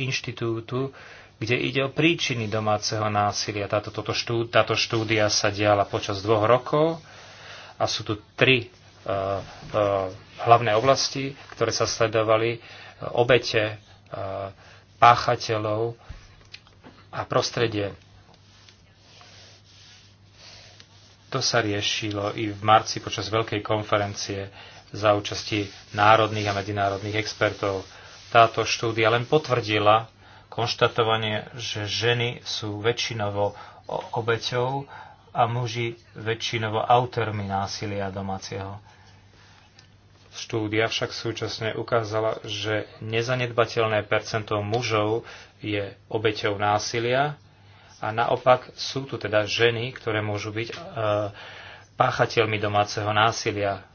inštitútu, kde ide o príčiny domáceho násilia. Táto, toto štú, táto štúdia sa diala počas dvoch rokov a sú tu tri Eh, eh, hlavné oblasti, ktoré sa sledovali, eh, obete, páchateľov a prostredie. To sa riešilo i v marci počas veľkej konferencie za účasti národných a medzinárodných expertov. Táto štúdia len potvrdila konštatovanie, že ženy sú väčšinovo obeťou a muži väčšinovo autormi násilia domáceho Štúdia však súčasne ukázala, že nezanedbateľné percento mužov je obeťou násilia a naopak sú tu teda ženy, ktoré môžu byť e, páchateľmi domáceho násilia.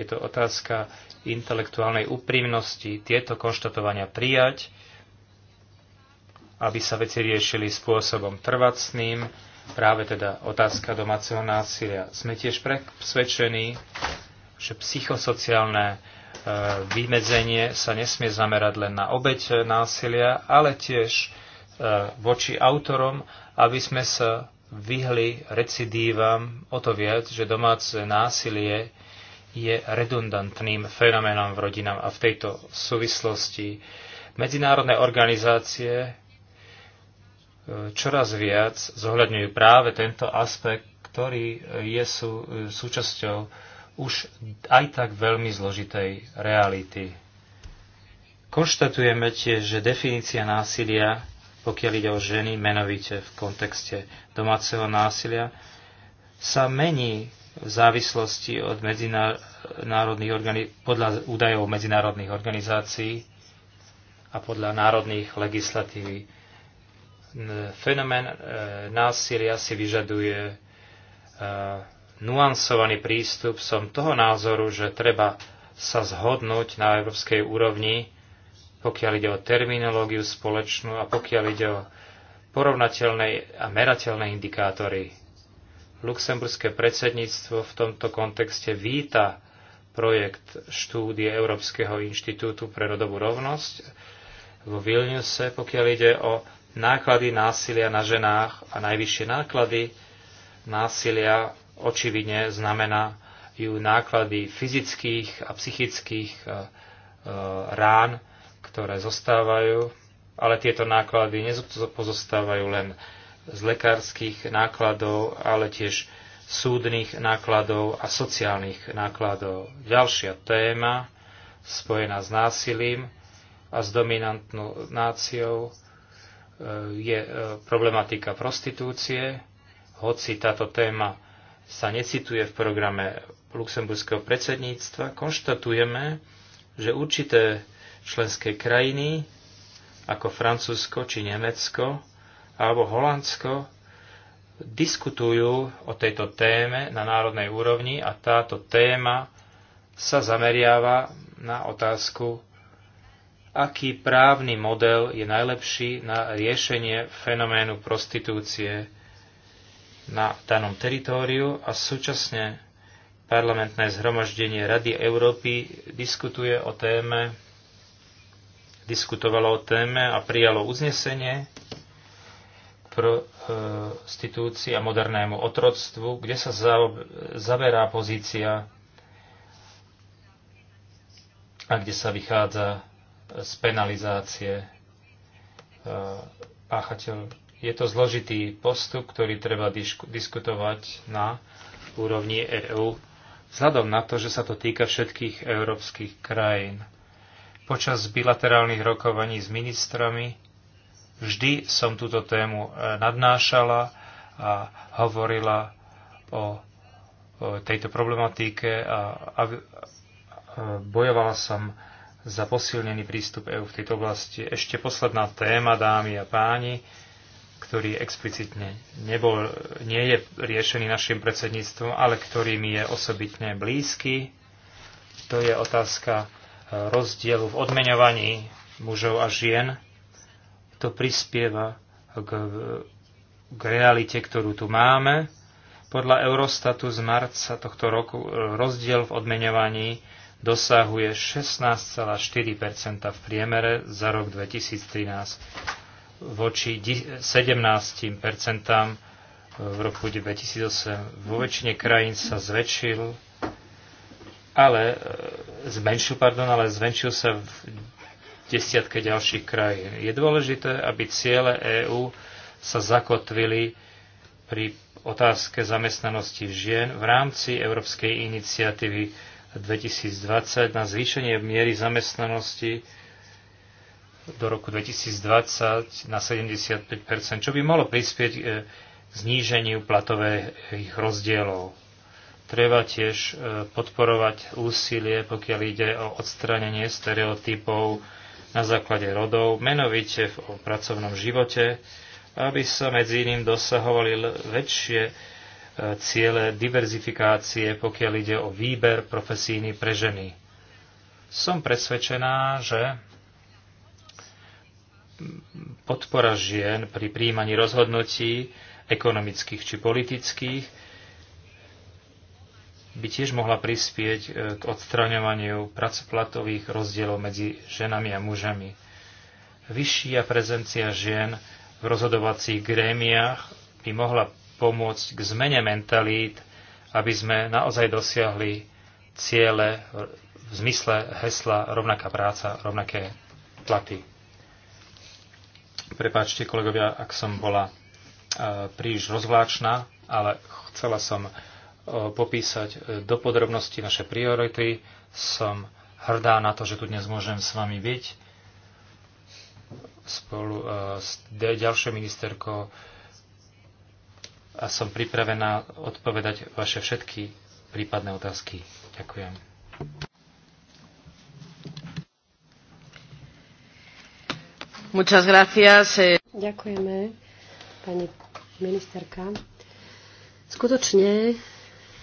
Je to otázka intelektuálnej úprimnosti tieto konštatovania prijať, aby sa veci riešili spôsobom trvacným, práve teda otázka domáceho násilia. Sme tiež presvedčení, že psychosociálne e, vymedzenie sa nesmie zamerať len na obeď e, násilia, ale tiež e, voči autorom, aby sme sa vyhli recidívam o to viac, že domáce násilie je redundantným fenoménom v rodinám a v tejto súvislosti medzinárodné organizácie čoraz viac zohľadňujú práve tento aspekt, ktorý je sú, súčasťou už aj tak veľmi zložitej reality. Konštatujeme tiež, že definícia násilia, pokiaľ ide o ženy, menovite v kontexte domáceho násilia, sa mení v závislosti od medzinárodných organi- podľa údajov medzinárodných organizácií a podľa národných legislatívy. Fenomén e, násilia si vyžaduje e, nuancovaný prístup. Som toho názoru, že treba sa zhodnúť na európskej úrovni, pokiaľ ide o terminológiu spoločnú a pokiaľ ide o porovnateľné a merateľné indikátory. Luxemburské predsedníctvo v tomto kontexte víta projekt štúdie Európskeho inštitútu pre rodovú rovnosť vo Vilniuse, pokiaľ ide o náklady násilia na ženách a najvyššie náklady násilia očividne znamenajú náklady fyzických a psychických e, e, rán, ktoré zostávajú, ale tieto náklady nepozostávajú len z lekárskych nákladov, ale tiež súdnych nákladov a sociálnych nákladov. Ďalšia téma spojená s násilím a s dominantnou náciou e, je problematika prostitúcie, hoci táto téma sa necituje v programe luxemburského predsedníctva, konštatujeme, že určité členské krajiny ako Francúzsko či Nemecko alebo Holandsko diskutujú o tejto téme na národnej úrovni a táto téma sa zameriava na otázku, aký právny model je najlepší na riešenie fenoménu prostitúcie na danom teritóriu a súčasne parlamentné zhromaždenie Rady Európy diskutuje o téme, diskutovalo o téme a prijalo uznesenie prostitúcii e, a modernému otroctvu, kde sa zaberá pozícia a kde sa vychádza z penalizácie e, páchateľov. Je to zložitý postup, ktorý treba diskutovať na úrovni EÚ, e vzhľadom na to, že sa to týka všetkých európskych krajín. Počas bilaterálnych rokovaní s ministrami vždy som túto tému e, nadnášala a hovorila o tejto problematike a, a, e, bojovala som za posilnený prístup EÚ v tejto oblasti. Ešte posledná téma, dámy a páni, ktorý explicitne nebol, nie je riešený našim predsedníctvom, ale ktorý mi je osobitne blízky. To je otázka e, rozdielu v odmeňovaní mužov a žien. To prispieva k, k realite, ktorú tu máme. Podľa Eurostatu z marca tohto roku e, rozdiel v odmeňovaní dosahuje 16,4 v priemere za rok 2013 voči 17% e, v roku 2008. Vo väčšine krajín sa zväčšil, ale e, zmenšil, pardon, ale zmenšil sa v desiatke ďalších krajín. Je dôležité, aby ciele EÚ sa zakotvili pri otázke zamestnanosti žien v rámci Európskej iniciatívy 2020 na zvýšenie miery zamestnanosti do roku 2020 na 75 čo by mohlo prispieť e, k zníženiu platových rozdielov. Treba tiež e, podporovať úsilie, pokiaľ ide o odstránenie stereotypov na základe rodov, menovite v pracovnom živote, aby sa medzi iným dosahovali väčšie e, ciele diverzifikácie, pokiaľ ide o výber profesíny pre ženy. Som presvedčená, že podpora žien pri príjmaní rozhodnutí ekonomických či politických by tiež mohla prispieť e, k odstraňovaniu pracoplatových rozdielov medzi ženami a mužami. Vyššia prezencia žien v rozhodovacích grémiách by mohla pomôcť k zmene mentalít, aby sme naozaj dosiahli ciele v zmysle hesla rovnaká práca, rovnaké platy. Prepáčte, kolegovia, ak som bola e, príliš rozvláčna, ale chcela som e, popísať e, do podrobnosti naše priority. Som hrdá na to, že tu dnes môžem s vami byť spolu s ďalšou ministerkou a som pripravená odpovedať vaše všetky prípadné otázky. Ďakujem. Muchas gracias. Eh. Ďakujeme, pani ministerka. Skutočne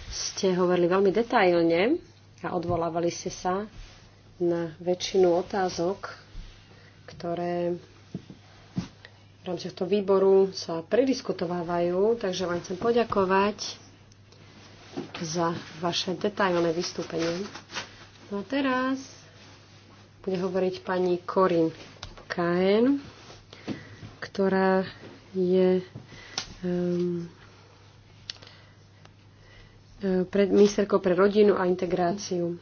ste hovorili veľmi detailne a odvolávali ste sa na väčšinu otázok, ktoré v rámci tohto výboru sa prediskutovávajú, takže vám chcem poďakovať za vaše detailné vystúpenie. No a teraz bude hovoriť pani Korin Kajen, ktorá je um, pred ministerkou pre rodinu a integráciu.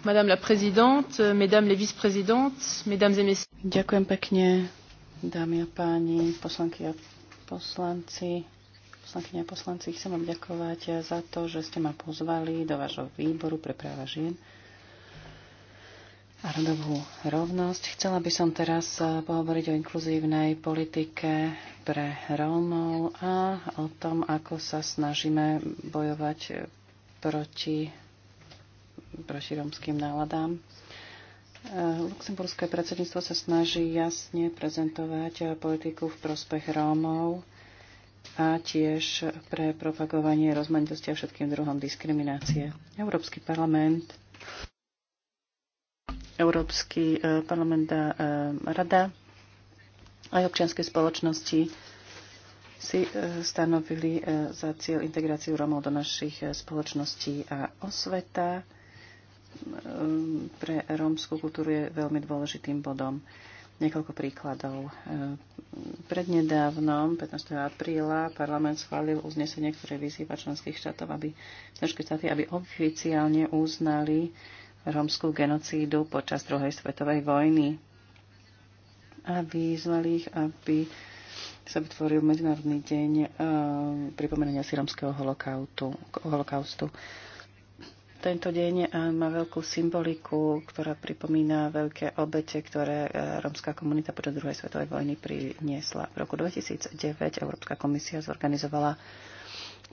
Madame la présidente, mesdames les vice-présidentes, mesdames et messieurs. Ďakujem pekne, dámy a páni, poslanky a poslanci, poslanky a poslanci. Chcem vám ďakovať za to, že ste ma pozvali do vášho výboru pre práva žien a rodovú rovnosť. Chcela by som teraz eh, pohovoriť o inkluzívnej politike pre Rómov a o tom, ako sa snažíme bojovať eh, proti, proti rómským náladám. Eh, Luxemburské predsedníctvo sa snaží jasne prezentovať politiku v prospech Rómov a tiež pre propagovanie rozmanitosti a všetkým druhom diskriminácie. Európsky parlament Európsky e, parlament a e, rada aj občianskej spoločnosti si e, stanovili za cieľ integráciu Romov do našich spoločností a osveta pre rómskú kultúru je veľmi dôležitým bodom. Niekoľko príkladov. Prednedávnom, 15. apríla, parlament schválil uznesenie, ktoré vyzýva členských štátov, aby, štáty, aby oficiálne uznali romskú genocídu počas druhej svetovej vojny a vyzvali ich, aby sa vytvoril Medzinárodný deň eh, pripomenania si romského holokaustu. holokaustu. Tento deň eh, má veľkú symboliku, ktorá pripomína veľké obete, ktoré eh, romská komunita počas druhej svetovej vojny priniesla. V roku 2009 Európska komisia zorganizovala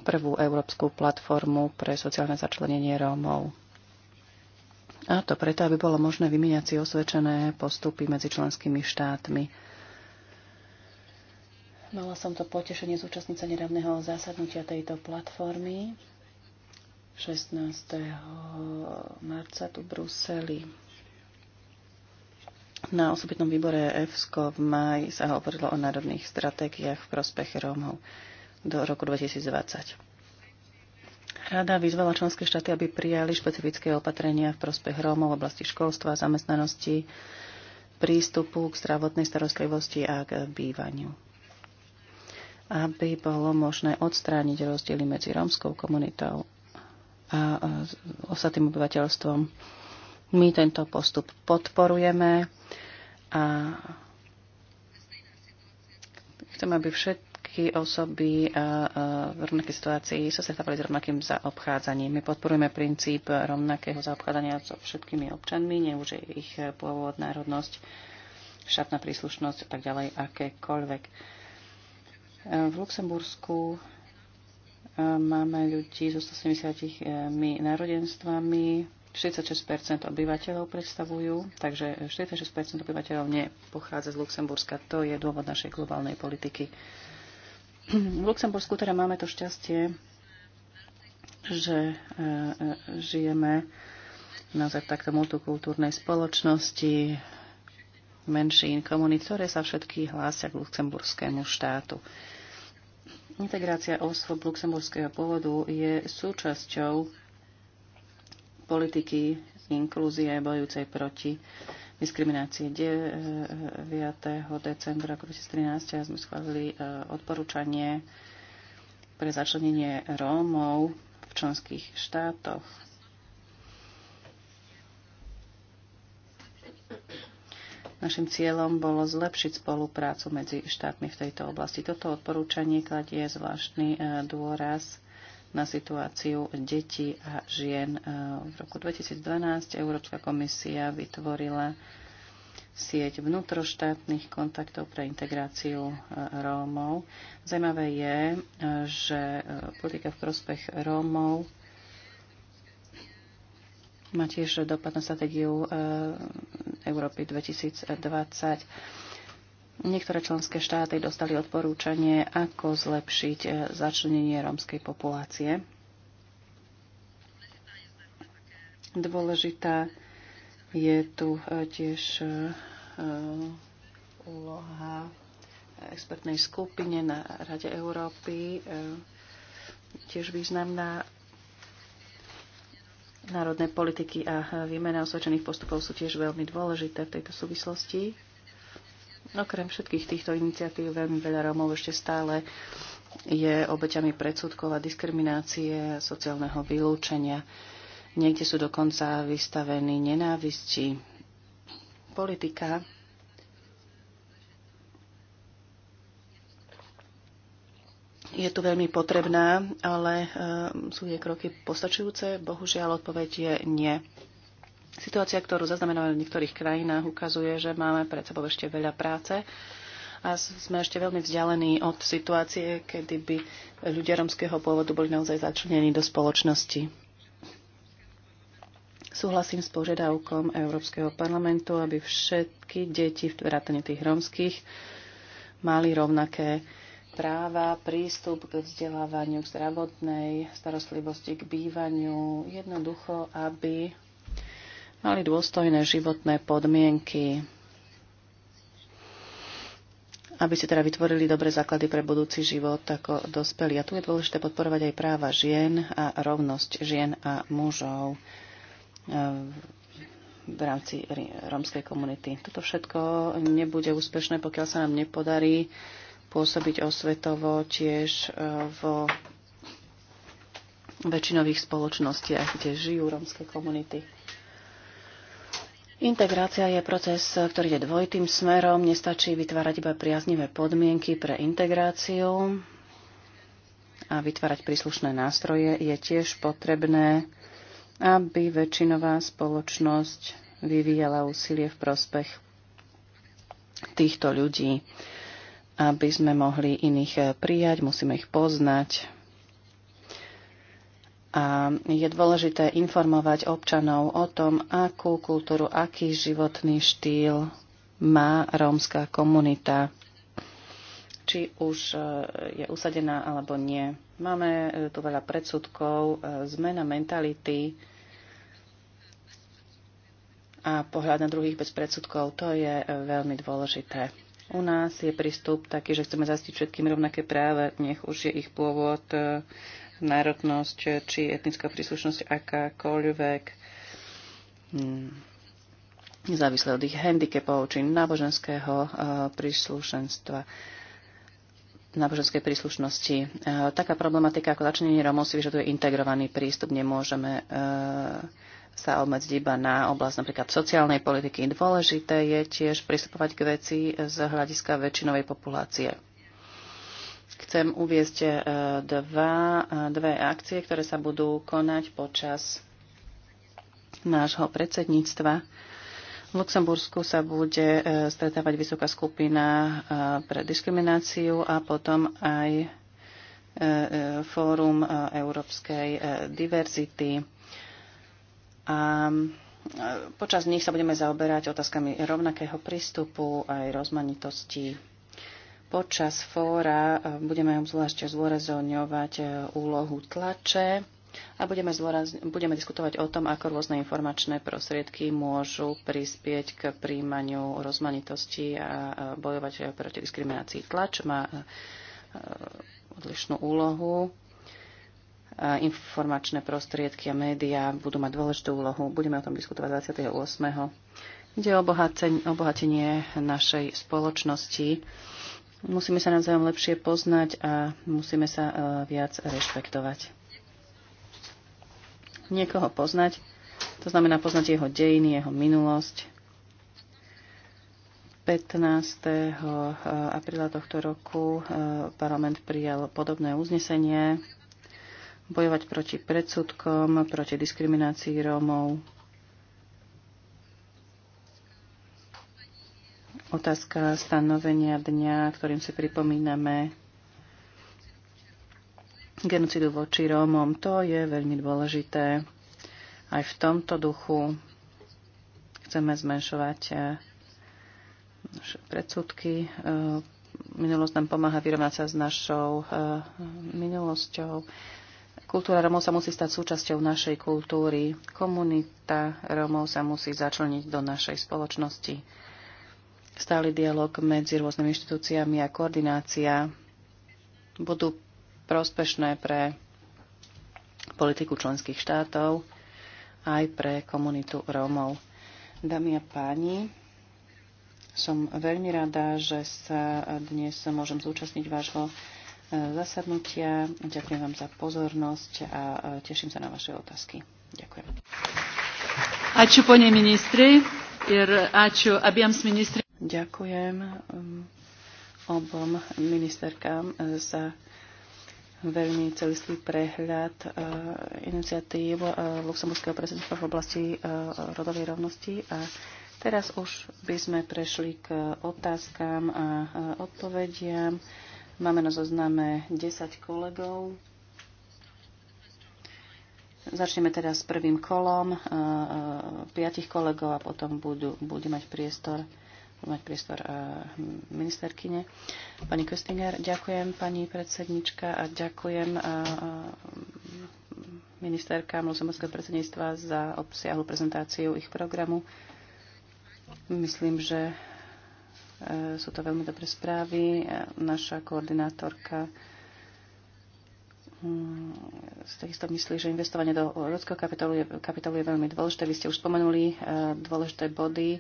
prvú európsku platformu pre sociálne začlenenie Rómov a to preto, aby bolo možné vymieňať si osvedčené postupy medzi členskými štátmi. Mala som to potešenie zúčastniť sa nedávneho zásadnutia tejto platformy 16. marca tu v Bruseli. Na osobitnom výbore EFSCO v maji sa hovorilo o národných stratégiách v prospech Rómov do roku 2020. Rada vyzvala členské štáty, aby prijali špecifické opatrenia v prospech Rómov v oblasti školstva, zamestnanosti, prístupu k zdravotnej starostlivosti a k bývaniu. Aby bolo možné odstrániť rozdiely medzi rómskou komunitou a ostatným obyvateľstvom. My tento postup podporujeme a chcem, aby všetci všetky osoby e, e, v rovnakej situácii sa stretávali s rovnakým zaobchádzaním. My podporujeme princíp rovnakého zaobchádzania so všetkými občanmi, neuž ich pôvod, národnosť, štátna príslušnosť a tak ďalej, akékoľvek. E, v Luxembursku máme ľudí so 170 národenstvami, 46 obyvateľov predstavujú, takže 46 obyvateľov nepochádza z Luxemburska. To je dôvod našej globálnej politiky. V Luxembursku teda máme to šťastie, že e, e, žijeme naozaj v takto multikultúrnej spoločnosti menšín komunít, ktoré sa všetky hlásia k luxemburskému štátu. Integrácia osôb luxemburského pôvodu je súčasťou politiky inklúzie bojúcej proti diskriminácie 9. decembra 2013 sme schválili e, odporúčanie pre začlenenie Rómov v členských štátoch. Našim cieľom bolo zlepšiť spoluprácu medzi štátmi v tejto oblasti. Toto odporúčanie kladie zvláštny e, dôraz na situáciu detí a žien. E, v roku 2012 Európska komisia vytvorila sieť vnútroštátnych kontaktov pre integráciu e, Rómov. Zajímavé je, e, že politika v prospech Rómov má tiež dopad na stratégiu Európy 2020. Niektoré členské štáty dostali odporúčanie, ako zlepšiť e, začlenenie rómskej populácie. Dôležitá je tu e, tiež e, úloha expertnej skupine na Rade Európy, tiež významná. Národné politiky a výmena osvedčených postupov sú tiež veľmi dôležité v tejto súvislosti. Okrem všetkých týchto iniciatív veľmi veľa Rómov ešte stále je obeťami predsudkov a diskriminácie a sociálneho vylúčenia. Niekde sú dokonca vystavení nenávisti. Politika je tu veľmi potrebná, ale eh, sú jej kroky postačujúce? Bohužiaľ, odpoveď je nie. Situácia, ktorú zaznamenávame v niektorých krajinách, ukazuje, že máme pred sebou ešte veľa práce a sme ešte veľmi vzdialení od situácie, kedy by ľudia romského pôvodu boli naozaj začlenení do spoločnosti. Súhlasím s požiadavkom Európskeho parlamentu, aby všetky deti, vrátane tých romských, mali rovnaké práva, prístup k vzdelávaniu, k zdravotnej starostlivosti, k bývaniu, jednoducho, aby mali dôstojné životné podmienky, aby si teda vytvorili dobré základy pre budúci život ako dospelí. A tu je dôležité podporovať aj práva žien a rovnosť žien a mužov eh, v rámci rómskej komunity. Toto všetko nebude úspešné, pokiaľ sa nám nepodarí pôsobiť osvetovo tiež eh, vo väčšinových spoločnostiach, kde žijú rómske komunity. Integrácia je proces, ktorý ide dvojitým smerom. Nestačí vytvárať iba priaznivé podmienky pre integráciu a vytvárať príslušné nástroje. Je tiež potrebné, aby väčšinová spoločnosť vyvíjala úsilie v prospech týchto ľudí. Aby sme mohli iných prijať, musíme ich poznať, a je dôležité informovať občanov o tom, akú kultúru, aký životný štýl má rómska komunita, či už e, je usadená alebo nie. Máme e, tu veľa predsudkov, e, zmena mentality a pohľad na druhých bez predsudkov, to je veľmi dôležité. U nás je prístup taký, že chceme zastiť všetkým rovnaké práve, nech už je ich pôvod národnosť či etnická príslušnosť akákoľvek, hm, nezávisle od ich handicapov či náboženského eh, príslušenstva náboženskej príslušnosti. Eh, taká problematika ako začnenie Romov si vyžaduje integrovaný prístup. Nemôžeme eh, sa obmedziť iba na oblasť napríklad sociálnej politiky. Dôležité je tiež pristupovať k veci z hľadiska väčšinovej populácie. Chcem uviezť e, dva, e, dve akcie, ktoré sa budú konať počas nášho predsedníctva. V Luxembursku sa bude e, stretávať vysoká skupina pre diskrimináciu a potom aj Fórum európskej diverzity. A počas nich sa budeme zaoberať otázkami rovnakého prístupu aj rozmanitosti Počas fóra e, budeme obzvlášť zdôrazňovať e, úlohu tlače a budeme, zvoraz- budeme diskutovať o tom, ako rôzne informačné prostriedky môžu prispieť k príjmaniu rozmanitosti a bojovať e, proti diskriminácii. Tlač má odlišnú úlohu informačné prostriedky a médiá budú mať dôležitú úlohu. Budeme o tom diskutovať 28. Ide o obohatenie našej spoločnosti Musíme sa navzájom lepšie poznať a musíme sa e, viac rešpektovať. Niekoho poznať, to znamená poznať jeho dejiny, jeho minulosť. 15. E, apríla tohto roku e, parlament prijal podobné uznesenie bojovať proti predsudkom, proti diskriminácii Rómov otázka stanovenia dňa, ktorým si pripomíname genocidu voči Rómom. To je veľmi dôležité. Aj v tomto duchu chceme zmenšovať eh, naše predsudky. Eh, Minulosť nám pomáha vyrovnať sa s našou eh, minulosťou. Kultúra Romov sa musí stať súčasťou našej kultúry. Komunita Romov sa musí začleniť do našej spoločnosti stály dialog medzi rôznymi inštitúciami a koordinácia budú prospešné pre politiku členských štátov aj pre komunitu Rómov. Dámy a páni, som veľmi rada, že sa dnes môžem zúčastniť vášho e, zasadnutia. Ďakujem vám za pozornosť a e, teším sa na vaše otázky. Ďakujem. Ačiū, pone ministri, ir ačiū abiems ministri. Ďakujem um, obom ministerkám eh, za veľmi celistý prehľad eh, iniciatív eh, luxemburského predsedníctva v oblasti rodovej rovnosti. A teraz už by sme prešli k otázkám a odpovediam. Máme na zozname 10 kolegov. Začneme teda s prvým kolom piatich kolegov a potom budú, bude mať priestor mať priestor eh, ministerkyne. Pani Köstinger, ďakujem pani predsednička a ďakujem eh, eh, ministerkám Luxemburského predsedníctva za obsiahlu prezentáciu ich programu. Myslím, že sú to veľmi dobré správy. Naša koordinátorka mm, takisto myslí, že investovanie do ľudského kapitálu je, kapitálu je veľmi dôležité. Vy ste už spomenuli dôležité body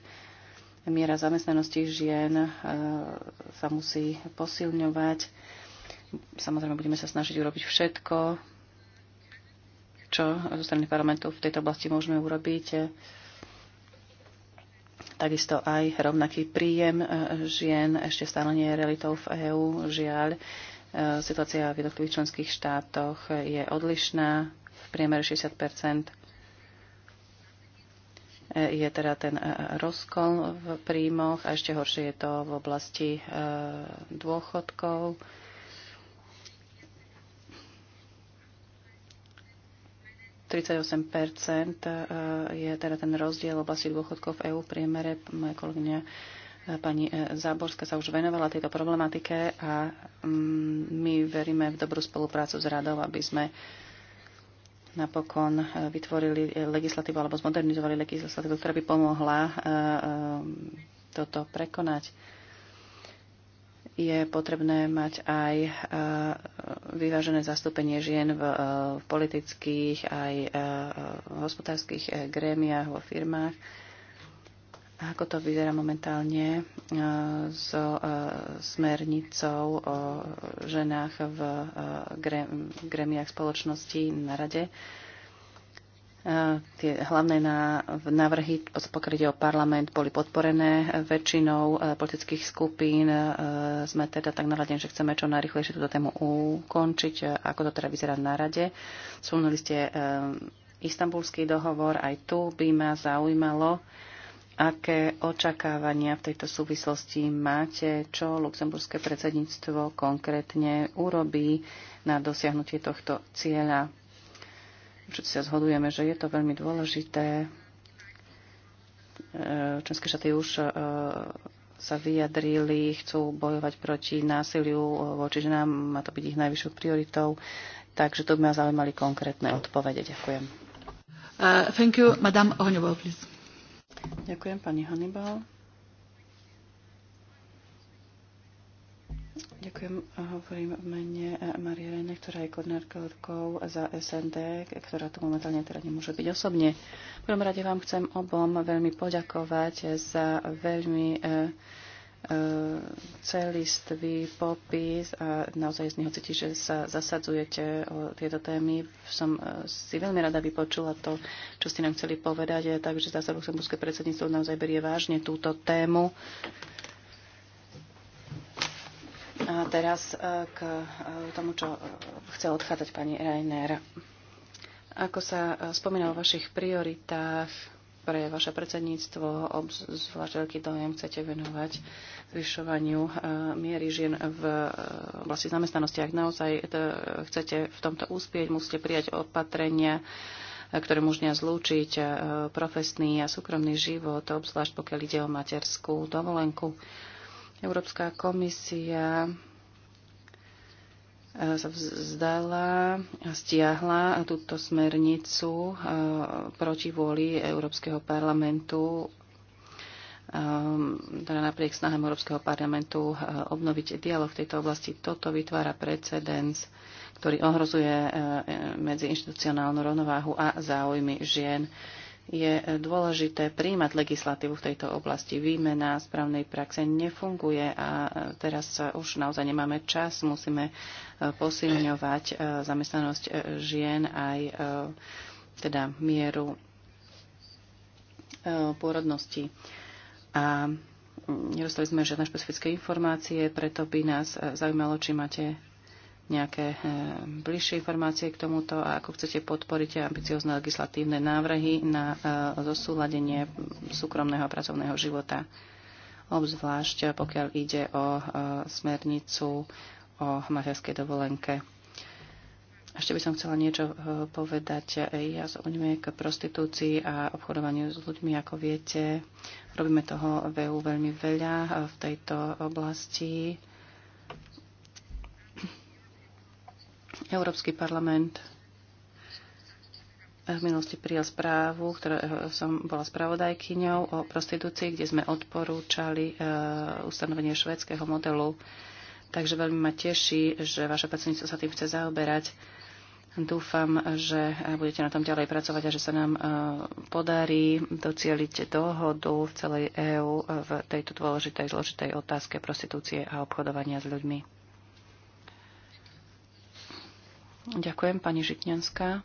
miera zamestnanosti žien e, sa musí posilňovať. Samozrejme, budeme sa snažiť urobiť všetko, čo zo strany parlamentu v tejto oblasti môžeme urobiť. Takisto aj rovnaký príjem e, žien ešte stále nie je realitou v EÚ. Žiaľ, e, situácia v jednotlivých členských štátoch je odlišná, v priemere 60 je teda ten e, rozkol v príjmoch a ešte horšie je to v oblasti e, dôchodkov. E, je teda ten rozdiel v oblasti dôchodkov v EÚ v priemere. Moja kolegyňa pani Záborská sa už venovala tejto problematike a mm, my veríme v dobrú spoluprácu s radou, aby sme uh, napokon eh, vytvorili eh, legislatívu alebo zmodernizovali legislatívu, ktorá by pomohla eh, toto prekonať. Je potrebné mať aj vyvážené zastúpenie žien v politických aj hospodárskych grémiách, vo firmách ako to vyzerá momentálne e, so e, smernicou o ženách e, v gremiách spoločnosti na rade? Tie hlavné návrhy, pokiaľ o parlament, boli podporené väčšinou politických skupín. Sme teda tak naladení, že chceme čo najrychlejšie túto tému ukončiť. Ako to teda vyzerá na rade? Súmnuli ste istambulský dohovor. Aj tu by ma zaujímalo, aké očakávania v tejto súvislosti máte, čo luxemburské predsedníctvo konkrétne urobí na dosiahnutie tohto cieľa. Všetci sa zhodujeme, že je to veľmi dôležité. E, členské šaty už e, sa vyjadrili, chcú bojovať proti násiliu e, voči ženám, má to byť ich najvyššou prioritou. Takže to by ma zaujímali konkrétne odpovede. Ďakujem. Uh, thank you, Madame Ohňová, please. Ďakujem pani Hannibal. Ďakujem. Hovorím v mene eh, Marie Rene, ktorá je koordinátorkou za SND, ktorá tu momentálne teda nemôže byť osobne. V prvom rade vám chcem obom veľmi poďakovať za veľmi eh, E, celistvý popis a naozaj z neho cíti, že sa zasadzujete o tieto témy. Som e, si veľmi rada vypočula to, čo ste nám chceli povedať, e, takže zase Luxemburské predsedníctvo naozaj berie vážne túto tému. A teraz k tomu, čo chce odchádzať pani Rainer. Ako sa spomína o vašich prioritách, pre vaše predsedníctvo zvlášť veľký dojem chcete venovať zvyšovaniu e, miery žien v e, oblasti zamestnanosti. Ak naozaj e, chcete v tomto úspieť, musíte prijať opatrenia, ktoré možnia zlúčiť profesný a súkromný život, obzvlášť pokiaľ ide o materskú dovolenku. Európska komisia E, sa vzdala, stiahla túto smernicu e, proti vôli Európskeho parlamentu e, teda napriek snahám Európskeho parlamentu obnoviť dialog v tejto oblasti. Toto vytvára precedens, ktorý ohrozuje medziinstitucionálnu rovnováhu a záujmy žien je dôležité príjmať legislatívu v tejto oblasti. Výmena správnej praxe nefunguje a teraz už naozaj nemáme čas. Musíme e, posilňovať e, zamestnanosť e, žien aj teda mieru pôrodnosti. A mm, nedostali sme žiadne špecifické informácie, preto by nás zaujímalo, či máte nejaké eh, bližšie informácie k tomuto a ako chcete podporiť ambiciozne legislatívne návrhy na eh, zosúladenie súkromného a pracovného života, obzvlášť eh, pokiaľ ide o smernicu o materskej dovolenke. Ešte by som chcela niečo povedať. Ja sa uňme k prostitúcii a obchodovaniu s ľuďmi, ako viete. Robíme toho v EU veľmi veľa v tejto oblasti Európsky parlament v minulosti prijal správu, ktorá eh, som bola spravodajkyňou o prostitúcii, kde sme odporúčali eh, ustanovenie švedského modelu. Takže veľmi ma teší, že vaša predsedníctvo sa tým chce zaoberať. Dúfam, že eh, budete na tom ďalej pracovať a že sa nám podarí docieliť dohodu v celej EÚ v tejto dôležitej, zložitej otázke prostitúcie a obchodovania s ľuďmi. Ďakujem, pani Žitňanská.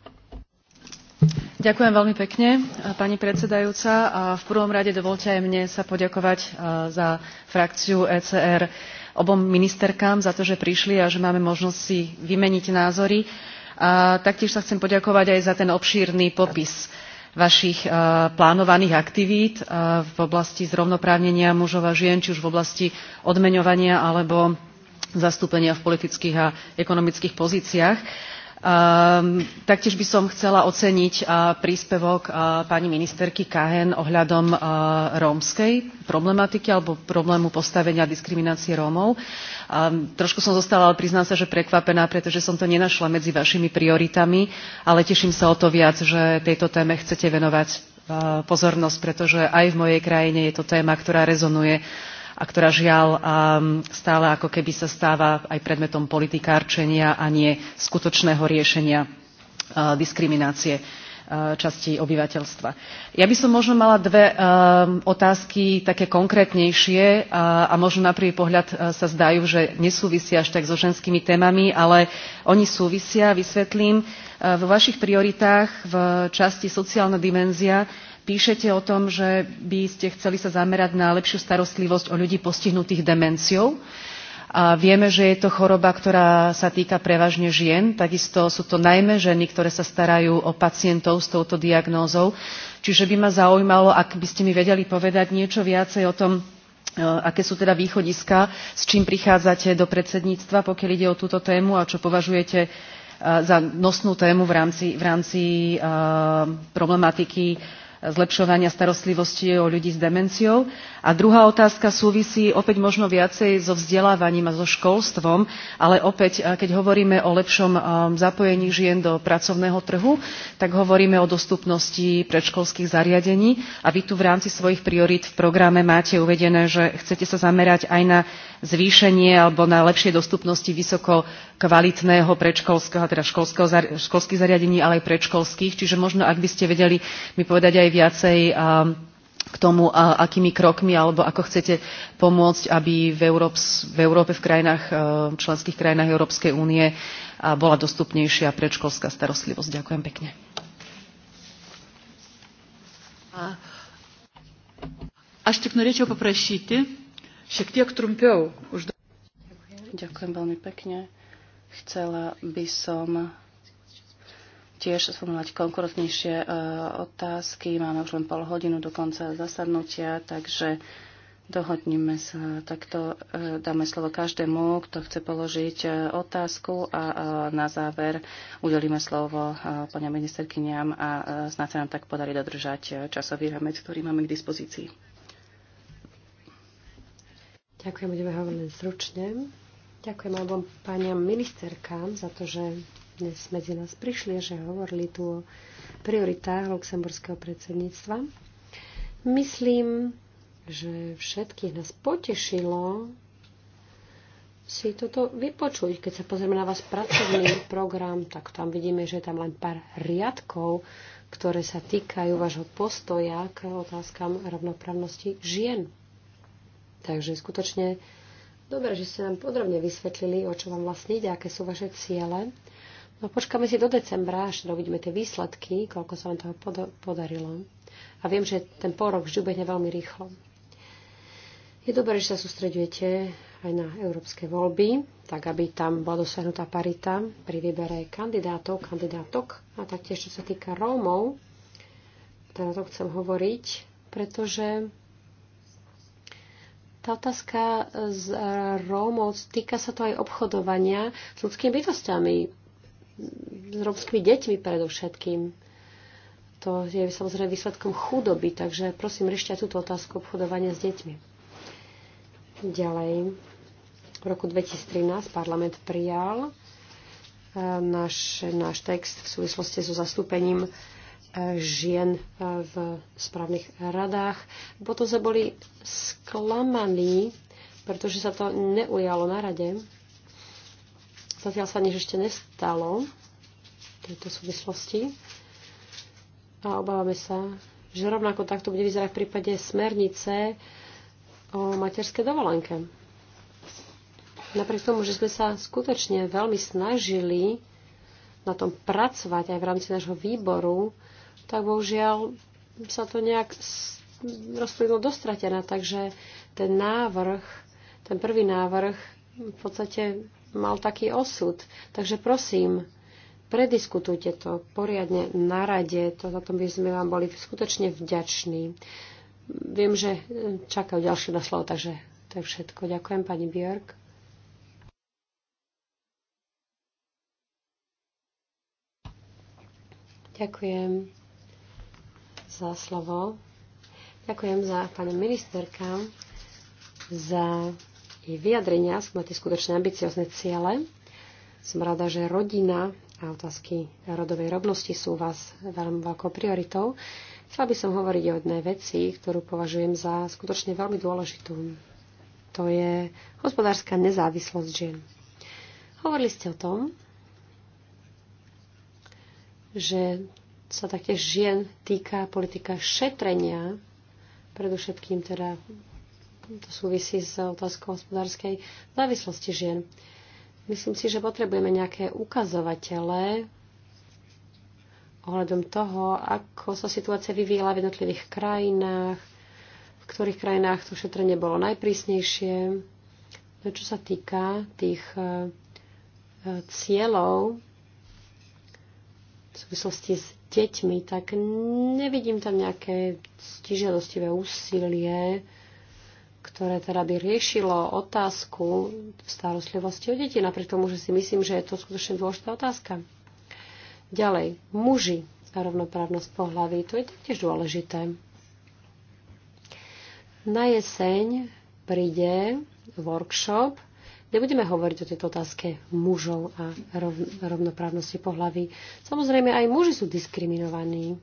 Ďakujem veľmi pekne, pani predsedajúca. A v prvom rade dovolte aj mne sa poďakovať za frakciu ECR obom ministerkám za to, že prišli a že máme možnosť si vymeniť názory. A taktiež sa chcem poďakovať aj za ten obšírny popis vašich plánovaných aktivít v oblasti zrovnoprávnenia mužov a žien, či už v oblasti odmeňovania alebo zastúpenia v politických a ekonomických pozíciách. Ehm, taktiež by som chcela oceniť eh, príspevok eh, pani ministerky Kahen ohľadom eh, rómskej problematiky alebo problému postavenia diskriminácie Rómov. Ehm, trošku som zostala, ale priznám sa, že prekvapená, pretože som to nenašla medzi vašimi prioritami, ale teším sa o to viac, že tejto téme chcete venovať pozornosť, pretože aj v mojej krajine je to téma, ktorá rezonuje a ktorá žiaľ um, stále ako keby sa stáva aj predmetom politikárčenia a nie skutočného riešenia uh, diskriminácie uh, časti obyvateľstva. Ja by som možno mala dve um, otázky také konkrétnejšie uh, a možno na prvý pohľad sa zdajú, že nesúvisia až tak so ženskými témami, ale oni súvisia, vysvetlím. Vo vašich prioritách v časti sociálna dimenzia Píšete o tom, že by ste chceli sa zamerať na lepšiu starostlivosť o ľudí postihnutých demenciou. A vieme, že je to choroba, ktorá sa týka prevažne žien. Takisto sú to najmä ženy, ktoré sa starajú o pacientov s touto diagnózou. Čiže by ma zaujímalo, ak by ste mi vedeli povedať niečo viacej o tom, eh, aké sú teda východiska, s čím prichádzate do predsedníctva, pokiaľ ide o túto tému a čo považujete eh, za nosnú tému v rámci, v rámci uh, problematiky zlepšovania starostlivosti o ľudí s demenciou a druhá otázka súvisí opäť možno viacej so vzdelávaním a so školstvom, ale opäť, eh, keď hovoríme o lepšom eh, zapojení žien do pracovného trhu, tak hovoríme o dostupnosti predškolských zariadení a vy tu v rámci svojich priorít v programe máte uvedené, že chcete sa zamerať aj na zvýšenie alebo na lepšie dostupnosti vysoko kvalitného predškolského, teda školského, školských zariadení, ale aj predškolských. Čiže možno, ak by ste vedeli mi povedať aj viacej eh, k tomu, a, akými krokmi alebo ako chcete pomôcť, aby v, Európs, v Európe, v krajinách, e, členských krajinách Európskej únie bola dostupnejšia predškolská starostlivosť. Ďakujem pekne. Aš tik norėčiau paprašyti šiek tiek trumpiau užduoti. Ďakujem veľmi pekne. Chcela by som tiež spomenúť konkurentnejšie e, otázky. Máme už len pol hodinu do konca zasadnutia, takže dohodnime sa. Takto e, dáme slovo každému, kto chce položiť e, otázku a na záver udelíme slovo pani ministerkyniam a snad sa nám tak podarí dodržať časový ramec, ktorý máme k dispozícii. Ďakujem, budeme hovoriť stručne. Ďakujem obom páňam ministerkám za to, že dnes medzi nás prišli, že hovorili tu o prioritách luxemburského predsedníctva. Myslím, že všetkých nás potešilo si toto vypočuť. Keď sa pozrieme na vás pracovný program, tak tam vidíme, že je tam len pár riadkov, ktoré sa týkajú vášho postoja k otázkam rovnoprávnosti žien. Takže skutočne dobre, že ste nám podrobne vysvetlili, o čo vám vlastne ide, aké sú vaše ciele. No počkáme si do decembra, až dovidíme tie výsledky, koľko sa vám toho podarilo. A viem, že ten porok vždy ubehne veľmi rýchlo. Je dobré, že sa sústredujete aj na európske voľby, tak aby tam bola dosiahnutá parita pri výbere kandidátov, kandidátok a taktiež, čo sa týka Rómov, teda to chcem hovoriť, pretože tá otázka z Rómov týka sa to aj obchodovania s ľudskými bytostiami s romskými deťmi predovšetkým. To je samozrejme výsledkom chudoby, takže prosím, riešte aj túto otázku obchodovania s deťmi. Ďalej. V roku 2013 parlament prijal e, náš, náš text v súvislosti so zastúpením e, žien e, v správnych radách. Potom sme boli sklamaní, pretože sa to neujalo na rade. Zatiaľ sa nič ešte nestalo v tejto súvislosti. A obávame sa, že rovnako takto bude vyzerať v prípade smernice o materskej dovolenke. Napriek tomu, že sme sa skutočne veľmi snažili na tom pracovať aj v rámci nášho výboru, tak bohužiaľ sa to nejak rozplynulo dostratené. Takže ten návrh, ten prvý návrh v podstate mal taký osud. Takže prosím, prediskutujte to poriadne na rade, to, za to by sme vám boli skutočne vďační. Viem, že hm, čakajú ďalšie na slovo, takže to je všetko. Ďakujem, pani Björk. Ďakujem za slovo. Ďakujem za pani ministerka za jej vyjadrenia sú na tie skutočne ambiciozne ciele. Som rada, že rodina a otázky rodovej rovnosti sú vás veľmi veľkou prioritou. Chcela by som hovoriť o jednej veci, ktorú považujem za skutočne veľmi dôležitú. To je hospodárska nezávislosť žien. Hovorili ste o tom, že sa taktiež žien týka politika šetrenia, predovšetkým teda to súvisí s otázkou hospodárskej závislosti žien. Myslím si, že potrebujeme nejaké ukazovatele ohľadom toho, ako sa situácia vyvíjala v jednotlivých krajinách, v ktorých krajinách to šetrenie bolo najprísnejšie. No čo sa týka tých e, cieľov v súvislosti s deťmi, tak nevidím tam nejaké stižiadostivé úsilie ktoré teda by riešilo otázku starostlivosti o deti, napriek tomu, že si myslím, že je to skutočne dôležitá otázka. Ďalej, muži a rovnoprávnosť pohlaví, to je taktiež dôležité. Na jeseň príde workshop, kde budeme hovoriť o tejto otázke mužov a rovnoprávnosti pohlaví. Samozrejme, aj muži sú diskriminovaní.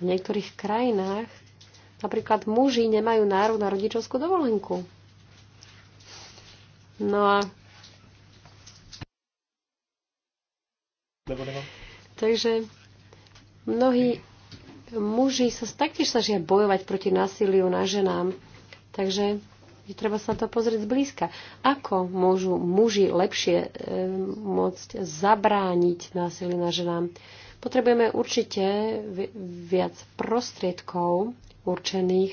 V niektorých krajinách Napríklad muži nemajú nárok na rodičovskú dovolenku. No a... Takže mnohí muži sa taktiež snažia bojovať proti násiliu na ženám. Takže je treba sa to pozrieť zblízka. Ako môžu muži lepšie e, môcť zabrániť násiliu na ženám? Potrebujeme určite viac prostriedkov určených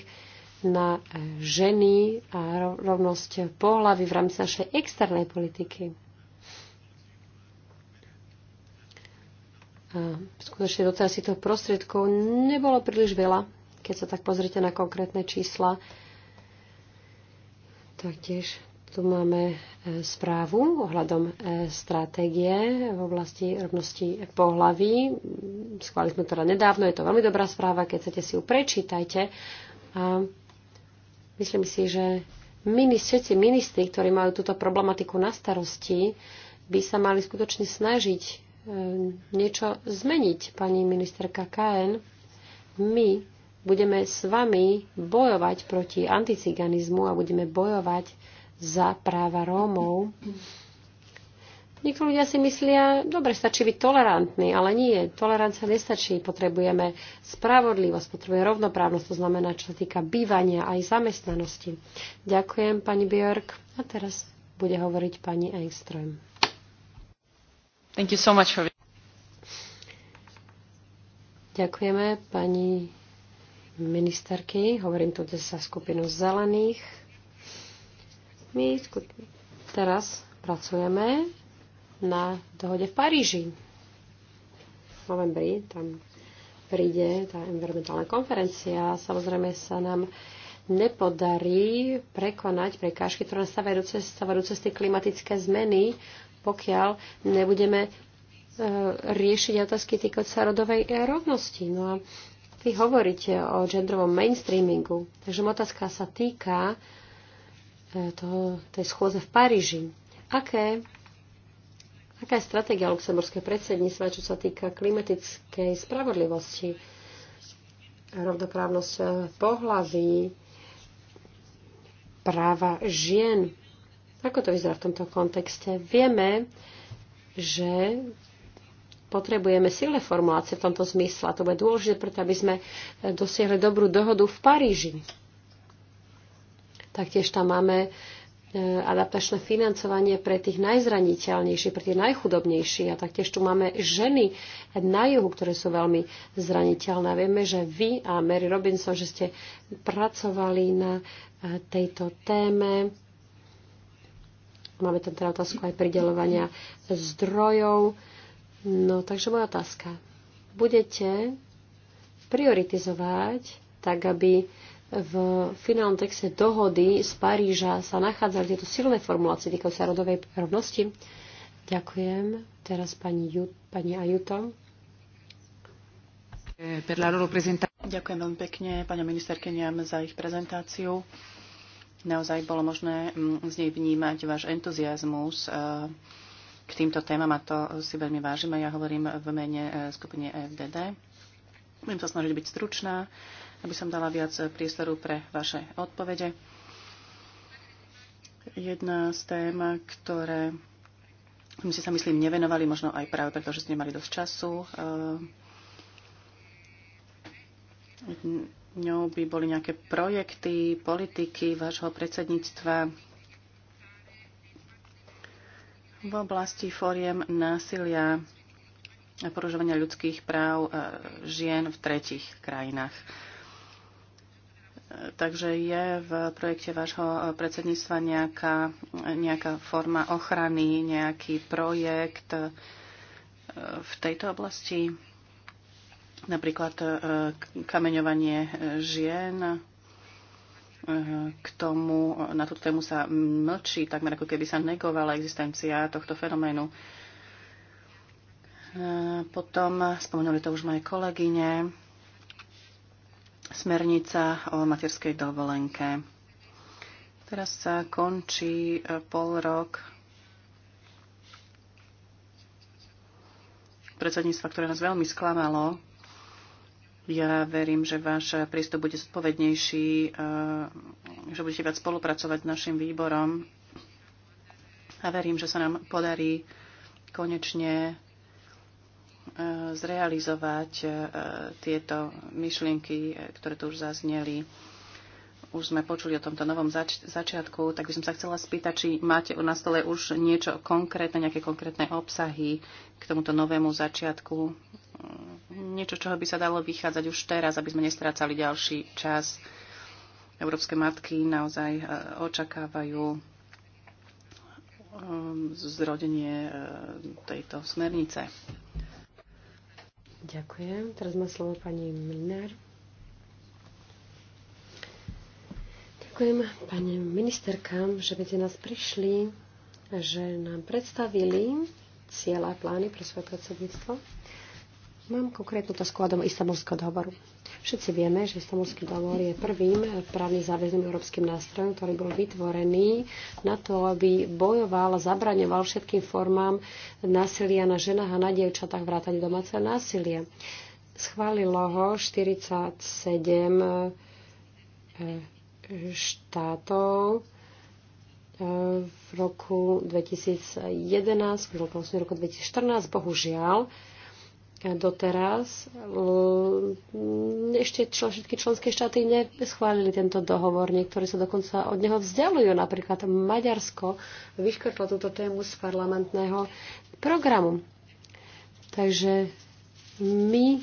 na e, ženy a rovnosť pohľavy v rámci našej externej politiky. A skutočne doteraz si toho prostriedkov nebolo príliš veľa, keď sa tak pozrite na konkrétne čísla. Taktiež tu máme e, správu ohľadom e, stratégie v oblasti rovnosti pohlaví. Schválili sme to teda nedávno, je to veľmi dobrá správa, keď chcete si ju prečítajte. A myslím si, že minis, všetci ministri, ktorí majú túto problematiku na starosti, by sa mali skutočne snažiť e, niečo zmeniť, pani ministerka KN. My budeme s vami bojovať proti anticiganizmu a budeme bojovať za práva Rómov. Niektorí ľudia si myslia, dobre, stačí byť tolerantný, ale nie, tolerancia nestačí. Potrebujeme spravodlivosť, potrebujeme rovnoprávnosť, to znamená, čo sa týka bývania aj zamestnanosti. Ďakujem, pani Björk. A teraz bude hovoriť pani Engström. Thank you so much for... Ďakujeme pani ministerky. Hovorím tu za skupinu zelených. My teraz pracujeme na dohode v Paríži. V novembri tam príde tá environmentálna konferencia. Samozrejme sa nám nepodarí prekonať prekážky, ktoré stavajú do cesty, stavajú cesty klimatické zmeny, pokiaľ nebudeme e, riešiť otázky týkajúce sa rodovej rovnosti. No a vy hovoríte o genderovom mainstreamingu, takže otázka sa týka toho, tej schôze v Paríži. Aké, aká je stratégia luxemburské predsedníctva, čo sa týka klimatickej spravodlivosti, rovnoprávnosť eh, pohlaví, práva žien? Ako to vyzerá v tomto kontexte? Vieme, že potrebujeme silné formulácie v tomto zmysle. To bude dôležité, preto aby sme eh, dosiahli dobrú dohodu v Paríži. Taktiež tam máme e, adaptačné financovanie pre tých najzraniteľnejších, pre tých najchudobnejších. A taktiež tu máme ženy na juhu, ktoré sú veľmi zraniteľné. Vieme, že vy a Mary Robinson, že ste pracovali na e, tejto téme. Máme tam teda otázku aj pridelovania zdrojov. No, takže moja otázka. Budete prioritizovať tak, aby v finálnom texte dohody z Paríža sa nachádzali tieto silné formulácie týkajú sa rodovej rovnosti. Ďakujem. Teraz pani, Ju, pani Ajuto. Ďakujem veľmi pekne pani ministerkeniam za ich prezentáciu. Naozaj bolo možné mm, z nej vnímať váš entuziasmus e, k týmto témam a to si veľmi vážim a ja hovorím v mene e, skupiny e FDD. Budem sa snažiť byť stručná, aby som dala viac priestoru pre vaše odpovede. Jedna z tém, ktoré my si sa, myslím, nevenovali, možno aj práve preto, že ste nemali dosť času. Eh, ňou by boli nejaké projekty, politiky vášho predsedníctva v oblasti fóriem násilia porušovania ľudských práv e, žien v tretich krajinách. E, takže je v projekte vášho predsedníctva nejaká, nejaká forma ochrany, nejaký projekt e, v tejto oblasti? Napríklad kameňovanie žien, k tomu, na tú tému sa mlčí, takmer ako keby sa negovala existencia tohto fenoménu. Eh, potom, spomenuli to už moje kolegyne, smernica o materskej dovolenke. Teraz sa končí eh, pol rok predsedníctva, ktoré nás veľmi sklamalo. Ja verím, že váš prístup bude zodpovednejší, eh, že budete viac spolupracovať s našim výborom a verím, že sa nám podarí konečne zrealizovať e, tieto myšlienky, e, ktoré tu už zazneli. Už sme počuli o tomto novom zač- začiatku, tak by som sa chcela spýtať, či máte na stole už niečo konkrétne, nejaké konkrétne obsahy k tomuto novému začiatku. Mm, niečo, čoho by sa dalo vychádzať už teraz, aby sme nestrácali ďalší čas. Európske matky naozaj e, očakávajú zrodenie tejto smernice. Ďakujem. Teraz má slovo pani Minár. Ďakujem pani ministerkám, že medzi nás prišli, že nám predstavili cieľa a plány pre svoje predsedníctvo. Mám konkrétnu otázku o istamolského dohovoru. Všetci vieme, že Istanbulský dohovor je prvým právne záväzným európskym nástrojom, ktorý bol vytvorený na to, aby bojoval a zabraňoval všetkým formám násilia na ženách a na dievčatách vrátane domáceho násilia. Schválilo ho 47 e, štátov e, v roku 2011, v roku 2014, bohužiaľ, doteraz. Ešte čl- všetky členské štáty neschválili tento dohovor, niektorí sa dokonca od neho vzdialujú. Napríklad Maďarsko vyškrtlo túto tému z parlamentného programu. Takže my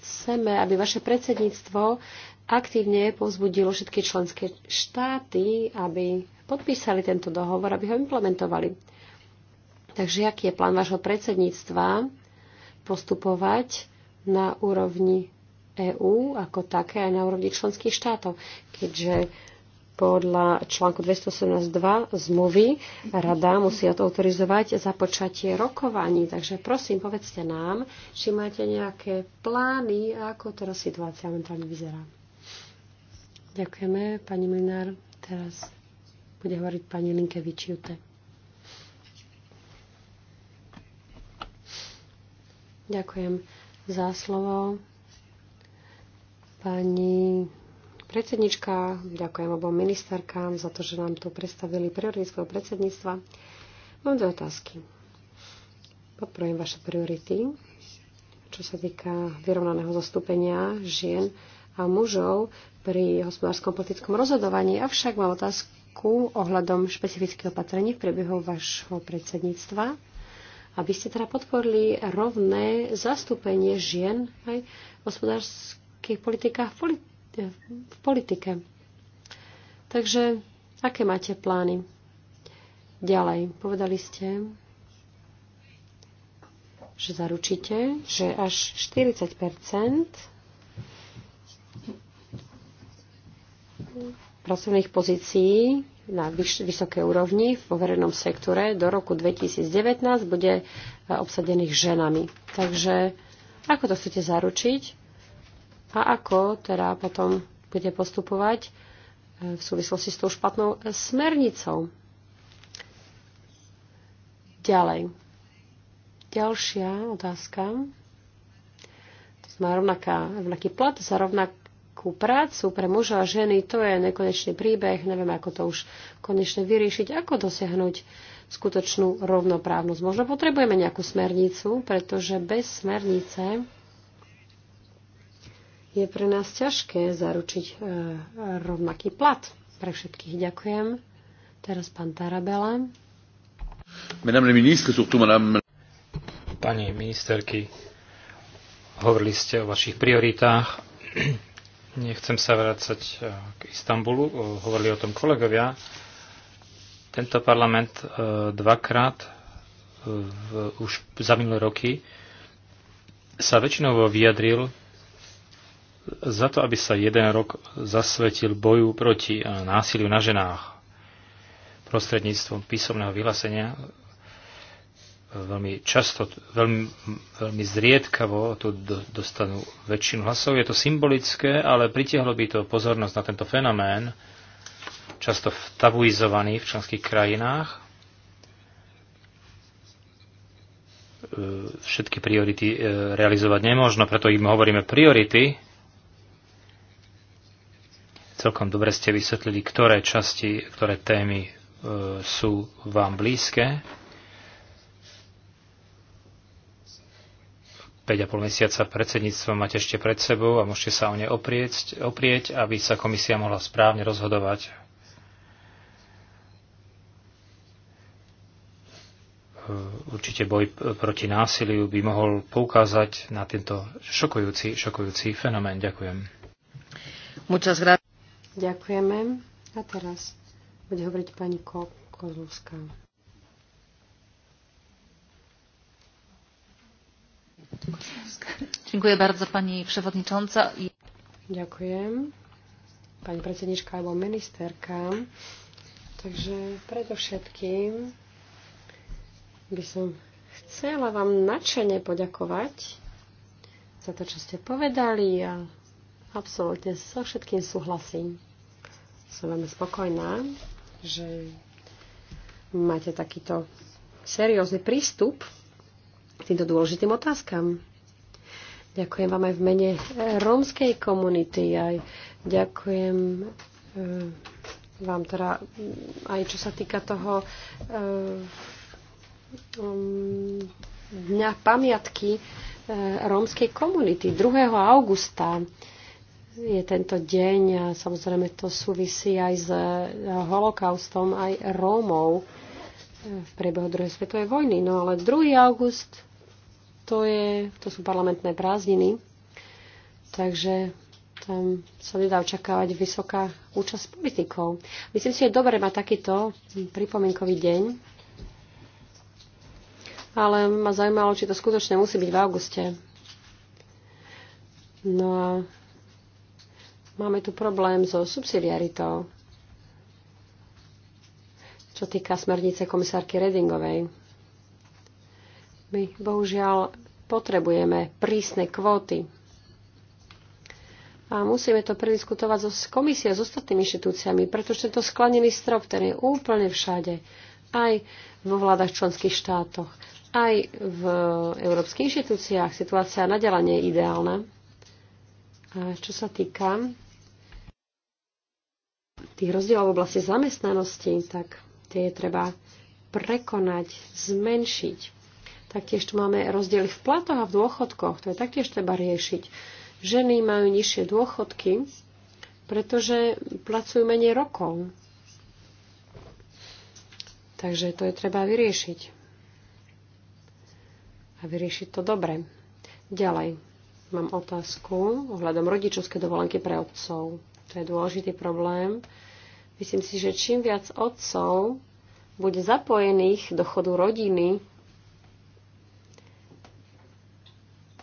chceme, aby vaše predsedníctvo aktívne povzbudilo všetky členské štáty, aby podpísali tento dohovor, aby ho implementovali. Takže aký je plán vášho predsedníctva? postupovať na úrovni EÚ ako také aj na úrovni členských štátov, keďže podľa článku 218.2 zmluvy rada musí autorizovať započatie rokovaní. Takže prosím, povedzte nám, či máte nejaké plány a ako teraz situácia momentálne vyzerá. Ďakujeme, pani Minár. Teraz bude hovoriť pani Linkevičiute. Ďakujem za slovo. Pani predsednička, ďakujem obom ministerkám za to, že nám tu predstavili priority svojho predsedníctva. Mám dve otázky. Podporujem vaše priority, čo sa týka vyrovnaného zastúpenia žien a mužov pri hospodárskom politickom rozhodovaní. Avšak mám otázku ohľadom špecifických opatrení v priebehu vašho predsedníctva aby ste teda podporili rovné zastúpenie žien aj v hospodárskych politikách v, v politike. Takže aké máte plány? Ďalej, povedali ste, že zaručíte, že až 40 pracovných pozícií na vyš- vysokej úrovni vo verejnom sektore do roku 2019 bude e, obsadených ženami. Takže ako to chcete zaručiť a ako teda potom bude postupovať e, v súvislosti s tou špatnou smernicou. Ďalej. Ďalšia otázka. To znamená rovnaká, rovnaký plat za rovnak ku prácu pre muža a ženy, to je nekonečný príbeh, neviem, ako to už konečne vyriešiť, ako dosiahnuť skutočnú rovnoprávnosť. Možno potrebujeme nejakú smernicu, pretože bez smernice je pre nás ťažké zaručiť e, rovnaký plat. Pre všetkých ďakujem. Teraz pán Tarabela. Pani ministerky, hovorili ste o vašich prioritách Nechcem sa vrácať e, k Istanbulu, e, hovorili o tom kolegovia. Tento parlament e, dvakrát v, už za minulé roky sa väčšinou vyjadril za to, aby sa jeden rok zasvetil boju proti násiliu na ženách prostredníctvom písomného vyhlásenia veľmi často, veľmi, veľmi zriedkavo tu dostanú väčšinu hlasov. Je to symbolické, ale pritiahlo by to pozornosť na tento fenomén, často tabuizovaný v členských krajinách. E, všetky priority e, realizovať nemôžno, preto im hovoríme priority. Celkom dobre ste vysvetlili, ktoré časti, ktoré témy e, sú vám blízke 5,5 mesiaca predsedníctva máte ešte pred sebou a môžete sa o ne oprieť, oprieť, aby sa komisia mohla správne rozhodovať. Určite boj proti násiliu by mohol poukázať na tento šokujúci, šokujúci fenomén. Ďakujem. Ďakujeme. A teraz bude hovoriť pani Ko Kozlovská. Dziękuję bardzo pani przewodnicząca. Ďakujem. Pani predsednička alebo ministerka. Takže predovšetkým by som chcela vám nadšene poďakovať za to, čo ste povedali a absolútne so všetkým súhlasím. Som veľmi spokojná, že máte takýto seriózny prístup týmto dôležitým otázkam. Ďakujem vám aj v mene eh, rómskej komunity. Aj ďakujem eh, vám teda mm, aj čo sa týka toho eh, mm, dňa pamiatky rómskej komunity 2. augusta je tento deň a samozrejme to súvisí aj s holokaustom aj Rómov v priebehu druhej svetovej vojny. No ale 2. august to, je, to sú parlamentné prázdniny, takže tam sa nedá očakávať vysoká účasť politikov. Myslím si, že je dobre mať takýto pripomienkový deň, ale ma zaujímalo, či to skutočne musí byť v auguste. No a máme tu problém so subsidiaritou, čo týka smernice komisárky Redingovej. My bohužiaľ potrebujeme prísne kvóty. A musíme to prediskutovať so, s komisiou, s ostatnými inštitúciami, pretože tento sklanený strop, ten je úplne všade, aj vo vládach členských štátoch, aj v európskych inštitúciách. Situácia naďalej nie je ideálna. A čo sa týka tých rozdielov v oblasti zamestnanosti, tak tie je treba prekonať, zmenšiť. Taktiež tu máme rozdiely v platoch a v dôchodkoch. To je taktiež treba riešiť. Ženy majú nižšie dôchodky, pretože pracujú menej rokov. Takže to je treba vyriešiť. A vyriešiť to dobre. Ďalej mám otázku ohľadom rodičovské dovolenky pre otcov. To je dôležitý problém. Myslím si, že čím viac otcov bude zapojených do chodu rodiny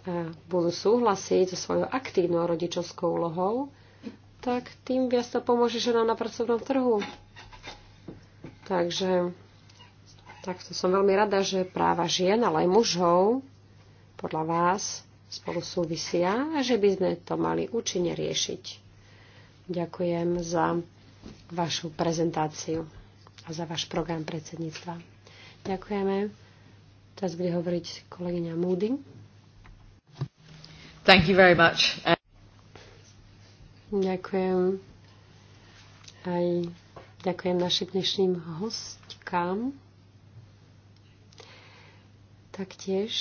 E, budú súhlasiť so svojou aktívnou rodičovskou úlohou, tak tým viac to pomôže ženám na pracovnom trhu. Takže takto som veľmi rada, že práva žien, ale aj mužov podľa vás spolu súvisia a že by sme to mali účinne riešiť. Ďakujem za vašu prezentáciu a za váš program predsedníctva. Ďakujeme. Teraz bude hovoriť kolegyňa Moody. Thank you very much. Uh, ďakujem. Aj ďakujem našim dnešným hostkám. Taktiež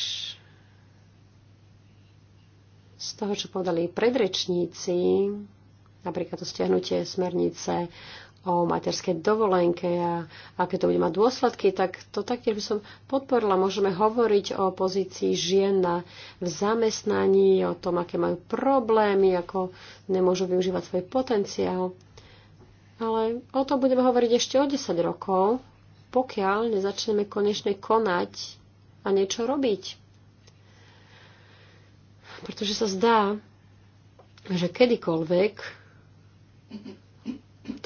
z toho, čo povedali predrečníci, napríklad to stiahnutie smernice o materskej dovolenke a aké to bude mať dôsledky, tak to taktiež by som podporila. Môžeme hovoriť o pozícii žien na, v zamestnaní, o tom, aké majú problémy, ako nemôžu využívať svoj potenciál. Ale o tom budeme hovoriť ešte o 10 rokov, pokiaľ nezačneme konečne konať a niečo robiť. Pretože sa zdá, že kedykoľvek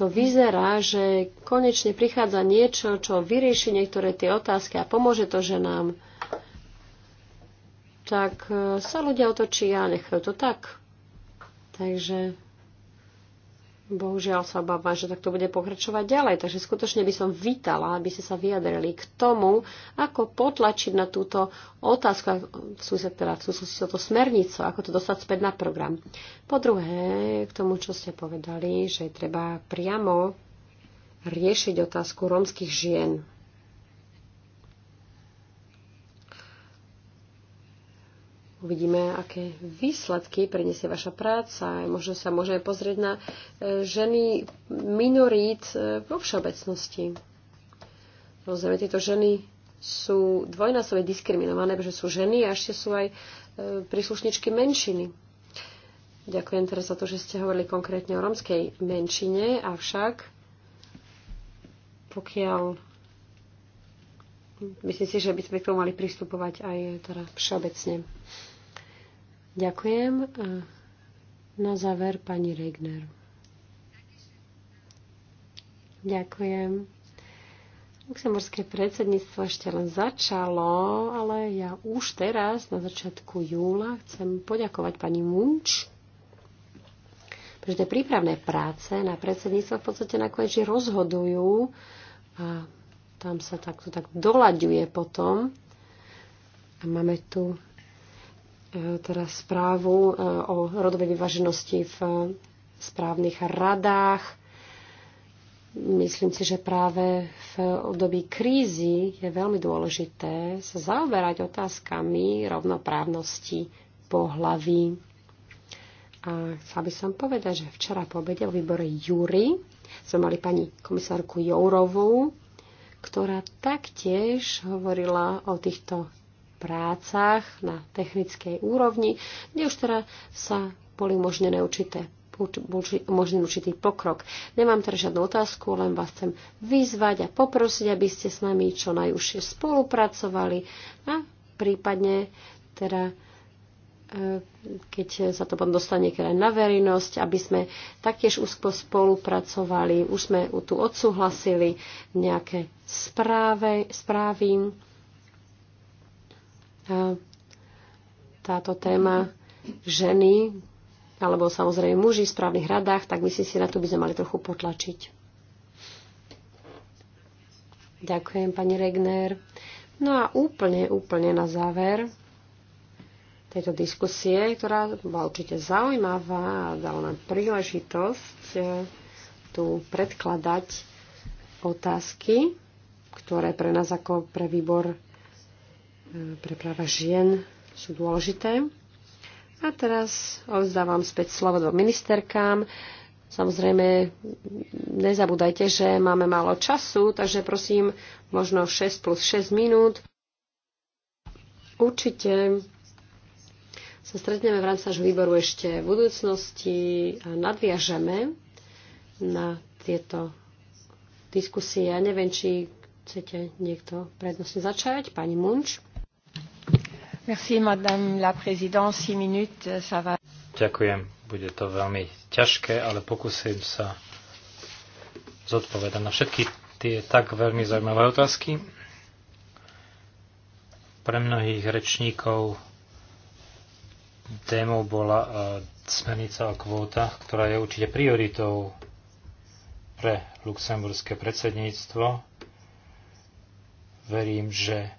to vyzerá, že konečne prichádza niečo, čo vyrieši niektoré tie otázky a pomôže to ženám, tak e, sa ľudia otočia a nechajú to tak. Takže Bohužiaľ sa obávam, že takto bude pokračovať ďalej, takže skutočne by som vítala, aby ste sa vyjadrili k tomu, ako potlačiť na túto otázku, v súvislosti teda, v súvislosti toto smernico, ako to dostať späť na program. Po druhé, k tomu, čo ste povedali, že treba priamo riešiť otázku rómskych žien Uvidíme, aké výsledky prinesie vaša práca. Možno sa môžeme pozrieť na e, ženy minorít e, vo všeobecnosti. Samozrejme, tieto ženy sú dvojnásobne diskriminované, pretože sú ženy a ešte sú aj e, príslušničky menšiny. Ďakujem teraz za to, že ste hovorili konkrétne o romskej menšine, avšak pokiaľ myslím si, že by sme k tomu mali pristupovať aj teda všeobecne. Ďakujem. A na záver pani Regner. Ďakujem. Luxemburské predsedníctvo ešte len začalo, ale ja už teraz, na začiatku júla, chcem poďakovať pani Munč, pretože tie prípravné práce na predsedníctvo v podstate nakoniec rozhodujú a tam sa takto tak dolaďuje potom. A máme tu teda správu e, o rodovej vyvaženosti v e, správnych radách. Myslím si, že práve v období krízy je veľmi dôležité sa zaoberať otázkami rovnoprávnosti pohlaví. A chcela by som povedať, že včera po obede o výbore Júry sme mali pani komisárku Jourovú, ktorá taktiež hovorila o týchto prácach na technickej úrovni, kde už teda sa boli možnené určité možný určitý pokrok. Nemám teraz žiadnu otázku, len vás chcem vyzvať a poprosiť, aby ste s nami čo najúžšie spolupracovali a prípadne teda e, keď sa to potom dostane aj teda na verejnosť, aby sme taktiež úzko spolupracovali, už sme tu odsúhlasili nejaké správe, správy, táto téma ženy, alebo samozrejme muži v správnych radách, tak myslím si, na to by sme mali trochu potlačiť. Ďakujem, pani Regner. No a úplne, úplne na záver tejto diskusie, ktorá bola určite zaujímavá a dala nám príležitosť e, tu predkladať otázky, ktoré pre nás ako pre výbor pre práva žien sú dôležité. A teraz odzdávam späť slovo do ministerkám. Samozrejme, nezabúdajte, že máme málo času, takže prosím, možno 6 plus 6 minút. Určite sa stretneme v rámci nášho výboru ešte v budúcnosti a nadviažeme na tieto diskusie. Ja neviem, či chcete niekto prednostne začať. Pani Munč. Ďakujem. Bude to veľmi ťažké, ale pokúsim sa zodpovedať na všetky tie tak veľmi zaujímavé otázky. Pre mnohých rečníkov témou bola e, smernica o kvótach, ktorá je určite prioritou pre luxemburské predsedníctvo. Verím, že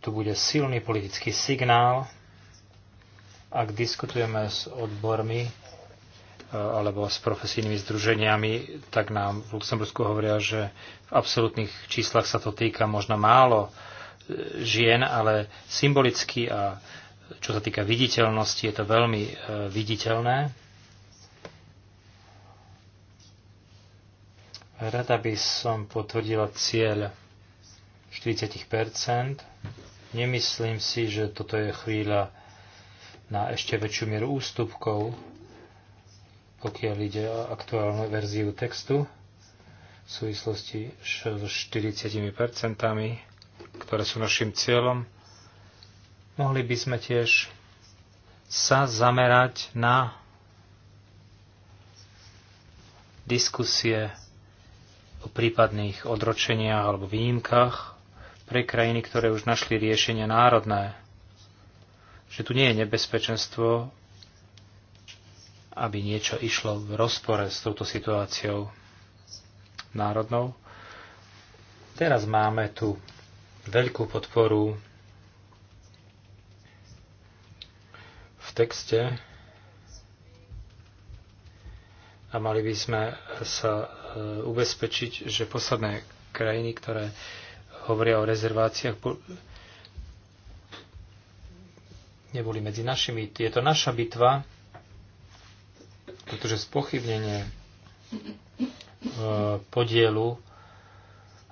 tu bude silný politický signál, ak diskutujeme s odbormi e, alebo s profesijnými združeniami, tak nám v Luxembursku hovoria, že v absolútnych číslach sa to týka možno málo e, žien, ale symbolicky a čo sa týka viditeľnosti, je to veľmi e, viditeľné. Rada by som potvrdila cieľ 40 Nemyslím si, že toto je chvíľa na ešte väčšiu mieru ústupkov, pokiaľ ide o aktuálnu verziu textu v súvislosti so 40%, ktoré sú našim cieľom. Mohli by sme tiež sa zamerať na diskusie o prípadných odročeniach alebo výnimkách pre krajiny, ktoré už našli riešenie národné. Že tu nie je nebezpečenstvo, aby niečo išlo v rozpore s touto situáciou národnou. Teraz máme tu veľkú podporu v texte a mali by sme sa e, ubezpečiť, že posledné krajiny, ktoré hovoria o rezerváciách, neboli medzi našimi. Je to naša bitva, pretože spochybnenie e, podielu,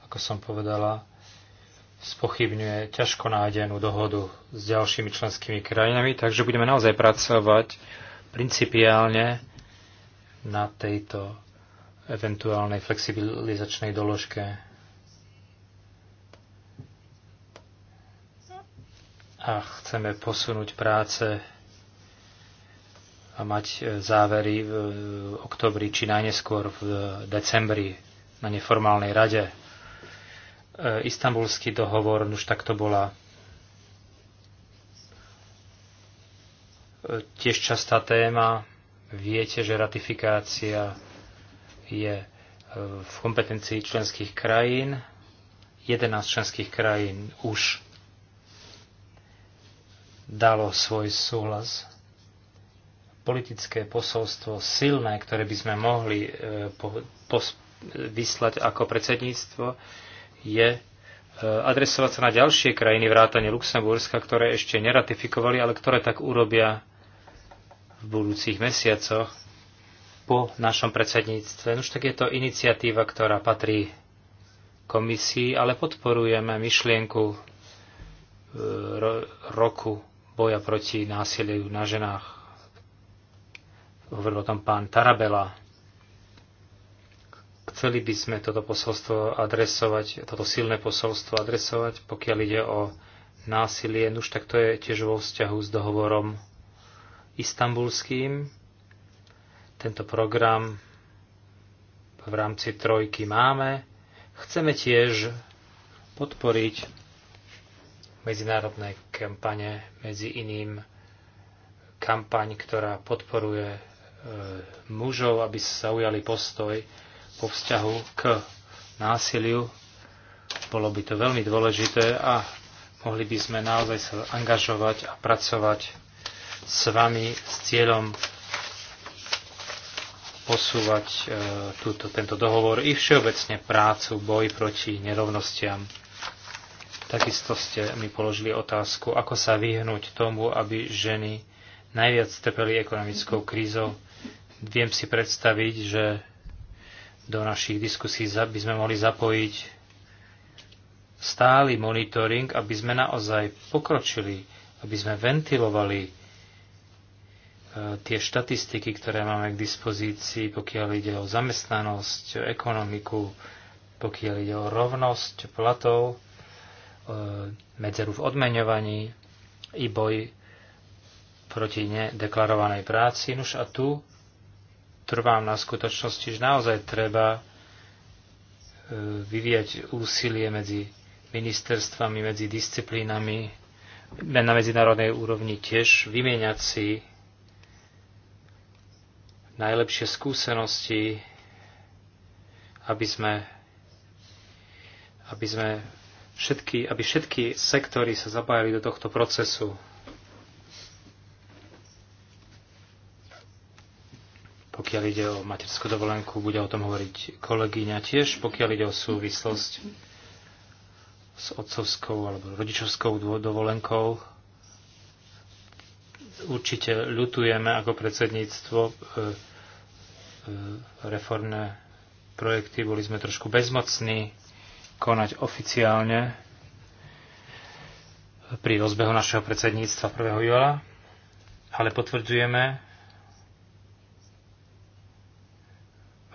ako som povedala, spochybňuje ťažko nájdenú dohodu s ďalšími členskými krajinami, takže budeme naozaj pracovať principiálne na tejto eventuálnej flexibilizačnej doložke a chceme posunúť práce a mať e, závery v oktobri či najneskôr v decembri na neformálnej rade. E, istambulský dohovor, už takto bola e, tiež častá téma. Viete, že ratifikácia je v kompetencii členských krajín. 11 členských krajín už dalo svoj súhlas. Politické posolstvo silné, ktoré by sme mohli e, vyslať ako predsedníctvo, je e, adresovať sa na ďalšie krajiny vrátane Luxemburska, ktoré ešte neratifikovali, ale ktoré tak urobia v budúcich mesiacoch po našom predsedníctve. Už tak je to iniciatíva, ktorá patrí komisii, ale podporujeme myšlienku e, roku boja proti násiliu na ženách. Hovoril o tom pán Tarabela. Chceli by sme toto posolstvo adresovať, toto silné posolstvo adresovať, pokiaľ ide o násilie. Nuž tak to je tiež vo vzťahu s dohovorom istambulským. Tento program v rámci trojky máme. Chceme tiež podporiť medzinárodné kampane, medzi iným kampaň, ktorá podporuje e, mužov, aby sa zaujali postoj po vzťahu k násiliu. Bolo by to veľmi dôležité a mohli by sme naozaj sa angažovať a pracovať s vami s cieľom posúvať e, túto, tento dohovor i všeobecne prácu, boj proti nerovnostiam Takisto ste mi položili otázku, ako sa vyhnúť tomu, aby ženy najviac trpeli ekonomickou krízou. Viem si predstaviť, že do našich diskusí by sme mohli zapojiť stály monitoring, aby sme naozaj pokročili, aby sme ventilovali e, tie štatistiky, ktoré máme k dispozícii, pokiaľ ide o zamestnanosť, ekonomiku, pokiaľ ide o rovnosť platov, E, medzeru v odmeňovaní i boj proti nedeklarovanej práci. Nuž a tu trvám na skutočnosti, že naozaj treba e, vyvíjať úsilie medzi ministerstvami, medzi disciplínami, na medzinárodnej úrovni tiež vymieňať si najlepšie skúsenosti, aby sme, aby sme všetky, aby všetky sektory sa zapájali do tohto procesu. Pokiaľ ide o materskú dovolenku, bude o tom hovoriť kolegyňa tiež. Pokiaľ ide o súvislosť s otcovskou alebo rodičovskou dovolenkou, určite ľutujeme ako predsedníctvo e, e, reformné projekty, boli sme trošku bezmocní, konať oficiálne pri rozbehu našeho predsedníctva 1. júla, ale potvrdzujeme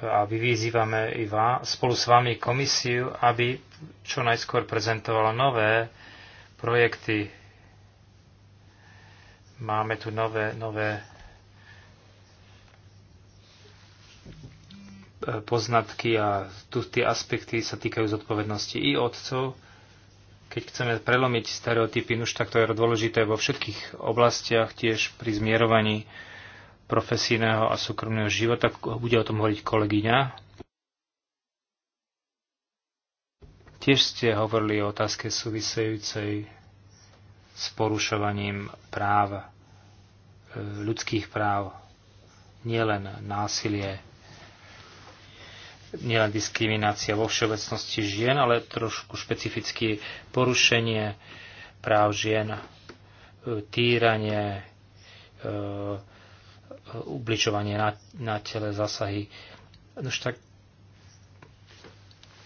a vyvízivame i vás, spolu s vami komisiu, aby čo najskôr prezentovala nové projekty. Máme tu nové, nové E, poznatky a tu, tie aspekty sa týkajú zodpovednosti i otcov. Keď chceme prelomiť stereotypy, už tak to je dôležité vo všetkých oblastiach, tiež pri zmierovaní profesijného a súkromného života. Bude o tom hovoriť kolegyňa. Tiež ste hovorili o otázke súvisejúcej s porušovaním práv, e, ľudských práv, nielen násilie nielen diskriminácia vo všeobecnosti žien, ale trošku špecificky porušenie práv žien, e, týranie, e, ubličovanie na, na tele, zásahy. už tak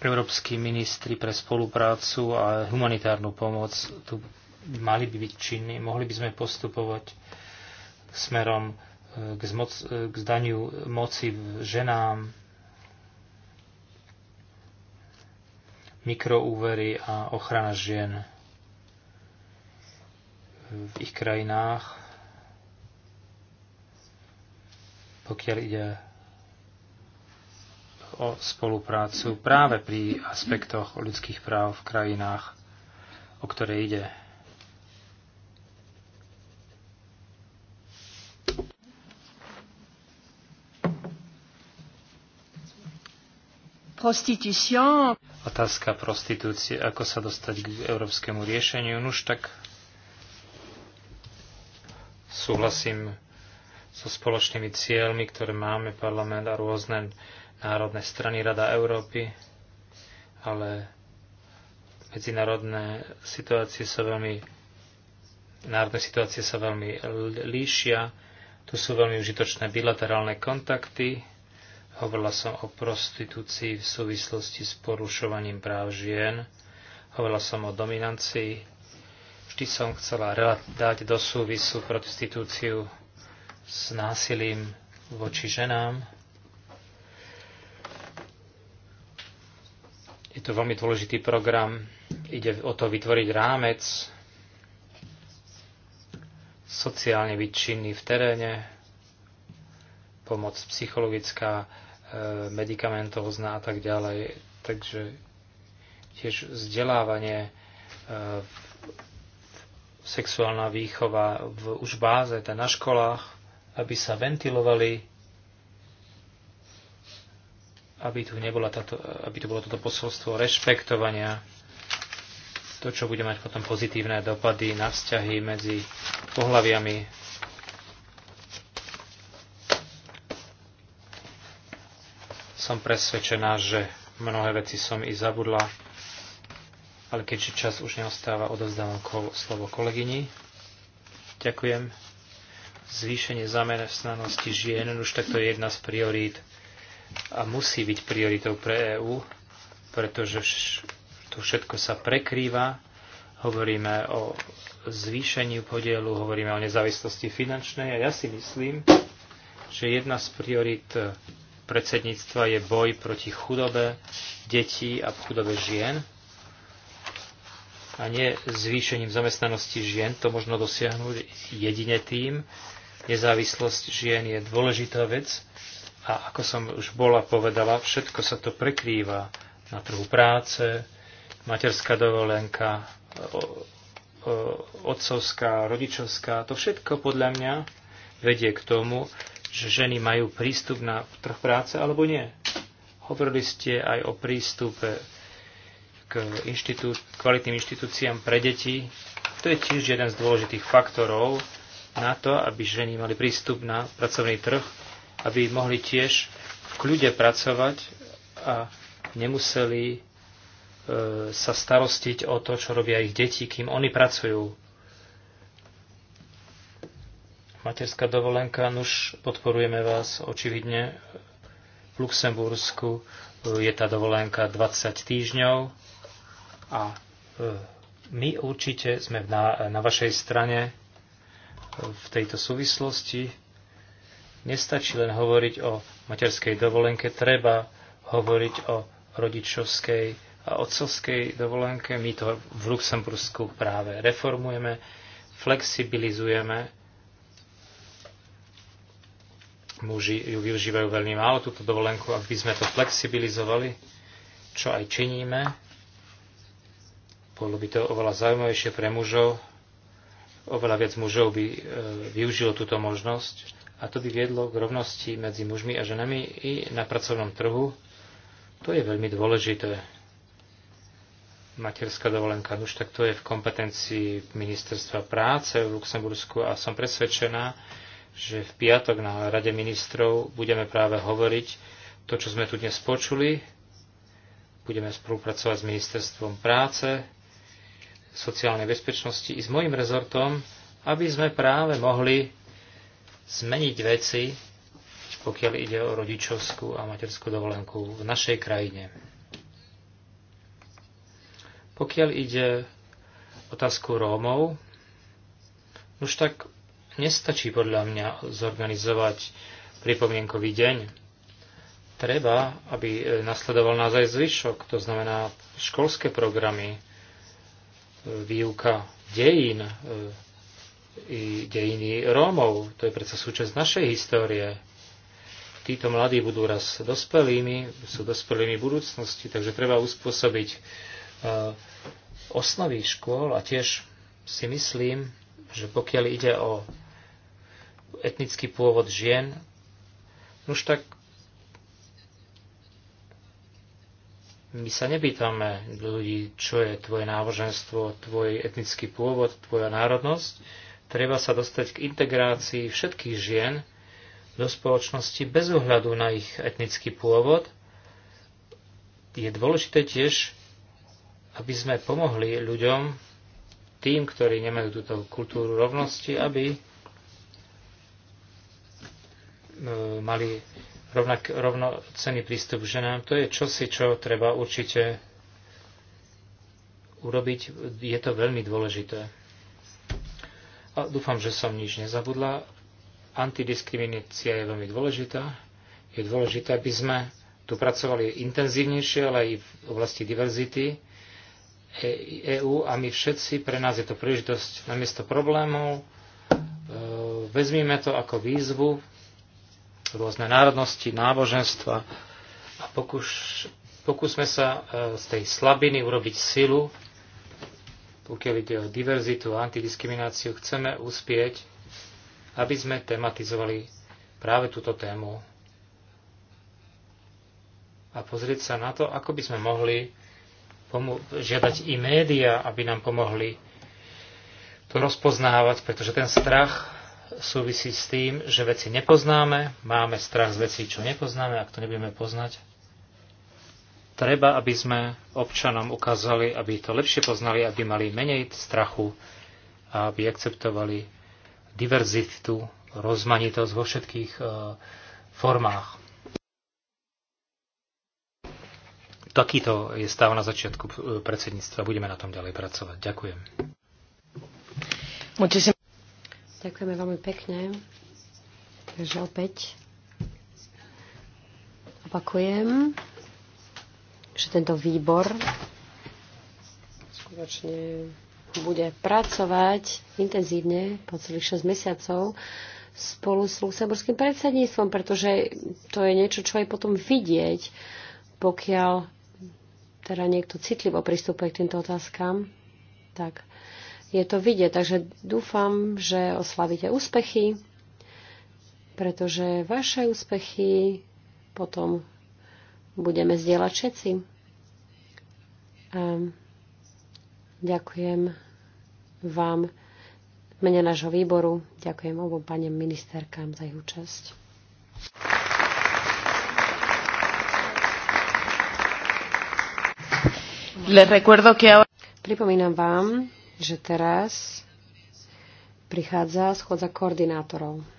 európsky ministri pre spoluprácu a humanitárnu pomoc tu mali by byť činní, mohli by sme postupovať smerom e, k, zmoc, k zdaniu moci ženám, mikroúvery a ochrana žien v ich krajinách, pokiaľ ide o spoluprácu práve pri aspektoch ľudských práv v krajinách, o ktoré ide. Otázka prostitúcie, ako sa dostať k európskemu riešeniu. už tak súhlasím so spoločnými cieľmi, ktoré máme parlament a rôzne národné strany Rada Európy, ale medzinárodné situácie sa veľmi národné situácie sa veľmi líšia. Tu sú veľmi užitočné bilaterálne kontakty, Hovorila som o prostitúcii v súvislosti s porušovaním práv žien. Hovorila som o dominancii. Vždy som chcela dať do súvisu prostitúciu s násilím voči ženám. Je to veľmi dôležitý program. Ide o to vytvoriť rámec, sociálne byť činný v teréne, pomoc psychologická, E, medikamentov zná a tak ďalej. Takže tiež vzdelávanie, e, sexuálna výchova v, už báze, na školách, aby sa ventilovali, aby tu, nebola táto, aby tu bolo toto posolstvo rešpektovania, to, čo bude mať potom pozitívne dopady na vzťahy medzi pohľaviami, Som presvedčená, že mnohé veci som i zabudla, ale keďže čas už neostáva, odovzdávam slovo kolegyni. Ďakujem. Zvýšenie zamestnanosti žien, už takto je jedna z priorít a musí byť prioritou pre EÚ, pretože to všetko sa prekrýva. Hovoríme o zvýšení podielu, hovoríme o nezávislosti finančnej a ja si myslím, že jedna z priorit predsedníctva je boj proti chudobe detí a chudobe žien a nie zvýšením zamestnanosti žien. To možno dosiahnuť jedine tým. Nezávislosť žien je dôležitá vec a ako som už bola povedala, všetko sa to prekrýva na trhu práce, materská dovolenka, otcovská, rodičovská. To všetko podľa mňa vedie k tomu, že ženy majú prístup na trh práce alebo nie. Hovorili ste aj o prístupe k inštitú, kvalitným inštitúciám pre deti. To je tiež jeden z dôležitých faktorov na to, aby ženy mali prístup na pracovný trh, aby mohli tiež v kľude pracovať a nemuseli e, sa starostiť o to, čo robia ich deti, kým oni pracujú materská dovolenka, nuž podporujeme vás očividne. V Luxembursku e, je tá dovolenka 20 týždňov a e, my určite sme na, na vašej strane e, v tejto súvislosti. Nestačí len hovoriť o materskej dovolenke, treba hovoriť o rodičovskej a otcovskej dovolenke. My to v Luxembursku práve reformujeme, flexibilizujeme muži ju využívajú veľmi málo, túto dovolenku, aby sme to flexibilizovali, čo aj činíme. Bolo by to oveľa zaujímavejšie pre mužov, oveľa viac mužov by e, využilo túto možnosť a to by viedlo k rovnosti medzi mužmi a ženami i na pracovnom trhu. To je veľmi dôležité. Materská dovolenka, už tak to je v kompetencii Ministerstva práce v Luxembursku a som presvedčená, že v piatok na Rade ministrov budeme práve hovoriť to, čo sme tu dnes počuli. Budeme spolupracovať s Ministerstvom práce, sociálnej bezpečnosti i s mojim rezortom, aby sme práve mohli zmeniť veci, pokiaľ ide o rodičovskú a materskú dovolenku v našej krajine. Pokiaľ ide otázku Rómov, už tak Nestačí podľa mňa zorganizovať pripomienkový deň. Treba, aby e, nasledoval nás aj zvyšok, to znamená školské programy, e, výuka dejín, e, i dejiny Rómov. To je predsa súčasť našej histórie. Títo mladí budú raz dospelými, sú dospelými budúcnosti, takže treba uspôsobiť osnovy škôl a tiež si myslím, že pokiaľ ide o etnický pôvod žien. Už tak my sa nepýtame ľudí, čo je tvoje náboženstvo, tvoj etnický pôvod, tvoja národnosť. Treba sa dostať k integrácii všetkých žien do spoločnosti bez ohľadu na ich etnický pôvod. Je dôležité tiež, aby sme pomohli ľuďom, tým, ktorí nemajú túto kultúru rovnosti, aby E, mali rovnak, rovnocený prístup k ženám. To je čosi, čo treba určite urobiť. Je to veľmi dôležité. A dúfam, že som nič nezabudla. Antidiskriminácia je veľmi dôležitá. Je dôležité, aby sme tu pracovali intenzívnejšie, ale aj v oblasti diverzity EÚ e a my všetci, pre nás je to príležitosť namiesto problémov, e, vezmime to ako výzvu, rôzne národnosti, náboženstva a pokúš, pokúsme sa e, z tej slabiny urobiť silu, pokiaľ ide o diverzitu a antidiskrimináciu, chceme uspieť, aby sme tematizovali práve túto tému a pozrieť sa na to, ako by sme mohli žiadať i média, aby nám pomohli to rozpoznávať, pretože ten strach súvisí s tým, že veci nepoznáme, máme strach z vecí, čo nepoznáme, ak to nebudeme poznať. Treba, aby sme občanom ukázali, aby to lepšie poznali, aby mali menej strachu a aby akceptovali diverzitu, rozmanitosť vo všetkých e, formách. Takýto je stav na začiatku e, predsedníctva. Budeme na tom ďalej pracovať. Ďakujem. Ďakujeme veľmi pekne. Takže opäť opakujem, že tento výbor skutočne bude pracovať intenzívne po celých 6 mesiacov spolu s luxemburským predsedníctvom, pretože to je niečo, čo aj potom vidieť, pokiaľ teda niekto citlivo pristúpe k týmto otázkam, tak je to vidieť. Takže dúfam, že oslavíte úspechy, pretože vaše úspechy potom budeme zdieľať všetci. A ďakujem vám v mene nášho výboru. Ďakujem obom paniem ministerkám za ich účasť. Les recuerdo que ahora... Pripomínam vám, že teraz prichádza schodza koordinátorov.